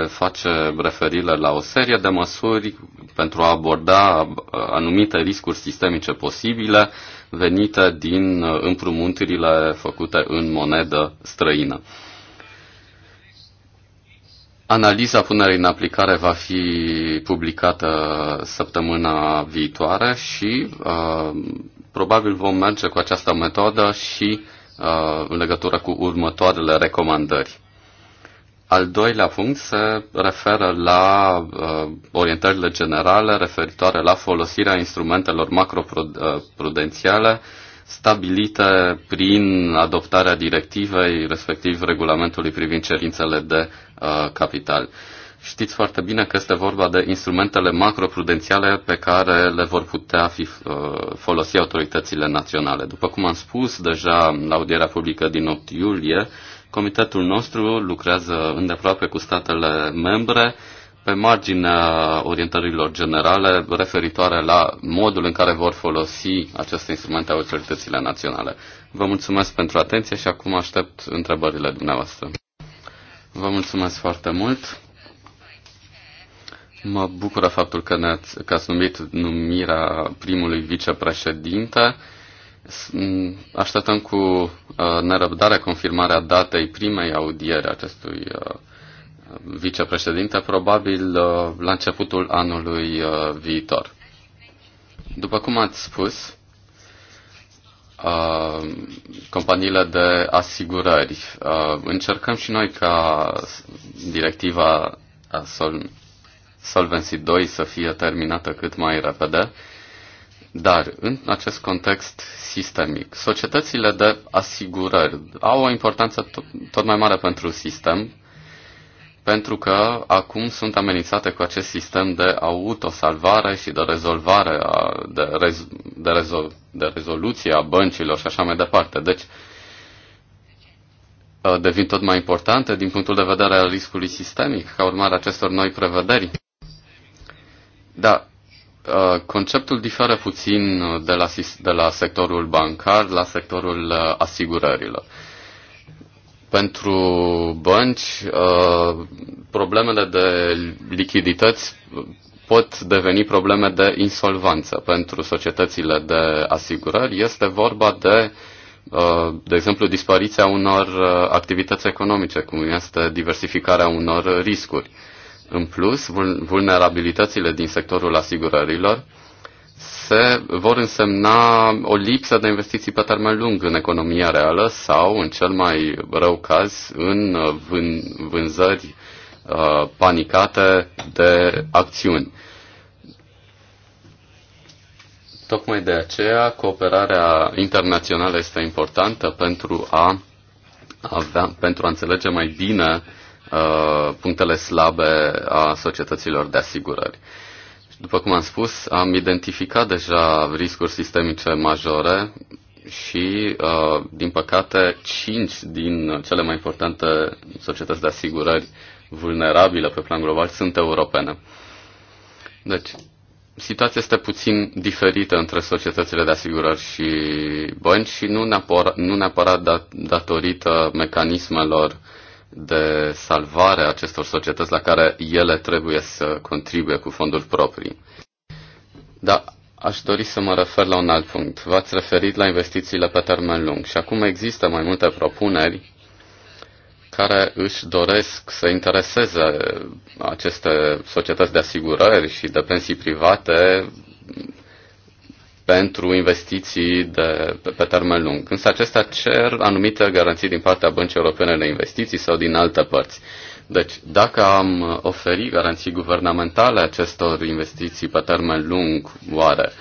face referire la o serie de măsuri pentru a aborda uh, anumite riscuri sistemice posibile venite din uh, împrumuturile făcute în monedă străină. Analiza punerii în aplicare va fi publicată săptămâna viitoare și uh, probabil vom merge cu această metodă și uh, în legătură cu următoarele recomandări. Al doilea punct se referă la uh, orientările generale referitoare la folosirea instrumentelor macroprudențiale stabilite prin adoptarea directivei, respectiv regulamentului privind cerințele de Uh, capital. Știți foarte bine că este vorba de instrumentele macroprudențiale pe care le vor putea fi uh, folosi autoritățile naționale. După cum am spus deja la audierea publică din 8 iulie, comitetul nostru lucrează îndeproape cu statele membre pe marginea orientărilor generale referitoare la modul în care vor folosi aceste instrumente autoritățile naționale. Vă mulțumesc pentru atenție și acum aștept întrebările dumneavoastră. Vă mulțumesc foarte mult. Mă bucură faptul că, ne-ați, că ați numit numirea primului vicepreședinte. Așteptăm cu uh, nerăbdare confirmarea datei primei audieri acestui uh, vicepreședinte, probabil uh, la începutul anului viitor. După cum ați spus, Uh, companiile de asigurări. Uh, încercăm și noi ca directiva Sol- Solvency 2 să fie terminată cât mai repede, dar în acest context sistemic, societățile de asigurări au o importanță tot mai mare pentru sistem, pentru că acum sunt amenințate cu acest sistem de autosalvare și de rezolvare, a, de, rez, de, rezo, de rezoluție a băncilor și așa mai departe. Deci, devin tot mai importante din punctul de vedere al riscului sistemic, ca urmare a acestor noi prevederi. Da, conceptul diferă puțin de la, de la sectorul bancar la sectorul asigurărilor pentru bănci, uh, problemele de lichidități pot deveni probleme de insolvență pentru societățile de asigurări. Este vorba de, uh, de exemplu, dispariția unor uh, activități economice, cum este diversificarea unor riscuri. În plus, vulnerabilitățile din sectorul asigurărilor produse vor însemna o lipsă de investiții pe termen lung în economia reală sau, în cel mai rău caz, în vân- vânzări uh, panicate de acțiuni. Tocmai de aceea, cooperarea internațională este importantă pentru a, avea, pentru a înțelege mai bine uh, punctele slabe a societăților de asigurări. După cum am spus, am identificat deja riscuri sistemice majore și, uh, din păcate, cinci din cele mai importante societăți de asigurări vulnerabile pe plan global sunt europene. Deci, situația este puțin diferită între societățile de asigurări și bănci și nu neapărat, nu neapărat dat, datorită mecanismelor de salvare a acestor societăți la care ele trebuie să contribuie cu fonduri proprii. Da, aș dori să mă refer la un alt punct. V-ați referit la investițiile pe termen lung și acum există mai multe propuneri care își doresc să intereseze aceste societăți de asigurări și de pensii private pentru investiții de, pe, pe termen lung. Însă acestea cer anumite garanții din partea Băncii Europene de Investiții sau din alte părți. Deci, dacă am oferi garanții guvernamentale acestor investiții pe termen lung, oare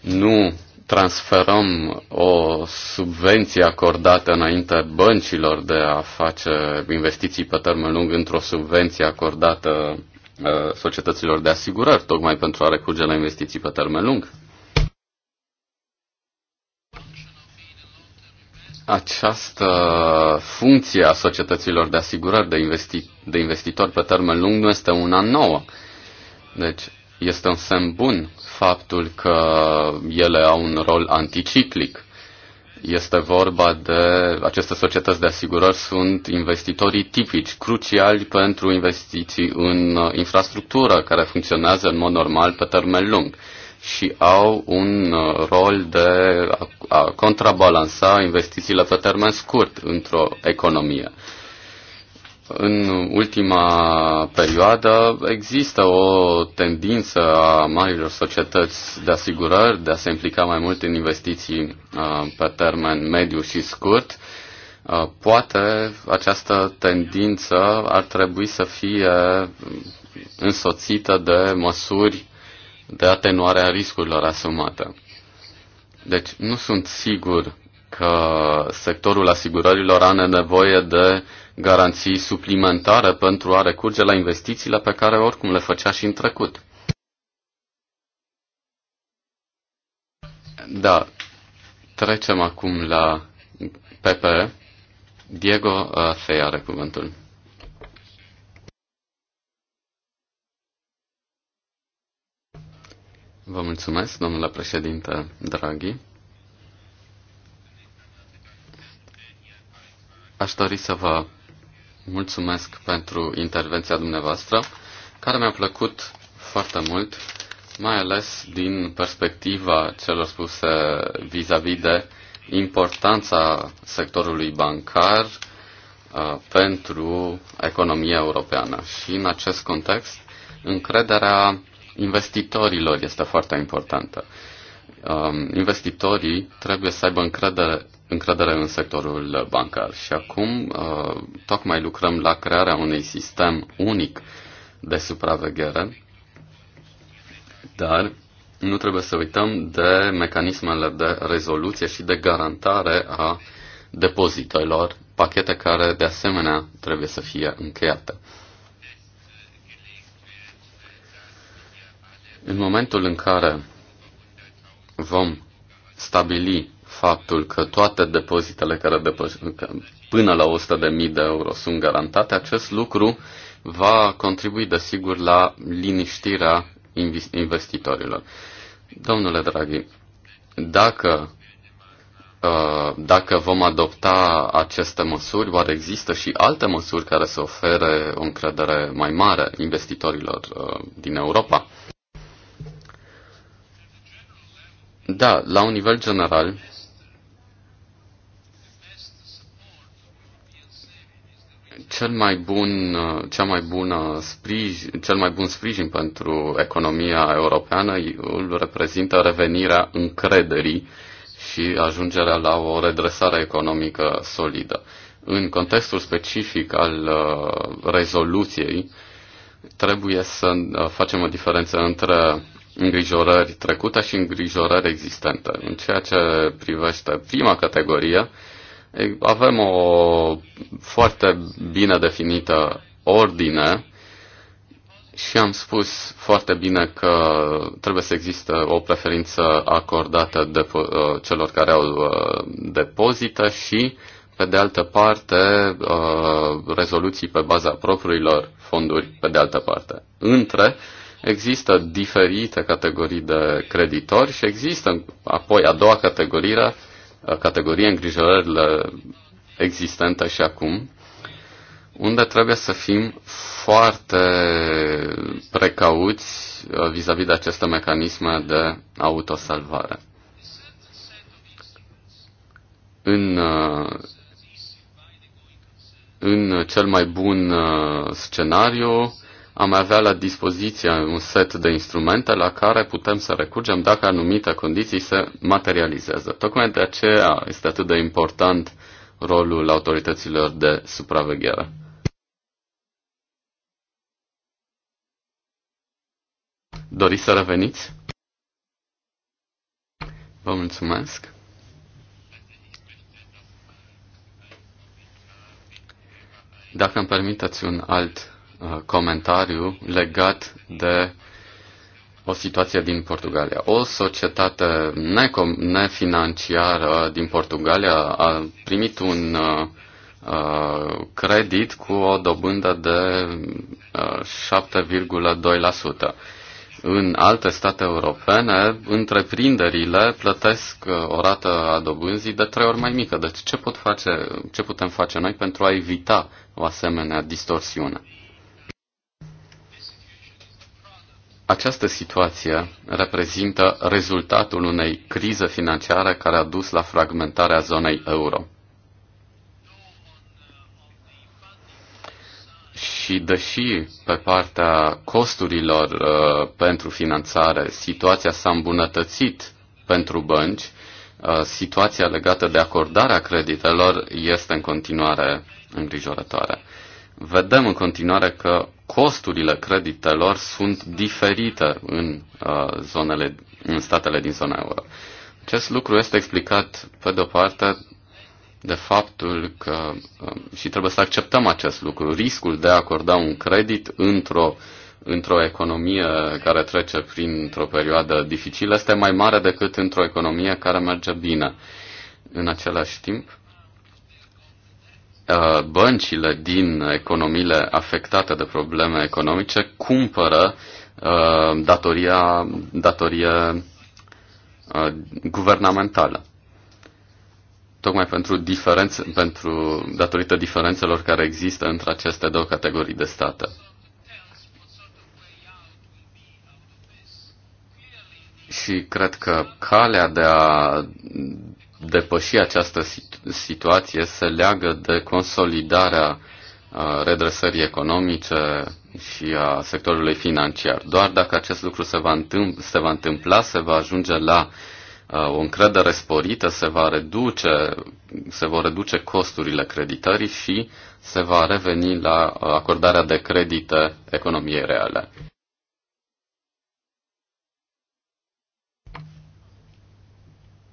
nu transferăm o subvenție acordată înainte băncilor de a face investiții pe termen lung într-o subvenție acordată uh, societăților de asigurări, tocmai pentru a recurge la investiții pe termen lung? această funcție a societăților de asigurări de, investi- de investitori pe termen lung nu este una nouă. Deci este un semn bun faptul că ele au un rol anticiclic. Este vorba de aceste societăți de asigurări sunt investitorii tipici, cruciali pentru investiții în infrastructură care funcționează în mod normal pe termen lung și au un uh, rol de a contrabalansa investițiile pe termen scurt într-o economie. În ultima perioadă există o tendință a marilor societăți de asigurări de a se implica mai mult în investiții uh, pe termen mediu și scurt. Uh, poate această tendință ar trebui să fie însoțită de măsuri de atenuare a riscurilor asumate. Deci nu sunt sigur că sectorul asigurărilor are nevoie de garanții suplimentare pentru a recurge la investițiile pe care oricum le făcea și în trecut. Da, trecem acum la PP. Diego uh, Fei are cuvântul. Vă mulțumesc, domnule președinte Draghi. Aș dori să vă mulțumesc pentru intervenția dumneavoastră, care mi-a plăcut foarte mult, mai ales din perspectiva celor spuse vis-a-vis -vis de importanța sectorului bancar uh, pentru economia europeană. Și în acest context, încrederea investitorilor este foarte importantă. Um, investitorii trebuie să aibă încredere, încredere în sectorul bancar și acum uh, tocmai lucrăm la crearea unui sistem unic de supraveghere, dar nu trebuie să uităm de mecanismele de rezoluție și de garantare a depozitelor, pachete care de asemenea trebuie să fie încheiate. În momentul în care vom stabili faptul că toate depozitele care că până la 100.000 de euro sunt garantate, acest lucru va contribui, desigur, la liniștirea investitorilor. Domnule Draghi, dacă, uh, dacă vom adopta aceste măsuri, oare există și alte măsuri care să ofere o încredere mai mare investitorilor uh, din Europa? Da, la un nivel general, cel mai bun, cea mai bună sprijin, cel mai bun sprijin pentru economia europeană îl reprezintă revenirea încrederii și ajungerea la o redresare economică solidă. În contextul specific al uh, rezoluției, trebuie să uh, facem o diferență între îngrijorări trecute și îngrijorări existente. În ceea ce privește prima categorie, avem o foarte bine definită ordine și am spus foarte bine că trebuie să există o preferință acordată de uh, celor care au uh, depozită și, pe de altă parte, uh, rezoluții pe baza propriilor fonduri, pe de altă parte. Între uh, Există diferite categorii de creditori și există apoi a doua categorie, categorie îngrijorările existente și acum, unde trebuie să fim foarte precauți uh, vis-a-vis -vis de aceste mecanisme de autosalvare. În, uh, în cel mai bun uh, scenariu, am avea la dispoziție un set de instrumente la care putem să recurgem dacă anumite condiții se materializează. Tocmai de aceea este atât de important rolul autorităților de supraveghere. Doriți să reveniți? Vă mulțumesc. Dacă îmi permiteți un alt Uh, comentariu legat de o situație din Portugalia. O societate nefinanciară din Portugalia a primit un uh, uh credit cu o dobândă de uh, 7,2%. În alte state europene, întreprinderile plătesc uh, o rată a dobânzii de trei ori mai mică. Deci ce, pot face, ce putem face noi pentru a evita o asemenea distorsiune? Această situație reprezintă rezultatul unei crize financiare care a dus la fragmentarea zonei euro. Și deși pe partea costurilor uh, pentru finanțare situația s-a îmbunătățit pentru bănci, uh, situația legată de acordarea creditelor este în continuare îngrijorătoare. Vedem în continuare că costurile creditelor sunt diferite în, uh, zonele, în statele din zona euro. Acest lucru este explicat, pe de-o parte, de faptul că, um, și trebuie să acceptăm acest lucru, riscul de a acorda un credit într-o într-o economie care trece printr-o perioadă dificilă este mai mare decât într-o economie care merge bine. În același timp, Uh, băncile din economiile afectate de probleme economice cumpără uh, datoria, datorie uh, guvernamentală. Tocmai pentru, diferențe, pentru datorită diferențelor care există între aceste două categorii de state. Și cred că calea de a depăși această situație se leagă de consolidarea redresării economice și a sectorului financiar. Doar dacă acest lucru se va, întâmpla, se va întâmpla, se va ajunge la o încredere sporită, se, va reduce, se vor reduce costurile creditării și se va reveni la acordarea de credite economiei reale.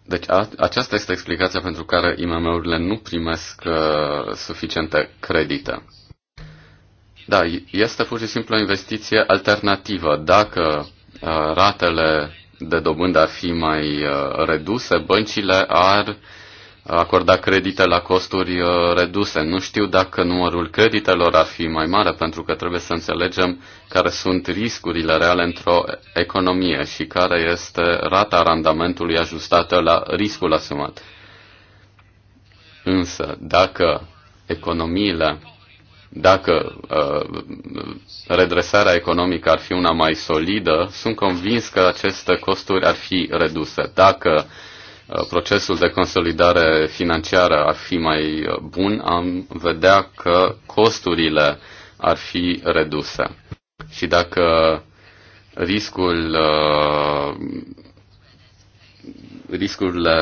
Deci a, aceasta este explicația pentru care IMM-urile nu primesc uh, suficiente credite. Da, este pur și simplu o investiție alternativă. Dacă uh, ratele de dobândă ar fi mai uh, reduse, băncile ar acorda credite la costuri uh, reduse. Nu știu dacă numărul creditelor ar fi mai mare, pentru că trebuie să înțelegem care sunt riscurile reale într-o economie și care este rata randamentului ajustată la riscul asumat. Însă, dacă economiile, dacă uh, redresarea economică ar fi una mai solidă, sunt convins că aceste costuri ar fi reduse. Dacă uh, Uh, procesul de consolidare financiară ar fi mai uh, bun, am vedea că costurile ar fi reduse. Și dacă riscul, uh, riscurile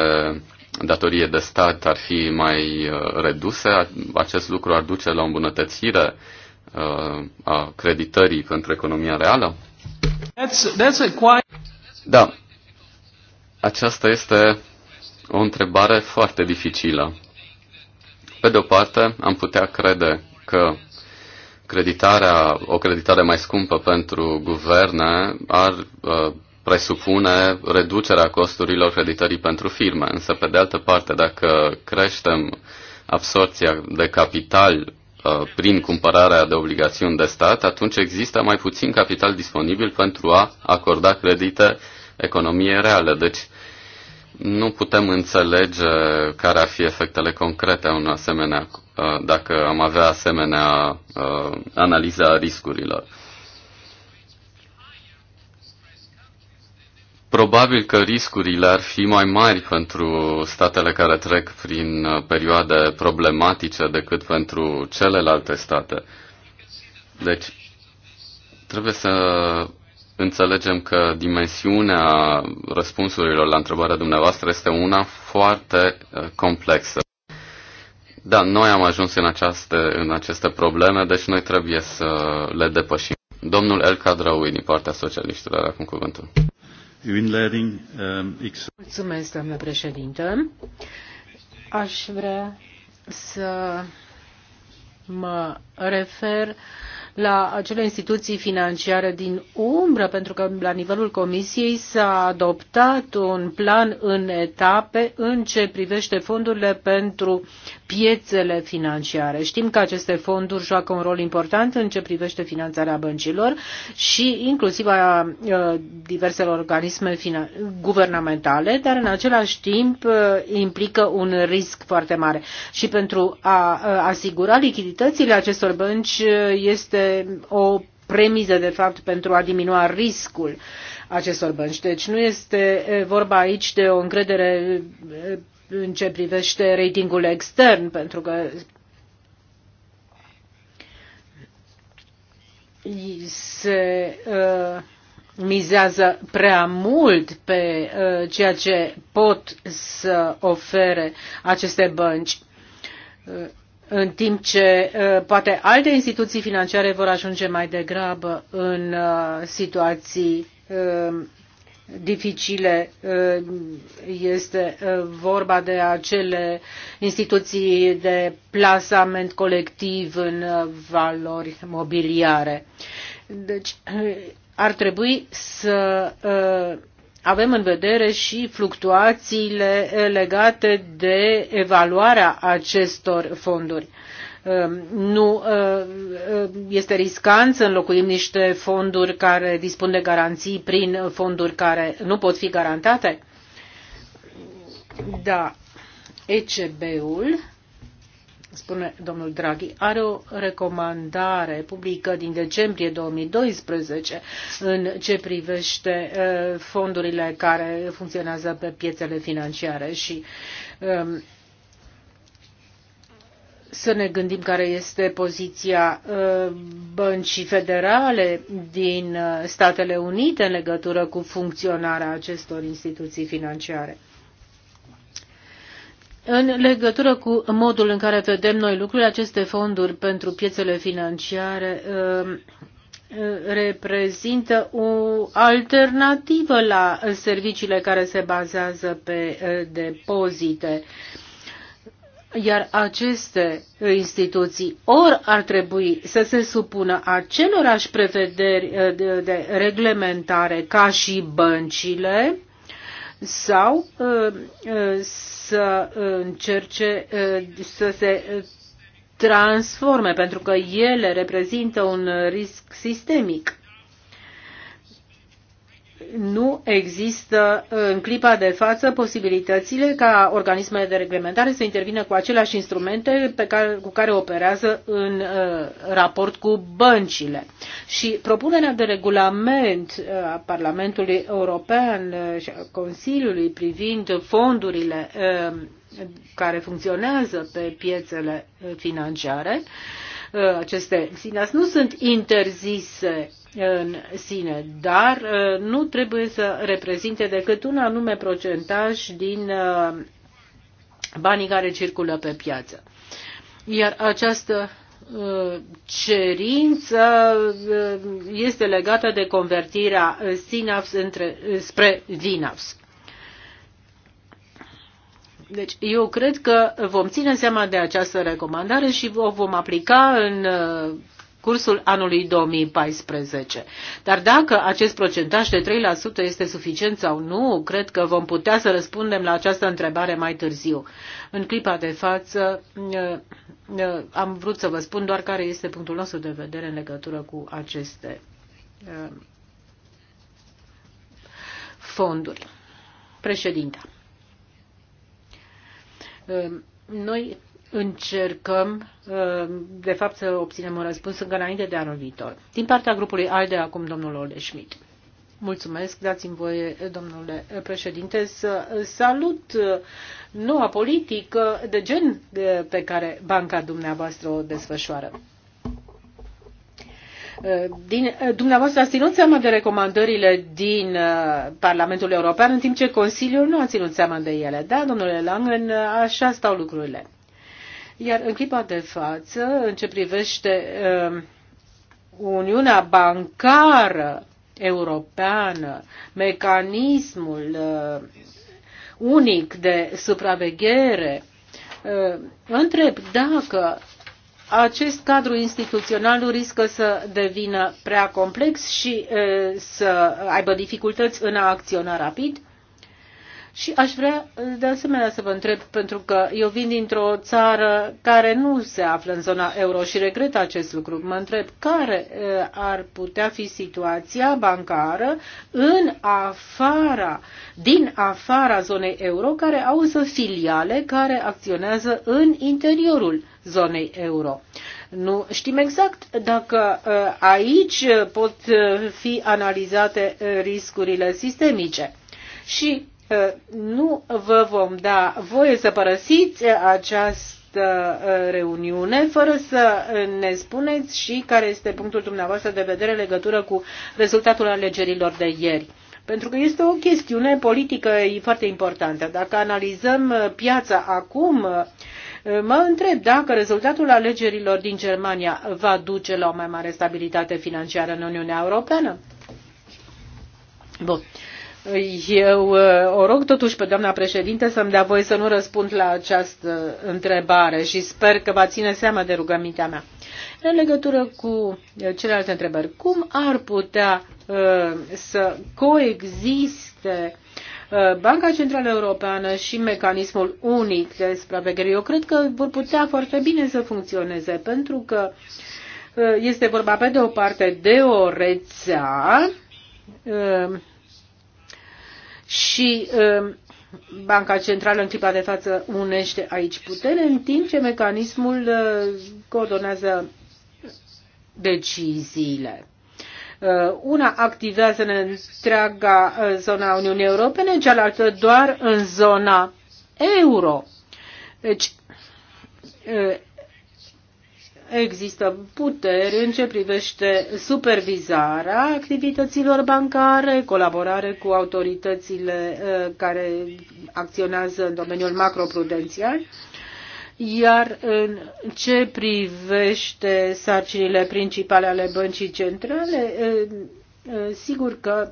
datorie de stat ar fi mai reduse, acest lucru ar duce la o îmbunătățire a creditării pentru economia reală? That's, that's a quite... Da. Aceasta este o întrebare foarte dificilă. Pe de o parte, am putea crede că creditarea, o creditare mai scumpă pentru guverne ar uh, presupune reducerea costurilor creditării pentru firme. Însă, pe de altă parte, dacă creștem absorția de capital uh, prin cumpărarea de obligațiuni de stat, atunci există mai puțin capital disponibil pentru a acorda credite economiei reale. Deci, nu putem înțelege care ar fi efectele concrete a unui asemenea, uh, dacă am avea asemenea uh, analiza riscurilor. Probabil că riscurile ar fi mai mari pentru statele care trec prin uh, perioade problematice decât pentru celelalte state. Deci, trebuie să Înțelegem că dimensiunea răspunsurilor la întrebarea dumneavoastră este una foarte eh, complexă. Da, noi am ajuns în aceste, în aceste probleme, deci noi trebuie să le depășim. Domnul El Cadraui din partea socialiștilor, are acum cuvântul. Um, Mulțumesc, doamnă președintă. Aș vrea să mă refer la acele instituții financiare din umbră, pentru că la nivelul Comisiei s-a adoptat un plan în etape în ce privește fondurile pentru piețele financiare. Știm că aceste fonduri joacă un rol important în ce privește finanțarea băncilor și inclusiv a uh, diverselor organisme guvernamentale, dar în același timp uh, implică un risc foarte mare. Și pentru a uh, asigura lichiditățile acestor bănci este o premiză, de fapt, pentru a diminua riscul acestor bănci. Deci nu este vorba aici de o încredere în ce privește ratingul extern, pentru că se uh, mizează prea mult pe uh, ceea ce pot să ofere aceste bănci, uh, în timp ce uh, poate alte instituții financiare vor ajunge mai degrabă în uh, situații uh, dificile. Uh, este uh, vorba de acele instituții de plasament colectiv în uh, valori mobiliare. Deci ar trebui să avem în vedere și fluctuațiile legate de evaluarea acestor fonduri. Ehm, nu ehm, este riscant să înlocuim niște fonduri care dispun de garanții prin fonduri care nu pot fi garantate? Da. ECB-ul, spune domnul Draghi, are o recomandare publică din decembrie 2012 în ce privește ehm, fondurile care funcționează pe piețele financiare și să ne gândim care este poziția uh, băncii federale din uh, Statele Unite în legătură cu funcționarea acestor instituții financiare. În legătură cu modul în care vedem noi lucrurile, aceste fonduri pentru piețele financiare uh, reprezintă o alternativă la serviciile care se bazează pe depozite. Iar aceste instituții ori ar trebui să se supună acelorași prevederi uh, de, de reglementare ca și băncile, sau uh, uh, să încerce să se transforme, pentru că ele reprezintă un risc sistemic nu există uh, în clipa de față posibilitățile ca organismele de reglementare să intervină cu aceleași instrumente pe care, cu care operează în uh, raport cu băncile. Și propunerea de regulament uh, a Parlamentului European uh, și a Consiliului privind fondurile uh, care funcționează pe piețele financiare, aceste finas nu sunt interzise în sine, dar uh, nu trebuie să reprezinte decât un anume procentaj din uh, banii care circulă pe piață. Iar această uh, cerință este legată de convertirea SINAPS între, spre VINAPS. Deci eu cred că vom ține seama de această recomandare și o vom aplica în cursul anului 2014. Dar dacă acest procentaj de 3% este suficient sau nu, cred că vom putea să răspundem la această întrebare mai târziu. În clipa de față am vrut să vă spun doar care este punctul nostru de vedere în legătură cu aceste uh, fonduri. Președinte, uh, Noi încercăm, ă, de fapt, să obținem un răspuns încă înainte de anul viitor. Din partea grupului ALDE, acum domnul Ole Schmidt. Mulțumesc, dați-mi voie, domnule președinte, să salut ă, noua politică de gen ă, pe care banca dumneavoastră o desfășoară. Din, dumneavoastră ați ținut seama de recomandările din Parlamentul European, în timp ce Consiliul nu a ținut seama de ele. Da, domnule Langen, așa stau lucrurile. Iar în clipa de față, în ce privește um, Uniunea Bancară Europeană, mecanismul uh, unic de supraveghere, uh, întreb dacă acest cadru instituțional riscă să devină prea complex și uh, să aibă dificultăți în a acționa rapid? Și aș vrea de asemenea să vă întreb, pentru că eu vin dintr-o țară care nu se află în zona euro și regret acest lucru. Mă întreb care eh, ar putea fi situația bancară în afara, din afara zonei euro, care au filiale care acționează în interiorul zonei euro. Nu știm exact dacă eh, aici pot eh, fi analizate riscurile sistemice. Și nu vă vom da voie să părăsiți această ă, reuniune fără să ne spuneți și care este punctul dumneavoastră de vedere în legătură cu rezultatul alegerilor de ieri. Pentru că este o chestiune politică foarte importantă. Dacă analizăm ă, piața acum, ă, mă întreb dacă rezultatul alegerilor din Germania va duce la o mai mare stabilitate financiară în Uniunea Europeană. Bun. Eu uh, o rog totuși pe doamna președinte să-mi dea voie să nu răspund la această întrebare și sper că va ține seama de rugămintea mea. În legătură cu uh, celelalte întrebări, cum ar putea uh, să coexiste Banca Centrală Europeană și mecanismul unic de supraveghere? Eu cred că vor putea foarte bine să funcționeze, pentru că este vorba pe de o parte de o rețea și um, Banca Centrală în clipa de față unește aici putere, în timp ce mecanismul uh, coordonează deciziile. Uh, una activează în întreaga uh, zona Uniunii Europene, cealaltă doar în zona euro. Deci, există puteri în ce privește supervizarea activităților bancare, colaborare cu autoritățile uh, care acționează în domeniul macroprudențial, iar în ce privește sarcinile principale ale băncii centrale, uh, uh, sigur că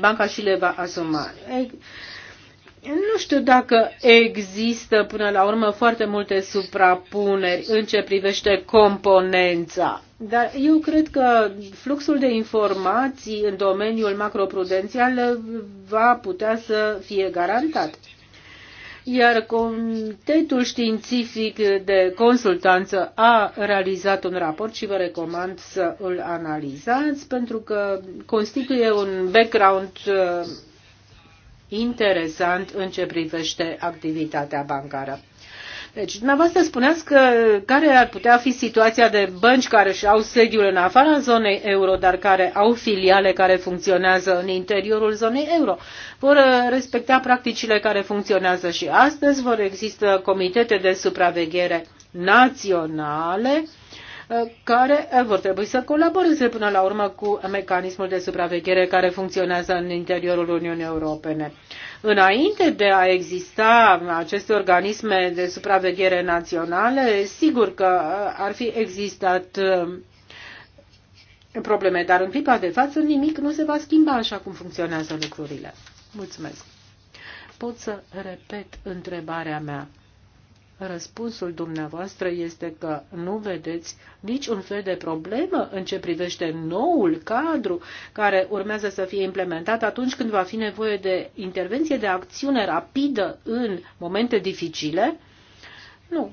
banca și le va asuma. Nu știu dacă există până la urmă foarte multe suprapuneri în ce privește componența, dar eu cred că fluxul de informații în domeniul macroprudențial va putea să fie garantat. Iar Comitetul Științific de Consultanță a realizat un raport și vă recomand să îl analizați pentru că constituie un background uh, interesant în ce privește activitatea bancară. Deci, dumneavoastră spuneați că care ar putea fi situația de bănci care și au sediul în afara zonei euro, dar care au filiale care funcționează în interiorul zonei euro. Vor uh, respecta practicile care funcționează și astăzi, vor există comitete de supraveghere naționale care eh, vor trebui să colaboreze până la urmă cu mecanismul de supraveghere care funcționează în interiorul Uniunii Europene. Înainte de a exista aceste organisme de supraveghere naționale, sigur că eh, ar fi existat eh, probleme, dar în clipa de față nimic nu se va schimba așa cum funcționează lucrurile. Mulțumesc. Pot să repet întrebarea mea. Răspunsul dumneavoastră este că nu vedeți niciun fel de problemă în ce privește noul cadru care urmează să fie implementat atunci când va fi nevoie de intervenție, de acțiune rapidă în momente dificile? Nu.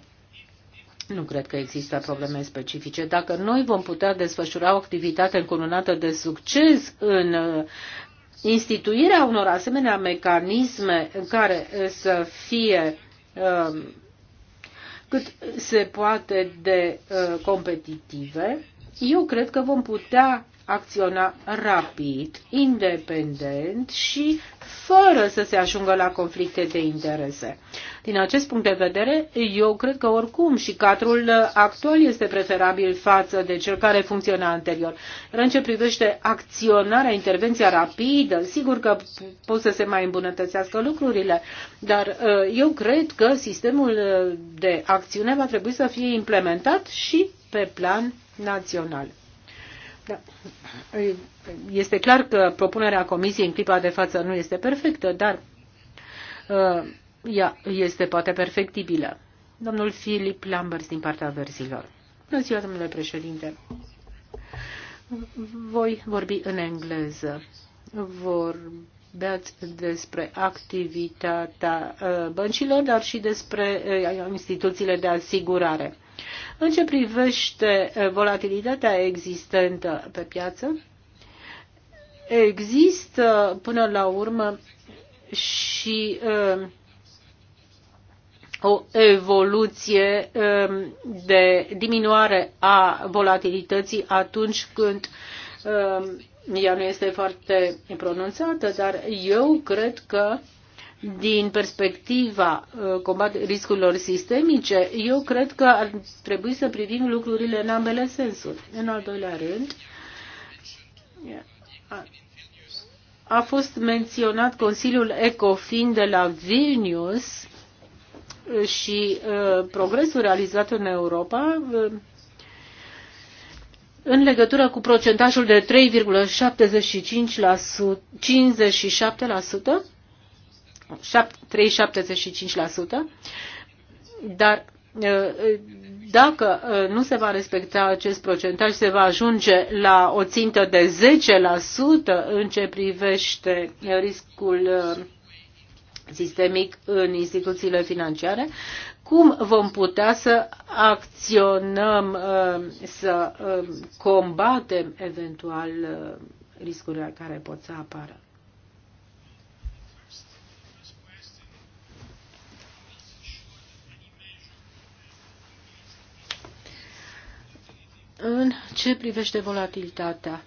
Nu cred că există probleme specifice. Dacă noi vom putea desfășura o activitate încununată de succes în uh, instituirea unor asemenea mecanisme în care să fie uh, cât se poate de uh, competitive, eu cred că vom putea acționa rapid, independent și fără să se ajungă la conflicte de interese. Din acest punct de vedere, eu cred că oricum și cadrul actual este preferabil față de cel care funcționa anterior. Iar în ce privește acționarea, intervenția rapidă, sigur că pot să se mai îmbunătățească lucrurile, dar uh, eu cred că sistemul de acțiune va trebui să fie implementat și pe plan național. Da. Este clar că propunerea Comisiei în clipa de față nu este perfectă, dar uh, ea este poate perfectibilă. Domnul Filip Lambers din partea verzilor. Bună ziua, domnule președinte. Voi vorbi în engleză. Vorbeați despre activitatea uh, băncilor, dar și despre uh, instituțiile de asigurare. În ce privește volatilitatea existentă pe piață, există până la urmă și o evoluție de diminuare a volatilității atunci când ea nu este foarte pronunțată, dar eu cred că din perspectiva uh, combat riscurilor sistemice, eu cred că ar trebui să privim lucrurile în ambele sensuri. În al doilea rând, a fost menționat Consiliul ECOFIN de la Vilnius uh, și uh, progresul realizat în Europa în legătură cu procentajul de 3,75 57%, 3,75%, dar uh, dacă uh, nu se va respecta acest procentaj, se va ajunge la o țintă de 10% în ce privește riscul uh, sistemic în instituțiile financiare, cum vom putea să acționăm, să combatem eventual riscurile care pot să apară? În ce privește volatilitatea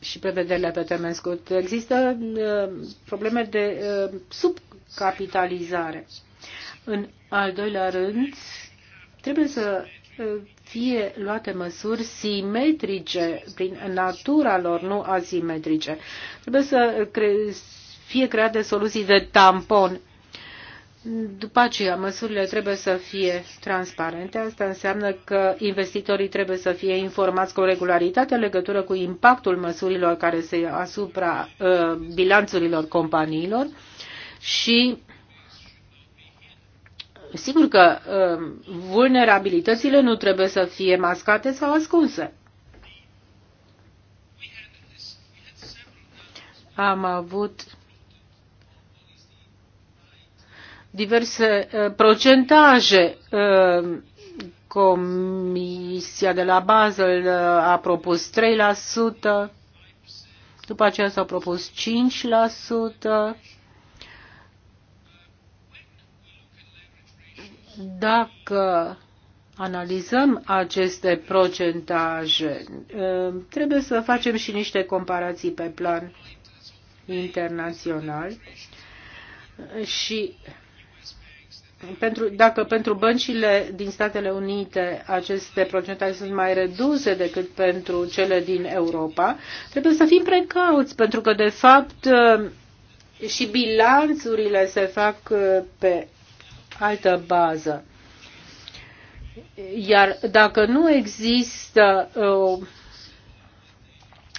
și prevederile pe termen scurt, există uh, probleme de uh, subcapitalizare. În al doilea rând, trebuie să uh, fie luate măsuri simetrice prin natura lor, nu asimetrice. Trebuie să cre- fie create soluții de tampon după aceea, măsurile trebuie să fie transparente. Asta înseamnă că investitorii trebuie să fie informați cu regularitate în legătură cu impactul măsurilor care se asupra uh, bilanțurilor companiilor și sigur că uh, vulnerabilitățile nu trebuie să fie mascate sau ascunse. Am avut diverse eh, procentaje. Eh, comisia de la Basel eh, a propus 3%, după aceea s-au propus 5%. Dacă analizăm aceste procentaje, trebuie să facem și niște comparații pe plan internațional și pentru, dacă pentru băncile din Statele Unite aceste procentaje sunt mai reduse decât pentru cele din Europa, trebuie să fim precauți, pentru că, de fapt, uh, și bilanțurile se fac uh, pe altă bază. Iar dacă nu există o uh,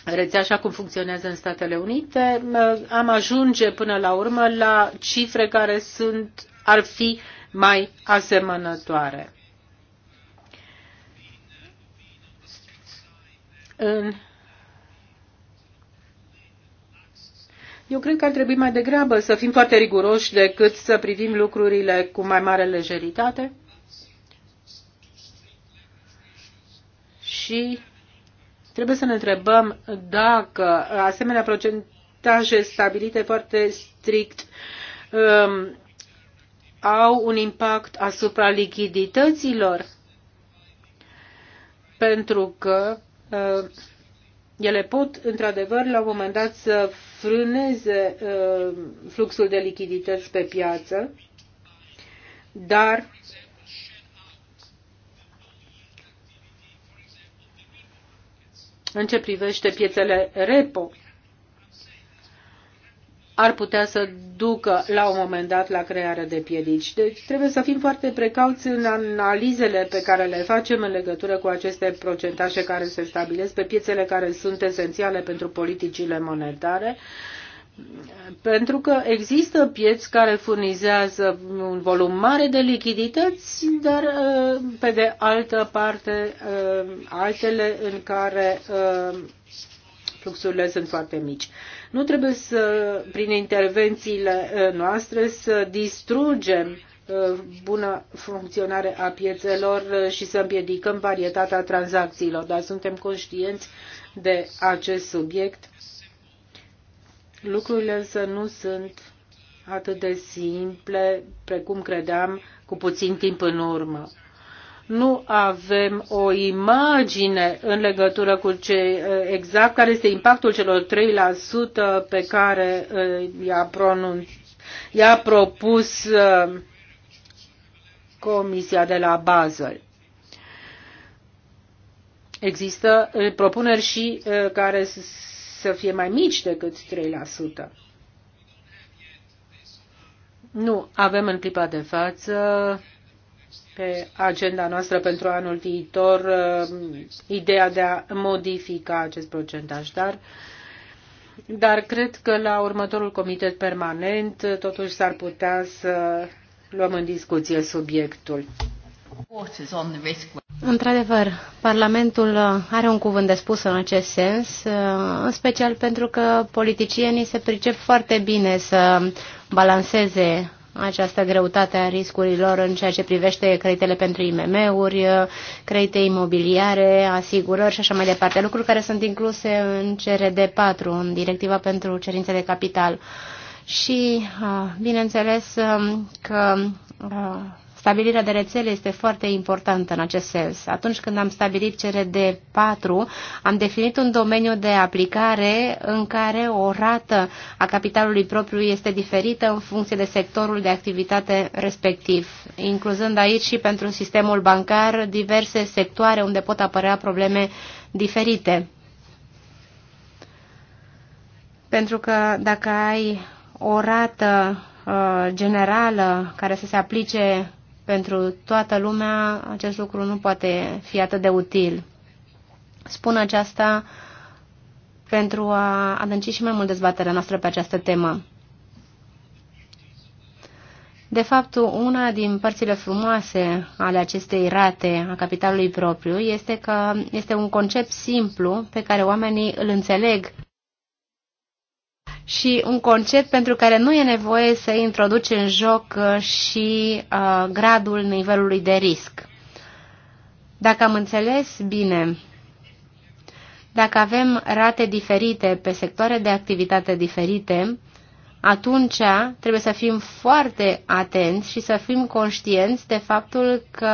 rețea așa cum funcționează în Statele Unite, am ajunge până la urmă la cifre care sunt ar fi mai asemănătoare. În Eu cred că ar trebui mai degrabă să fim foarte riguroși decât să privim lucrurile cu mai mare lejeritate. Și trebuie să ne întrebăm dacă asemenea procentaje stabilite foarte strict um, au un impact asupra lichidităților, pentru că uh, ele pot, într-adevăr, la un moment dat să frâneze uh, fluxul de lichidități pe piață, dar în ce privește piețele repo, ar putea să ducă la un moment dat la crearea de piedici. Deci trebuie să fim foarte precauți în analizele pe care le facem în legătură cu aceste procentaje care se stabilesc pe piețele care sunt esențiale pentru politicile monetare, pentru că există pieți care furnizează un volum mare de lichidități, dar uh, pe de altă parte uh, altele în care uh, fluxurile sunt foarte mici. Nu trebuie să, prin intervențiile uh, noastre, să distrugem uh, bună funcționare a piețelor uh, și să împiedicăm varietatea tranzacțiilor, dar suntem conștienți de acest subiect. Lucrurile însă nu sunt atât de simple precum credeam cu puțin timp în urmă nu avem o imagine în legătură cu ce eh, exact care este impactul celor 3% pe care eh, i-a, pronunț, i-a propus eh, Comisia de la Basel. Există propuneri și care să fie mai mici decât 3%. Nu avem în clipa de față pe agenda noastră pentru anul viitor uh, ideea de a modifica acest procentaj, dar dar cred că la următorul comitet permanent uh, totuși s-ar putea să luăm în discuție subiectul. Într-adevăr, Parlamentul uh, are un cuvânt de spus în acest sens, în special pentru că politicienii se pricep foarte bine să balanceze această greutate a riscurilor în ceea ce privește creditele pentru IMM-uri, credite imobiliare, asigurări și așa mai departe, lucruri care sunt incluse în CRD4, în Directiva pentru Cerințe de Capital. Și, bineînțeles, um, că Stabilirea de rețele este foarte importantă în acest sens. Atunci când am stabilit CRD4, am definit un domeniu de aplicare în care o rată a capitalului propriu este diferită în funcție de sectorul de activitate respectiv, incluzând aici și pentru sistemul bancar diverse sectoare unde pot apărea probleme diferite. Pentru că dacă ai o rată uh, generală care să se aplice pentru toată lumea acest lucru nu poate fi atât de util. Spun aceasta pentru a adânci și mai mult dezbaterea noastră pe această temă. De fapt, una din părțile frumoase ale acestei rate a capitalului propriu este că este un concept simplu pe care oamenii îl înțeleg și un concept pentru care nu e nevoie să introduce în joc uh, și uh, gradul nivelului de risc. Dacă am înțeles bine, dacă avem rate diferite pe sectoare de activitate diferite, atunci trebuie să fim foarte atenți și să fim conștienți de faptul că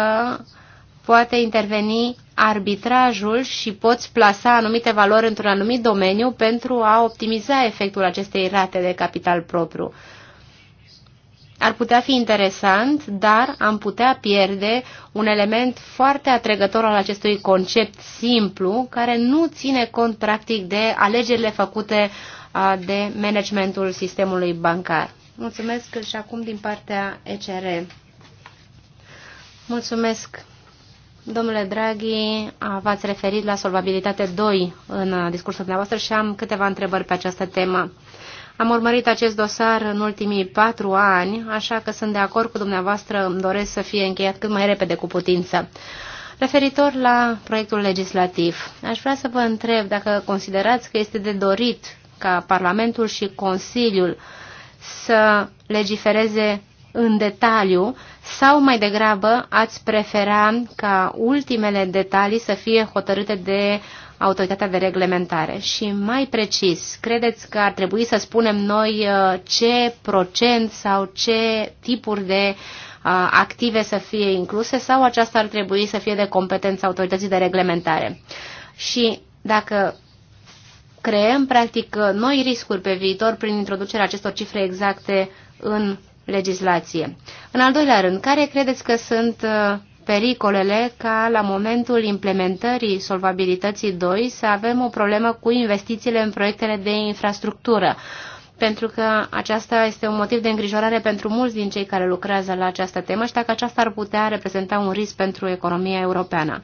poate interveni arbitrajul și poți plasa anumite valori într-un anumit domeniu pentru a optimiza efectul acestei rate de capital propriu. Ar putea fi interesant, dar am putea pierde un element foarte atrăgător al acestui concept simplu, care nu ține cont practic de alegerile făcute de managementul sistemului bancar. Mulțumesc și acum din partea ECR. Mulțumesc Domnule Draghi, v-ați referit la solvabilitate 2 în discursul dumneavoastră și am câteva întrebări pe această temă. Am urmărit acest dosar în ultimii patru ani, așa că sunt de acord cu dumneavoastră, îmi doresc să fie încheiat cât mai repede cu putință. Referitor la proiectul legislativ, aș vrea să vă întreb dacă considerați că este de dorit ca Parlamentul și Consiliul să legifereze în detaliu sau mai degrabă ați prefera ca ultimele detalii să fie hotărâte de autoritatea de reglementare? Și mai precis, credeți că ar trebui să spunem noi uh, ce procent sau ce tipuri de uh, active să fie incluse sau aceasta ar trebui să fie de competența autorității de reglementare? Și dacă creăm practic noi riscuri pe viitor prin introducerea acestor cifre exacte în legislație. În al doilea rând, care credeți că sunt uh, pericolele ca la momentul implementării solvabilității 2 să avem o problemă cu investițiile în proiectele de infrastructură? pentru că aceasta este un motiv de îngrijorare pentru mulți din cei care lucrează la această temă și dacă aceasta ar putea reprezenta un risc pentru economia europeană.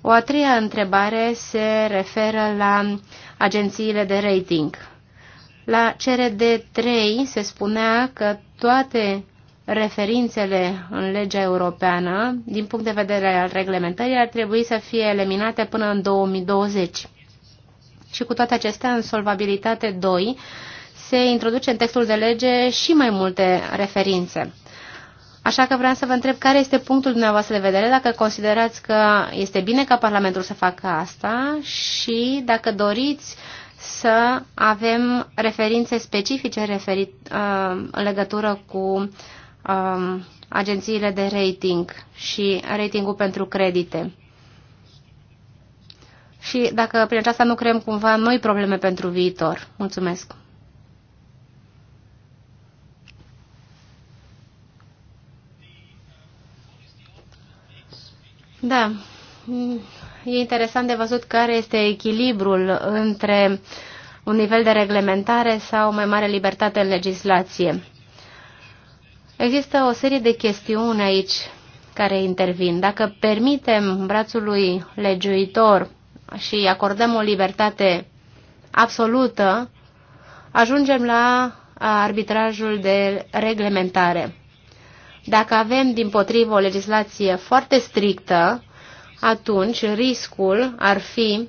O a treia întrebare se referă la agențiile de rating. La CRD3 se spunea că toate referințele în legea europeană, din punct de vedere al reglementării, ar trebui să fie eliminate până în 2020. Și cu toate acestea, în solvabilitate 2 se introduce în textul de lege și mai multe referințe. Așa că vreau să vă întreb care este punctul dumneavoastră de vedere, dacă considerați că este bine ca Parlamentul să facă asta și dacă doriți să avem referințe specifice referit, uh, în legătură cu uh, agențiile de rating și ratingul pentru credite. Și dacă prin aceasta nu creăm cumva noi probleme pentru viitor. Mulțumesc! Da, e interesant de văzut care este echilibrul între un nivel de reglementare sau mai mare libertate în legislație. Există o serie de chestiuni aici care intervin. Dacă permitem brațului legiuitor și acordăm o libertate absolută, ajungem la arbitrajul de reglementare. Dacă avem, din potrivă, o legislație foarte strictă, atunci riscul ar fi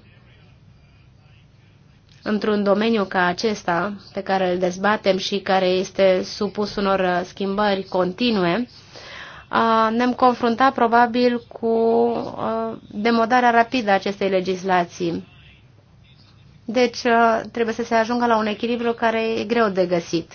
într-un domeniu ca acesta pe care îl dezbatem și care este supus unor schimbări continue, ne-am confruntat probabil cu demodarea rapidă a acestei legislații. Deci trebuie să se ajungă la un echilibru care e greu de găsit.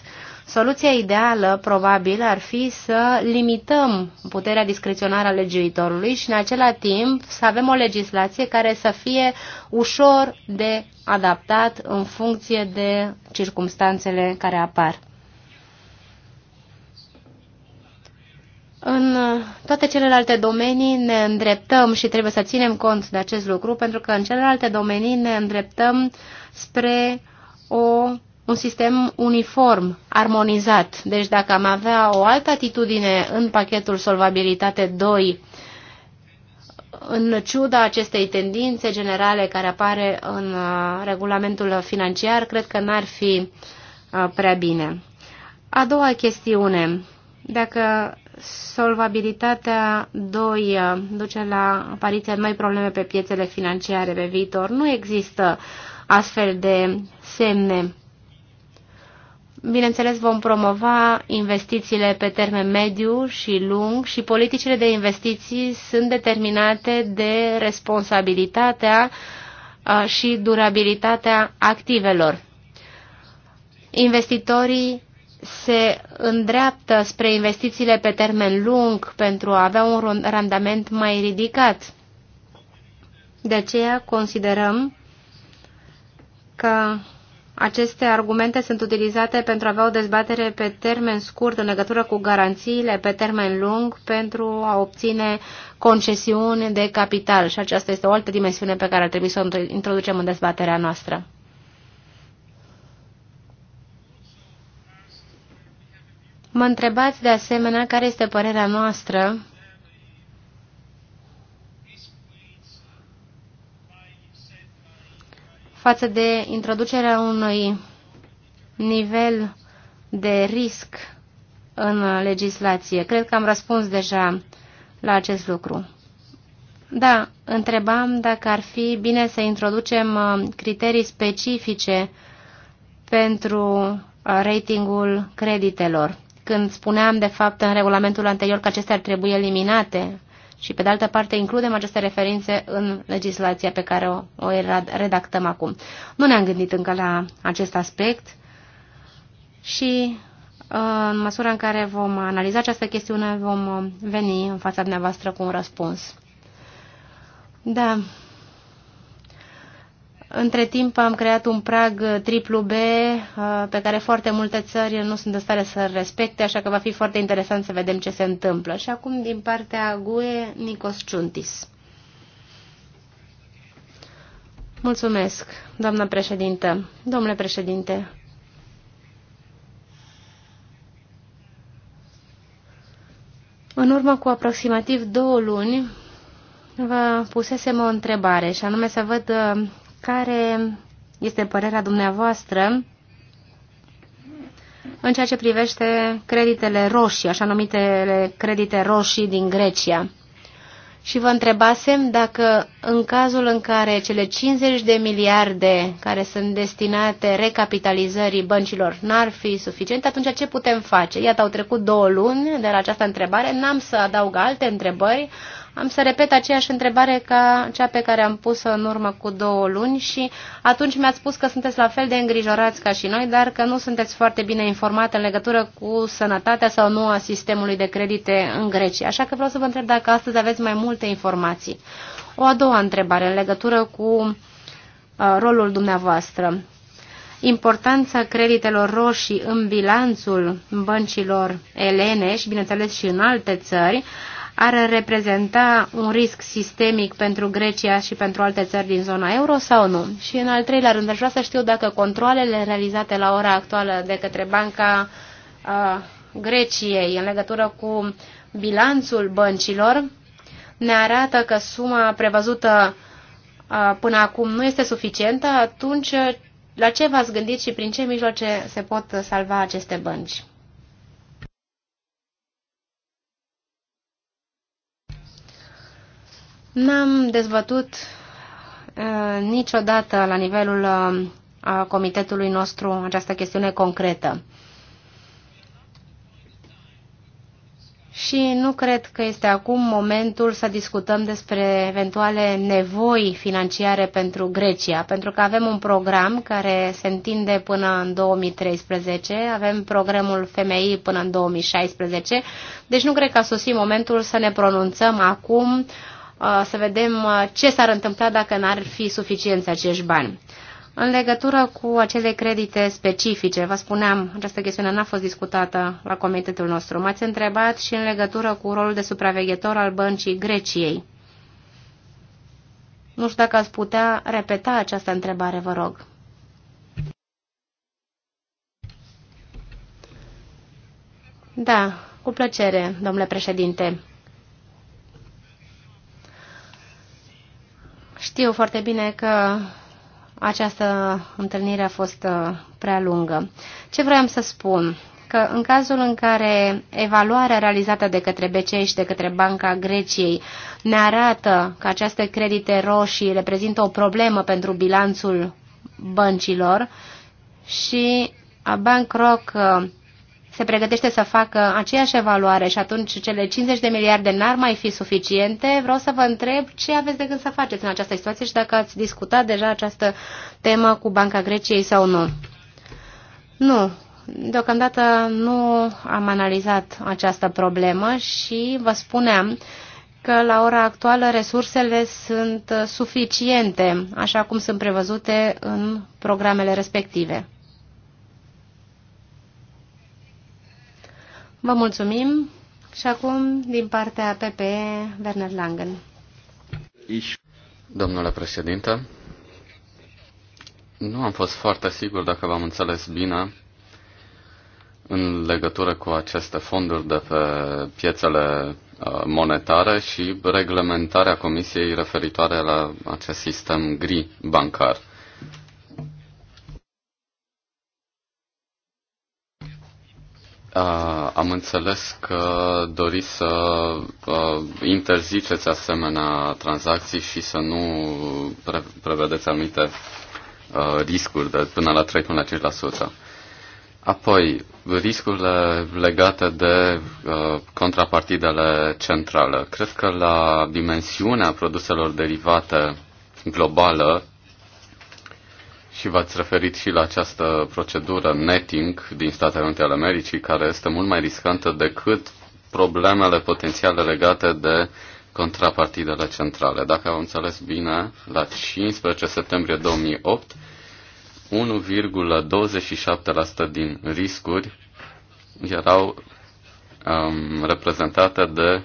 Soluția ideală, probabil, ar fi să limităm puterea discreționară a legiuitorului și, în același timp, să avem o legislație care să fie ușor de adaptat în funcție de circumstanțele care apar. În toate celelalte domenii ne îndreptăm și trebuie să ținem cont de acest lucru, pentru că în celelalte domenii ne îndreptăm spre o un sistem uniform, armonizat. Deci dacă am avea o altă atitudine în pachetul Solvabilitate 2, în ciuda acestei tendințe generale care apare în uh, regulamentul financiar, cred că n-ar fi uh, prea bine. A doua chestiune, dacă solvabilitatea 2 uh, duce la apariția noi probleme pe piețele financiare pe viitor, nu există astfel de semne. Bineînțeles, vom promova investițiile pe termen mediu și lung și politicile de investiții sunt determinate de responsabilitatea și durabilitatea activelor. Investitorii se îndreaptă spre investițiile pe termen lung pentru a avea un randament mai ridicat. De aceea considerăm că aceste argumente sunt utilizate pentru a avea o dezbatere pe termen scurt în legătură cu garanțiile pe termen lung pentru a obține concesiuni de capital și aceasta este o altă dimensiune pe care ar trebui să o introducem în dezbaterea noastră. Mă întrebați de asemenea care este părerea noastră față de introducerea unui nivel de risc în legislație. Cred că am răspuns deja la acest lucru. Da, întrebam dacă ar fi bine să introducem uh, criterii specifice pentru uh, ratingul creditelor. Când spuneam, de fapt, în regulamentul anterior că acestea ar trebui eliminate, și, pe de altă parte, includem aceste referințe în legislația pe care o, o redactăm acum. Nu ne-am gândit încă la acest aspect și, uh, în măsura în care vom analiza această chestiune, vom uh, veni în fața dumneavoastră cu un răspuns. Da, între timp am creat un prag triplu B uh, pe care foarte multe țări nu sunt în stare să respecte, așa că va fi foarte interesant să vedem ce se întâmplă. Și acum din partea GUE, Nikos Ciuntis. Mulțumesc, doamna președintă. Domnule președinte, în urmă cu aproximativ două luni, vă pusesem o întrebare și anume să văd uh, care este părerea dumneavoastră în ceea ce privește creditele roșii, așa numitele credite roșii din Grecia. Și vă întrebasem dacă în cazul în care cele 50 de miliarde care sunt destinate recapitalizării băncilor n-ar fi suficiente, atunci ce putem face? Iată, au trecut două luni de la această întrebare, n-am să adaug alte întrebări, am să repet aceeași întrebare ca cea pe care am pus-o în urmă cu două luni și atunci mi-ați spus că sunteți la fel de îngrijorați ca și noi, dar că nu sunteți foarte bine informate în legătură cu sănătatea sau nu a sistemului de credite în Grecia. Așa că vreau să vă întreb dacă astăzi aveți mai multe informații. O a doua întrebare în legătură cu uh, rolul dumneavoastră. Importanța creditelor roșii în bilanțul băncilor elene și, bineînțeles, și în alte țări ar reprezenta un risc sistemic pentru Grecia și pentru alte țări din zona euro sau nu? Și în al treilea rând, aș vrea să știu dacă controlele realizate la ora actuală de către Banca uh, Greciei în legătură cu bilanțul băncilor ne arată că suma prevăzută uh, până acum nu este suficientă, atunci la ce v-ați gândit și prin ce mijloace se pot salva aceste bănci? N-am dezbătut uh, niciodată la nivelul uh, a comitetului nostru această chestiune concretă. Și nu cred că este acum momentul să discutăm despre eventuale nevoi financiare pentru Grecia, pentru că avem un program care se întinde până în 2013, avem programul FMI până în 2016, deci nu cred că a sosit momentul să ne pronunțăm acum uh, Uh, să vedem uh, ce s-ar întâmpla dacă n-ar fi suficienți acești bani. În legătură cu acele credite specifice, vă spuneam, această chestiune n-a fost discutată la comitetul nostru. M-ați întrebat și în legătură cu rolul de supraveghetor al băncii Greciei. Nu știu dacă ați putea repeta această întrebare, vă rog. Da, cu plăcere, domnule președinte. Știu foarte bine că această întâlnire a fost uh, prea lungă. Ce vreau să spun? Că în cazul în care evaluarea realizată de către BCE și de către Banca Greciei ne arată că aceste credite roșii reprezintă o problemă pentru bilanțul băncilor și Bank Rock uh, se pregătește să facă aceeași evaluare și atunci cele 50 de miliarde n-ar mai fi suficiente, vreau să vă întreb ce aveți de gând să faceți în această situație și dacă ați discutat deja această temă cu Banca Greciei sau nu. Nu, deocamdată nu am analizat această problemă și vă spuneam că la ora actuală resursele sunt suficiente, așa cum sunt prevăzute în programele respective. Vă mulțumim și acum din partea PPE, Werner Langen. Domnule președinte, nu am fost foarte sigur dacă v-am înțeles bine în legătură cu aceste fonduri de pe piețele uh, monetare și reglementarea Comisiei referitoare la acest sistem gri bancar. Uh, am înțeles că doriți să uh, interziceți asemenea tranzacții și să nu pre- prevedeți anumite uh, riscuri de până la 3 până la 5%. Apoi, riscurile legate de uh, contrapartidele centrale. Cred că la dimensiunea produselor derivate globală și v-ați referit și la această procedură netting din Statele Unite ale Americii, care este mult mai riscantă decât problemele potențiale legate de contrapartidele centrale. Dacă am înțeles bine, la 15 septembrie 2008, 1,27% din riscuri erau um, reprezentate de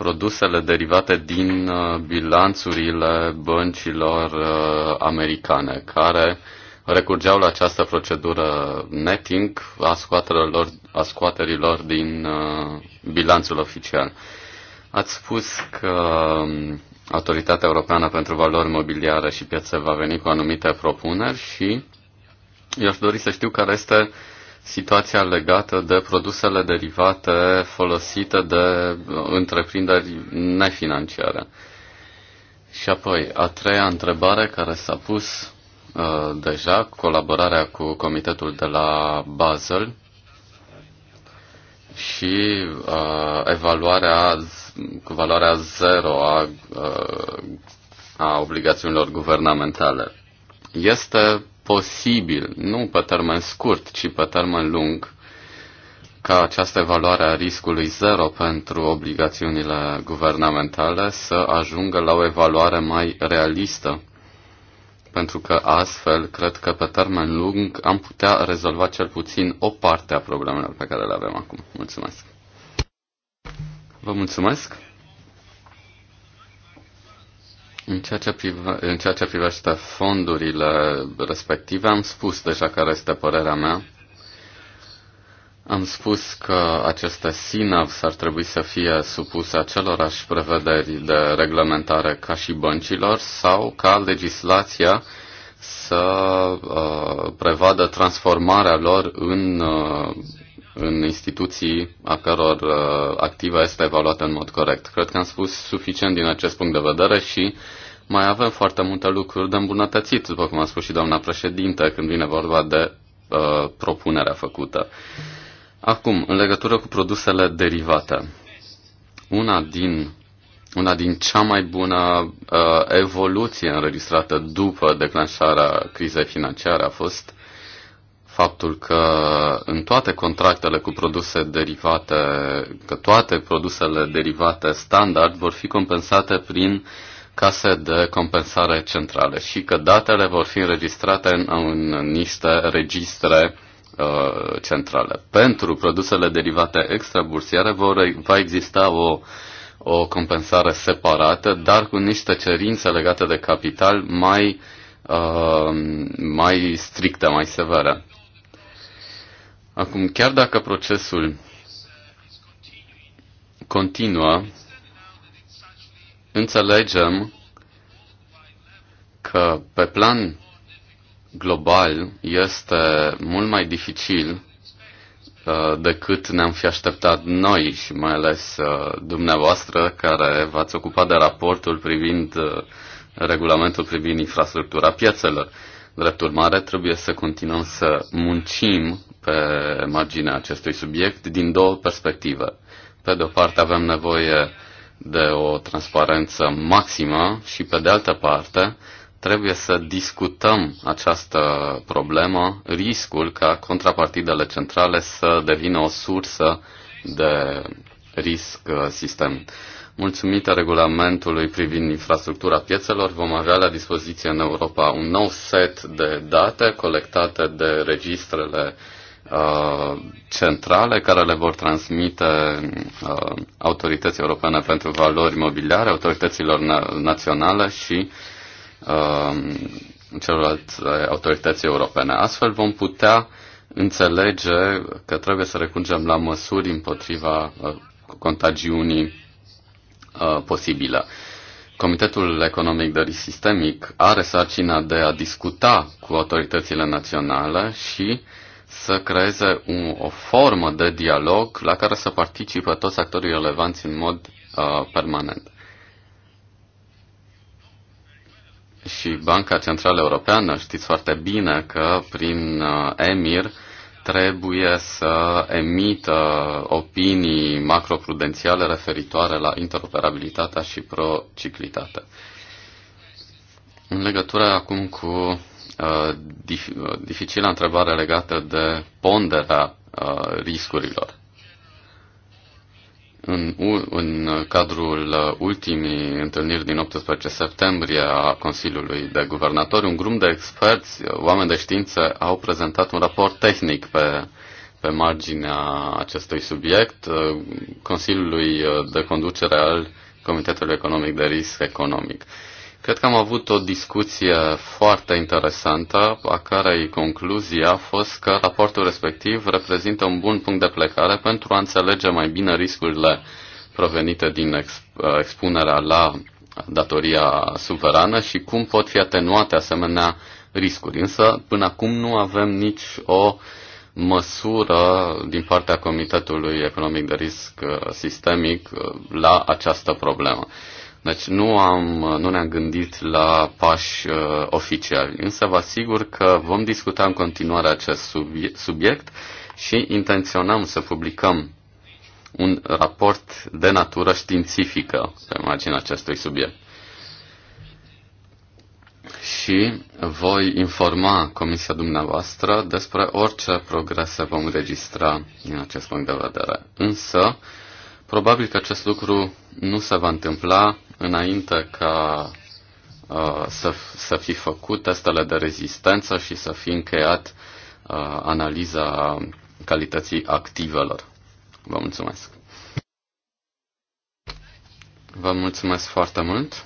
produsele derivate din uh, bilanțurile băncilor uh, americane, care recurgeau la această procedură netting a scoaterilor, a scoaterilor din uh, bilanțul oficial. Ați spus că um, Autoritatea Europeană pentru Valori Mobiliare și Piețe va veni cu anumite propuneri și eu aș dori să știu care este situația legată de produsele derivate folosite de uh, întreprinderi nefinanciare. Și apoi, a treia întrebare care s-a pus uh, deja, colaborarea cu comitetul de la Basel și uh, evaluarea cu valoarea zero a, uh, a obligațiunilor guvernamentale. Este posibil, nu pe termen scurt, ci pe termen lung, ca această evaluare a riscului zero pentru obligațiunile guvernamentale să ajungă la o evaluare mai realistă. Pentru că astfel, cred că pe termen lung am putea rezolva cel puțin o parte a problemelor pe care le avem acum. Mulțumesc! Vă mulțumesc! În ceea, ce priva, în ceea ce privește fondurile respective, am spus deja care este părerea mea. Am spus că aceste SINAVs ar trebui să fie supuse acelorași prevederi de reglementare ca și băncilor sau ca legislația să uh, prevadă transformarea lor în, uh, în instituții a căror uh, activă este evaluată în mod corect. Cred că am spus suficient din acest punct de vedere și uh, mai avem foarte multe lucruri de îmbunătățit, după cum a spus și doamna președinte, când vine vorba de uh, propunerea făcută. Acum, în legătură cu produsele derivate, una din, una din cea mai bună uh, evoluție înregistrată după declanșarea crizei financiare a fost faptul că în toate contractele cu produse derivate, că toate produsele derivate standard vor fi compensate prin uh, case de compensare centrale și că datele vor fi înregistrate în, în niște registre uh, centrale. Pentru produsele derivate extrabursiere vor, va exista o, o compensare separată, dar cu niște cerințe legate de capital mai, uh, mai stricte, mai severe. Acum, chiar dacă procesul continuă, Înțelegem că pe plan global este mult mai dificil uh, decât ne-am fi așteptat noi și mai ales uh, dumneavoastră care v-ați ocupat de raportul privind uh, regulamentul privind infrastructura piețelor. Drept urmare, trebuie să continuăm să muncim pe marginea acestui subiect din două perspective. Pe de o parte avem nevoie de o transparență maximă și, pe de altă parte, trebuie să discutăm această problemă, riscul ca contrapartidele centrale să devină o sursă de risc uh, sistem. Mulțumită regulamentului privind infrastructura piețelor, vom avea la dispoziție în Europa un nou set de date colectate de registrele uh, Uh, centrale care le vor transmite uh, autorității europene pentru valori imobiliare, autorităților naționale și uh, celorlalte autorități europene. Astfel vom putea înțelege că trebuie să recurgem la măsuri împotriva contagiunii posibilă. Comitetul Economic de Risc Sistemic are sarcina de a discuta cu autoritățile naționale și uh, să creeze un, o formă de dialog la care să participe toți actorii relevanți în mod uh, permanent. Și Banca Centrală Europeană știți foarte bine că prin uh, EMIR trebuie să emită opinii macroprudențiale referitoare la interoperabilitatea și prociclitatea. În legătură acum cu Uh, dif- uh, dificilă întrebare legată de ponderea uh, riscurilor. În, în cadrul ultimii întâlniri din 18 septembrie a Consiliului de Guvernatori, un grup de experți, oameni de știință, au prezentat un raport tehnic pe, pe marginea acestui subiect Consiliului de Conducere al Comitetului Economic de Risc Economic. Cred că am avut o discuție foarte interesantă, a care concluzia a fost că raportul respectiv reprezintă un bun punct de plecare pentru a înțelege mai bine riscurile provenite din expunerea la datoria suverană și cum pot fi atenuate asemenea riscuri. Însă, până acum nu avem nici o măsură din partea Comitetului Economic de Risc Sistemic la această problemă. Deci nu, am, nu ne-am gândit la pași uh, oficiali, însă vă asigur că vom discuta în continuare acest subiect și intenționăm să publicăm un raport de natură științifică pe marginea acestui subiect. Și voi informa comisia dumneavoastră despre orice progrese vom registra din acest punct de vedere. Însă, probabil că acest lucru nu se va întâmpla înainte ca uh, să, să fi făcut testele de rezistență și să fi încheiat uh, analiza calității activelor. Vă mulțumesc! Vă mulțumesc foarte mult!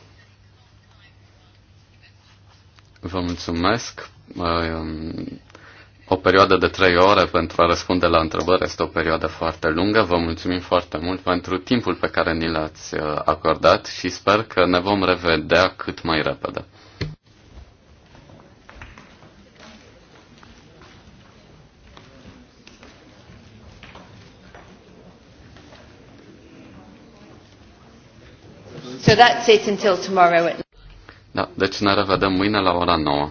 Vă mulțumesc! Uh, o perioadă de trei ore pentru a răspunde la întrebări este o perioadă foarte lungă. Vă mulțumim foarte mult pentru timpul pe care ni l-ați uh, acordat și sper că ne vom revedea cât mai repede. So that's it until tomorrow. Da, deci ne revedem mâine la ora 9.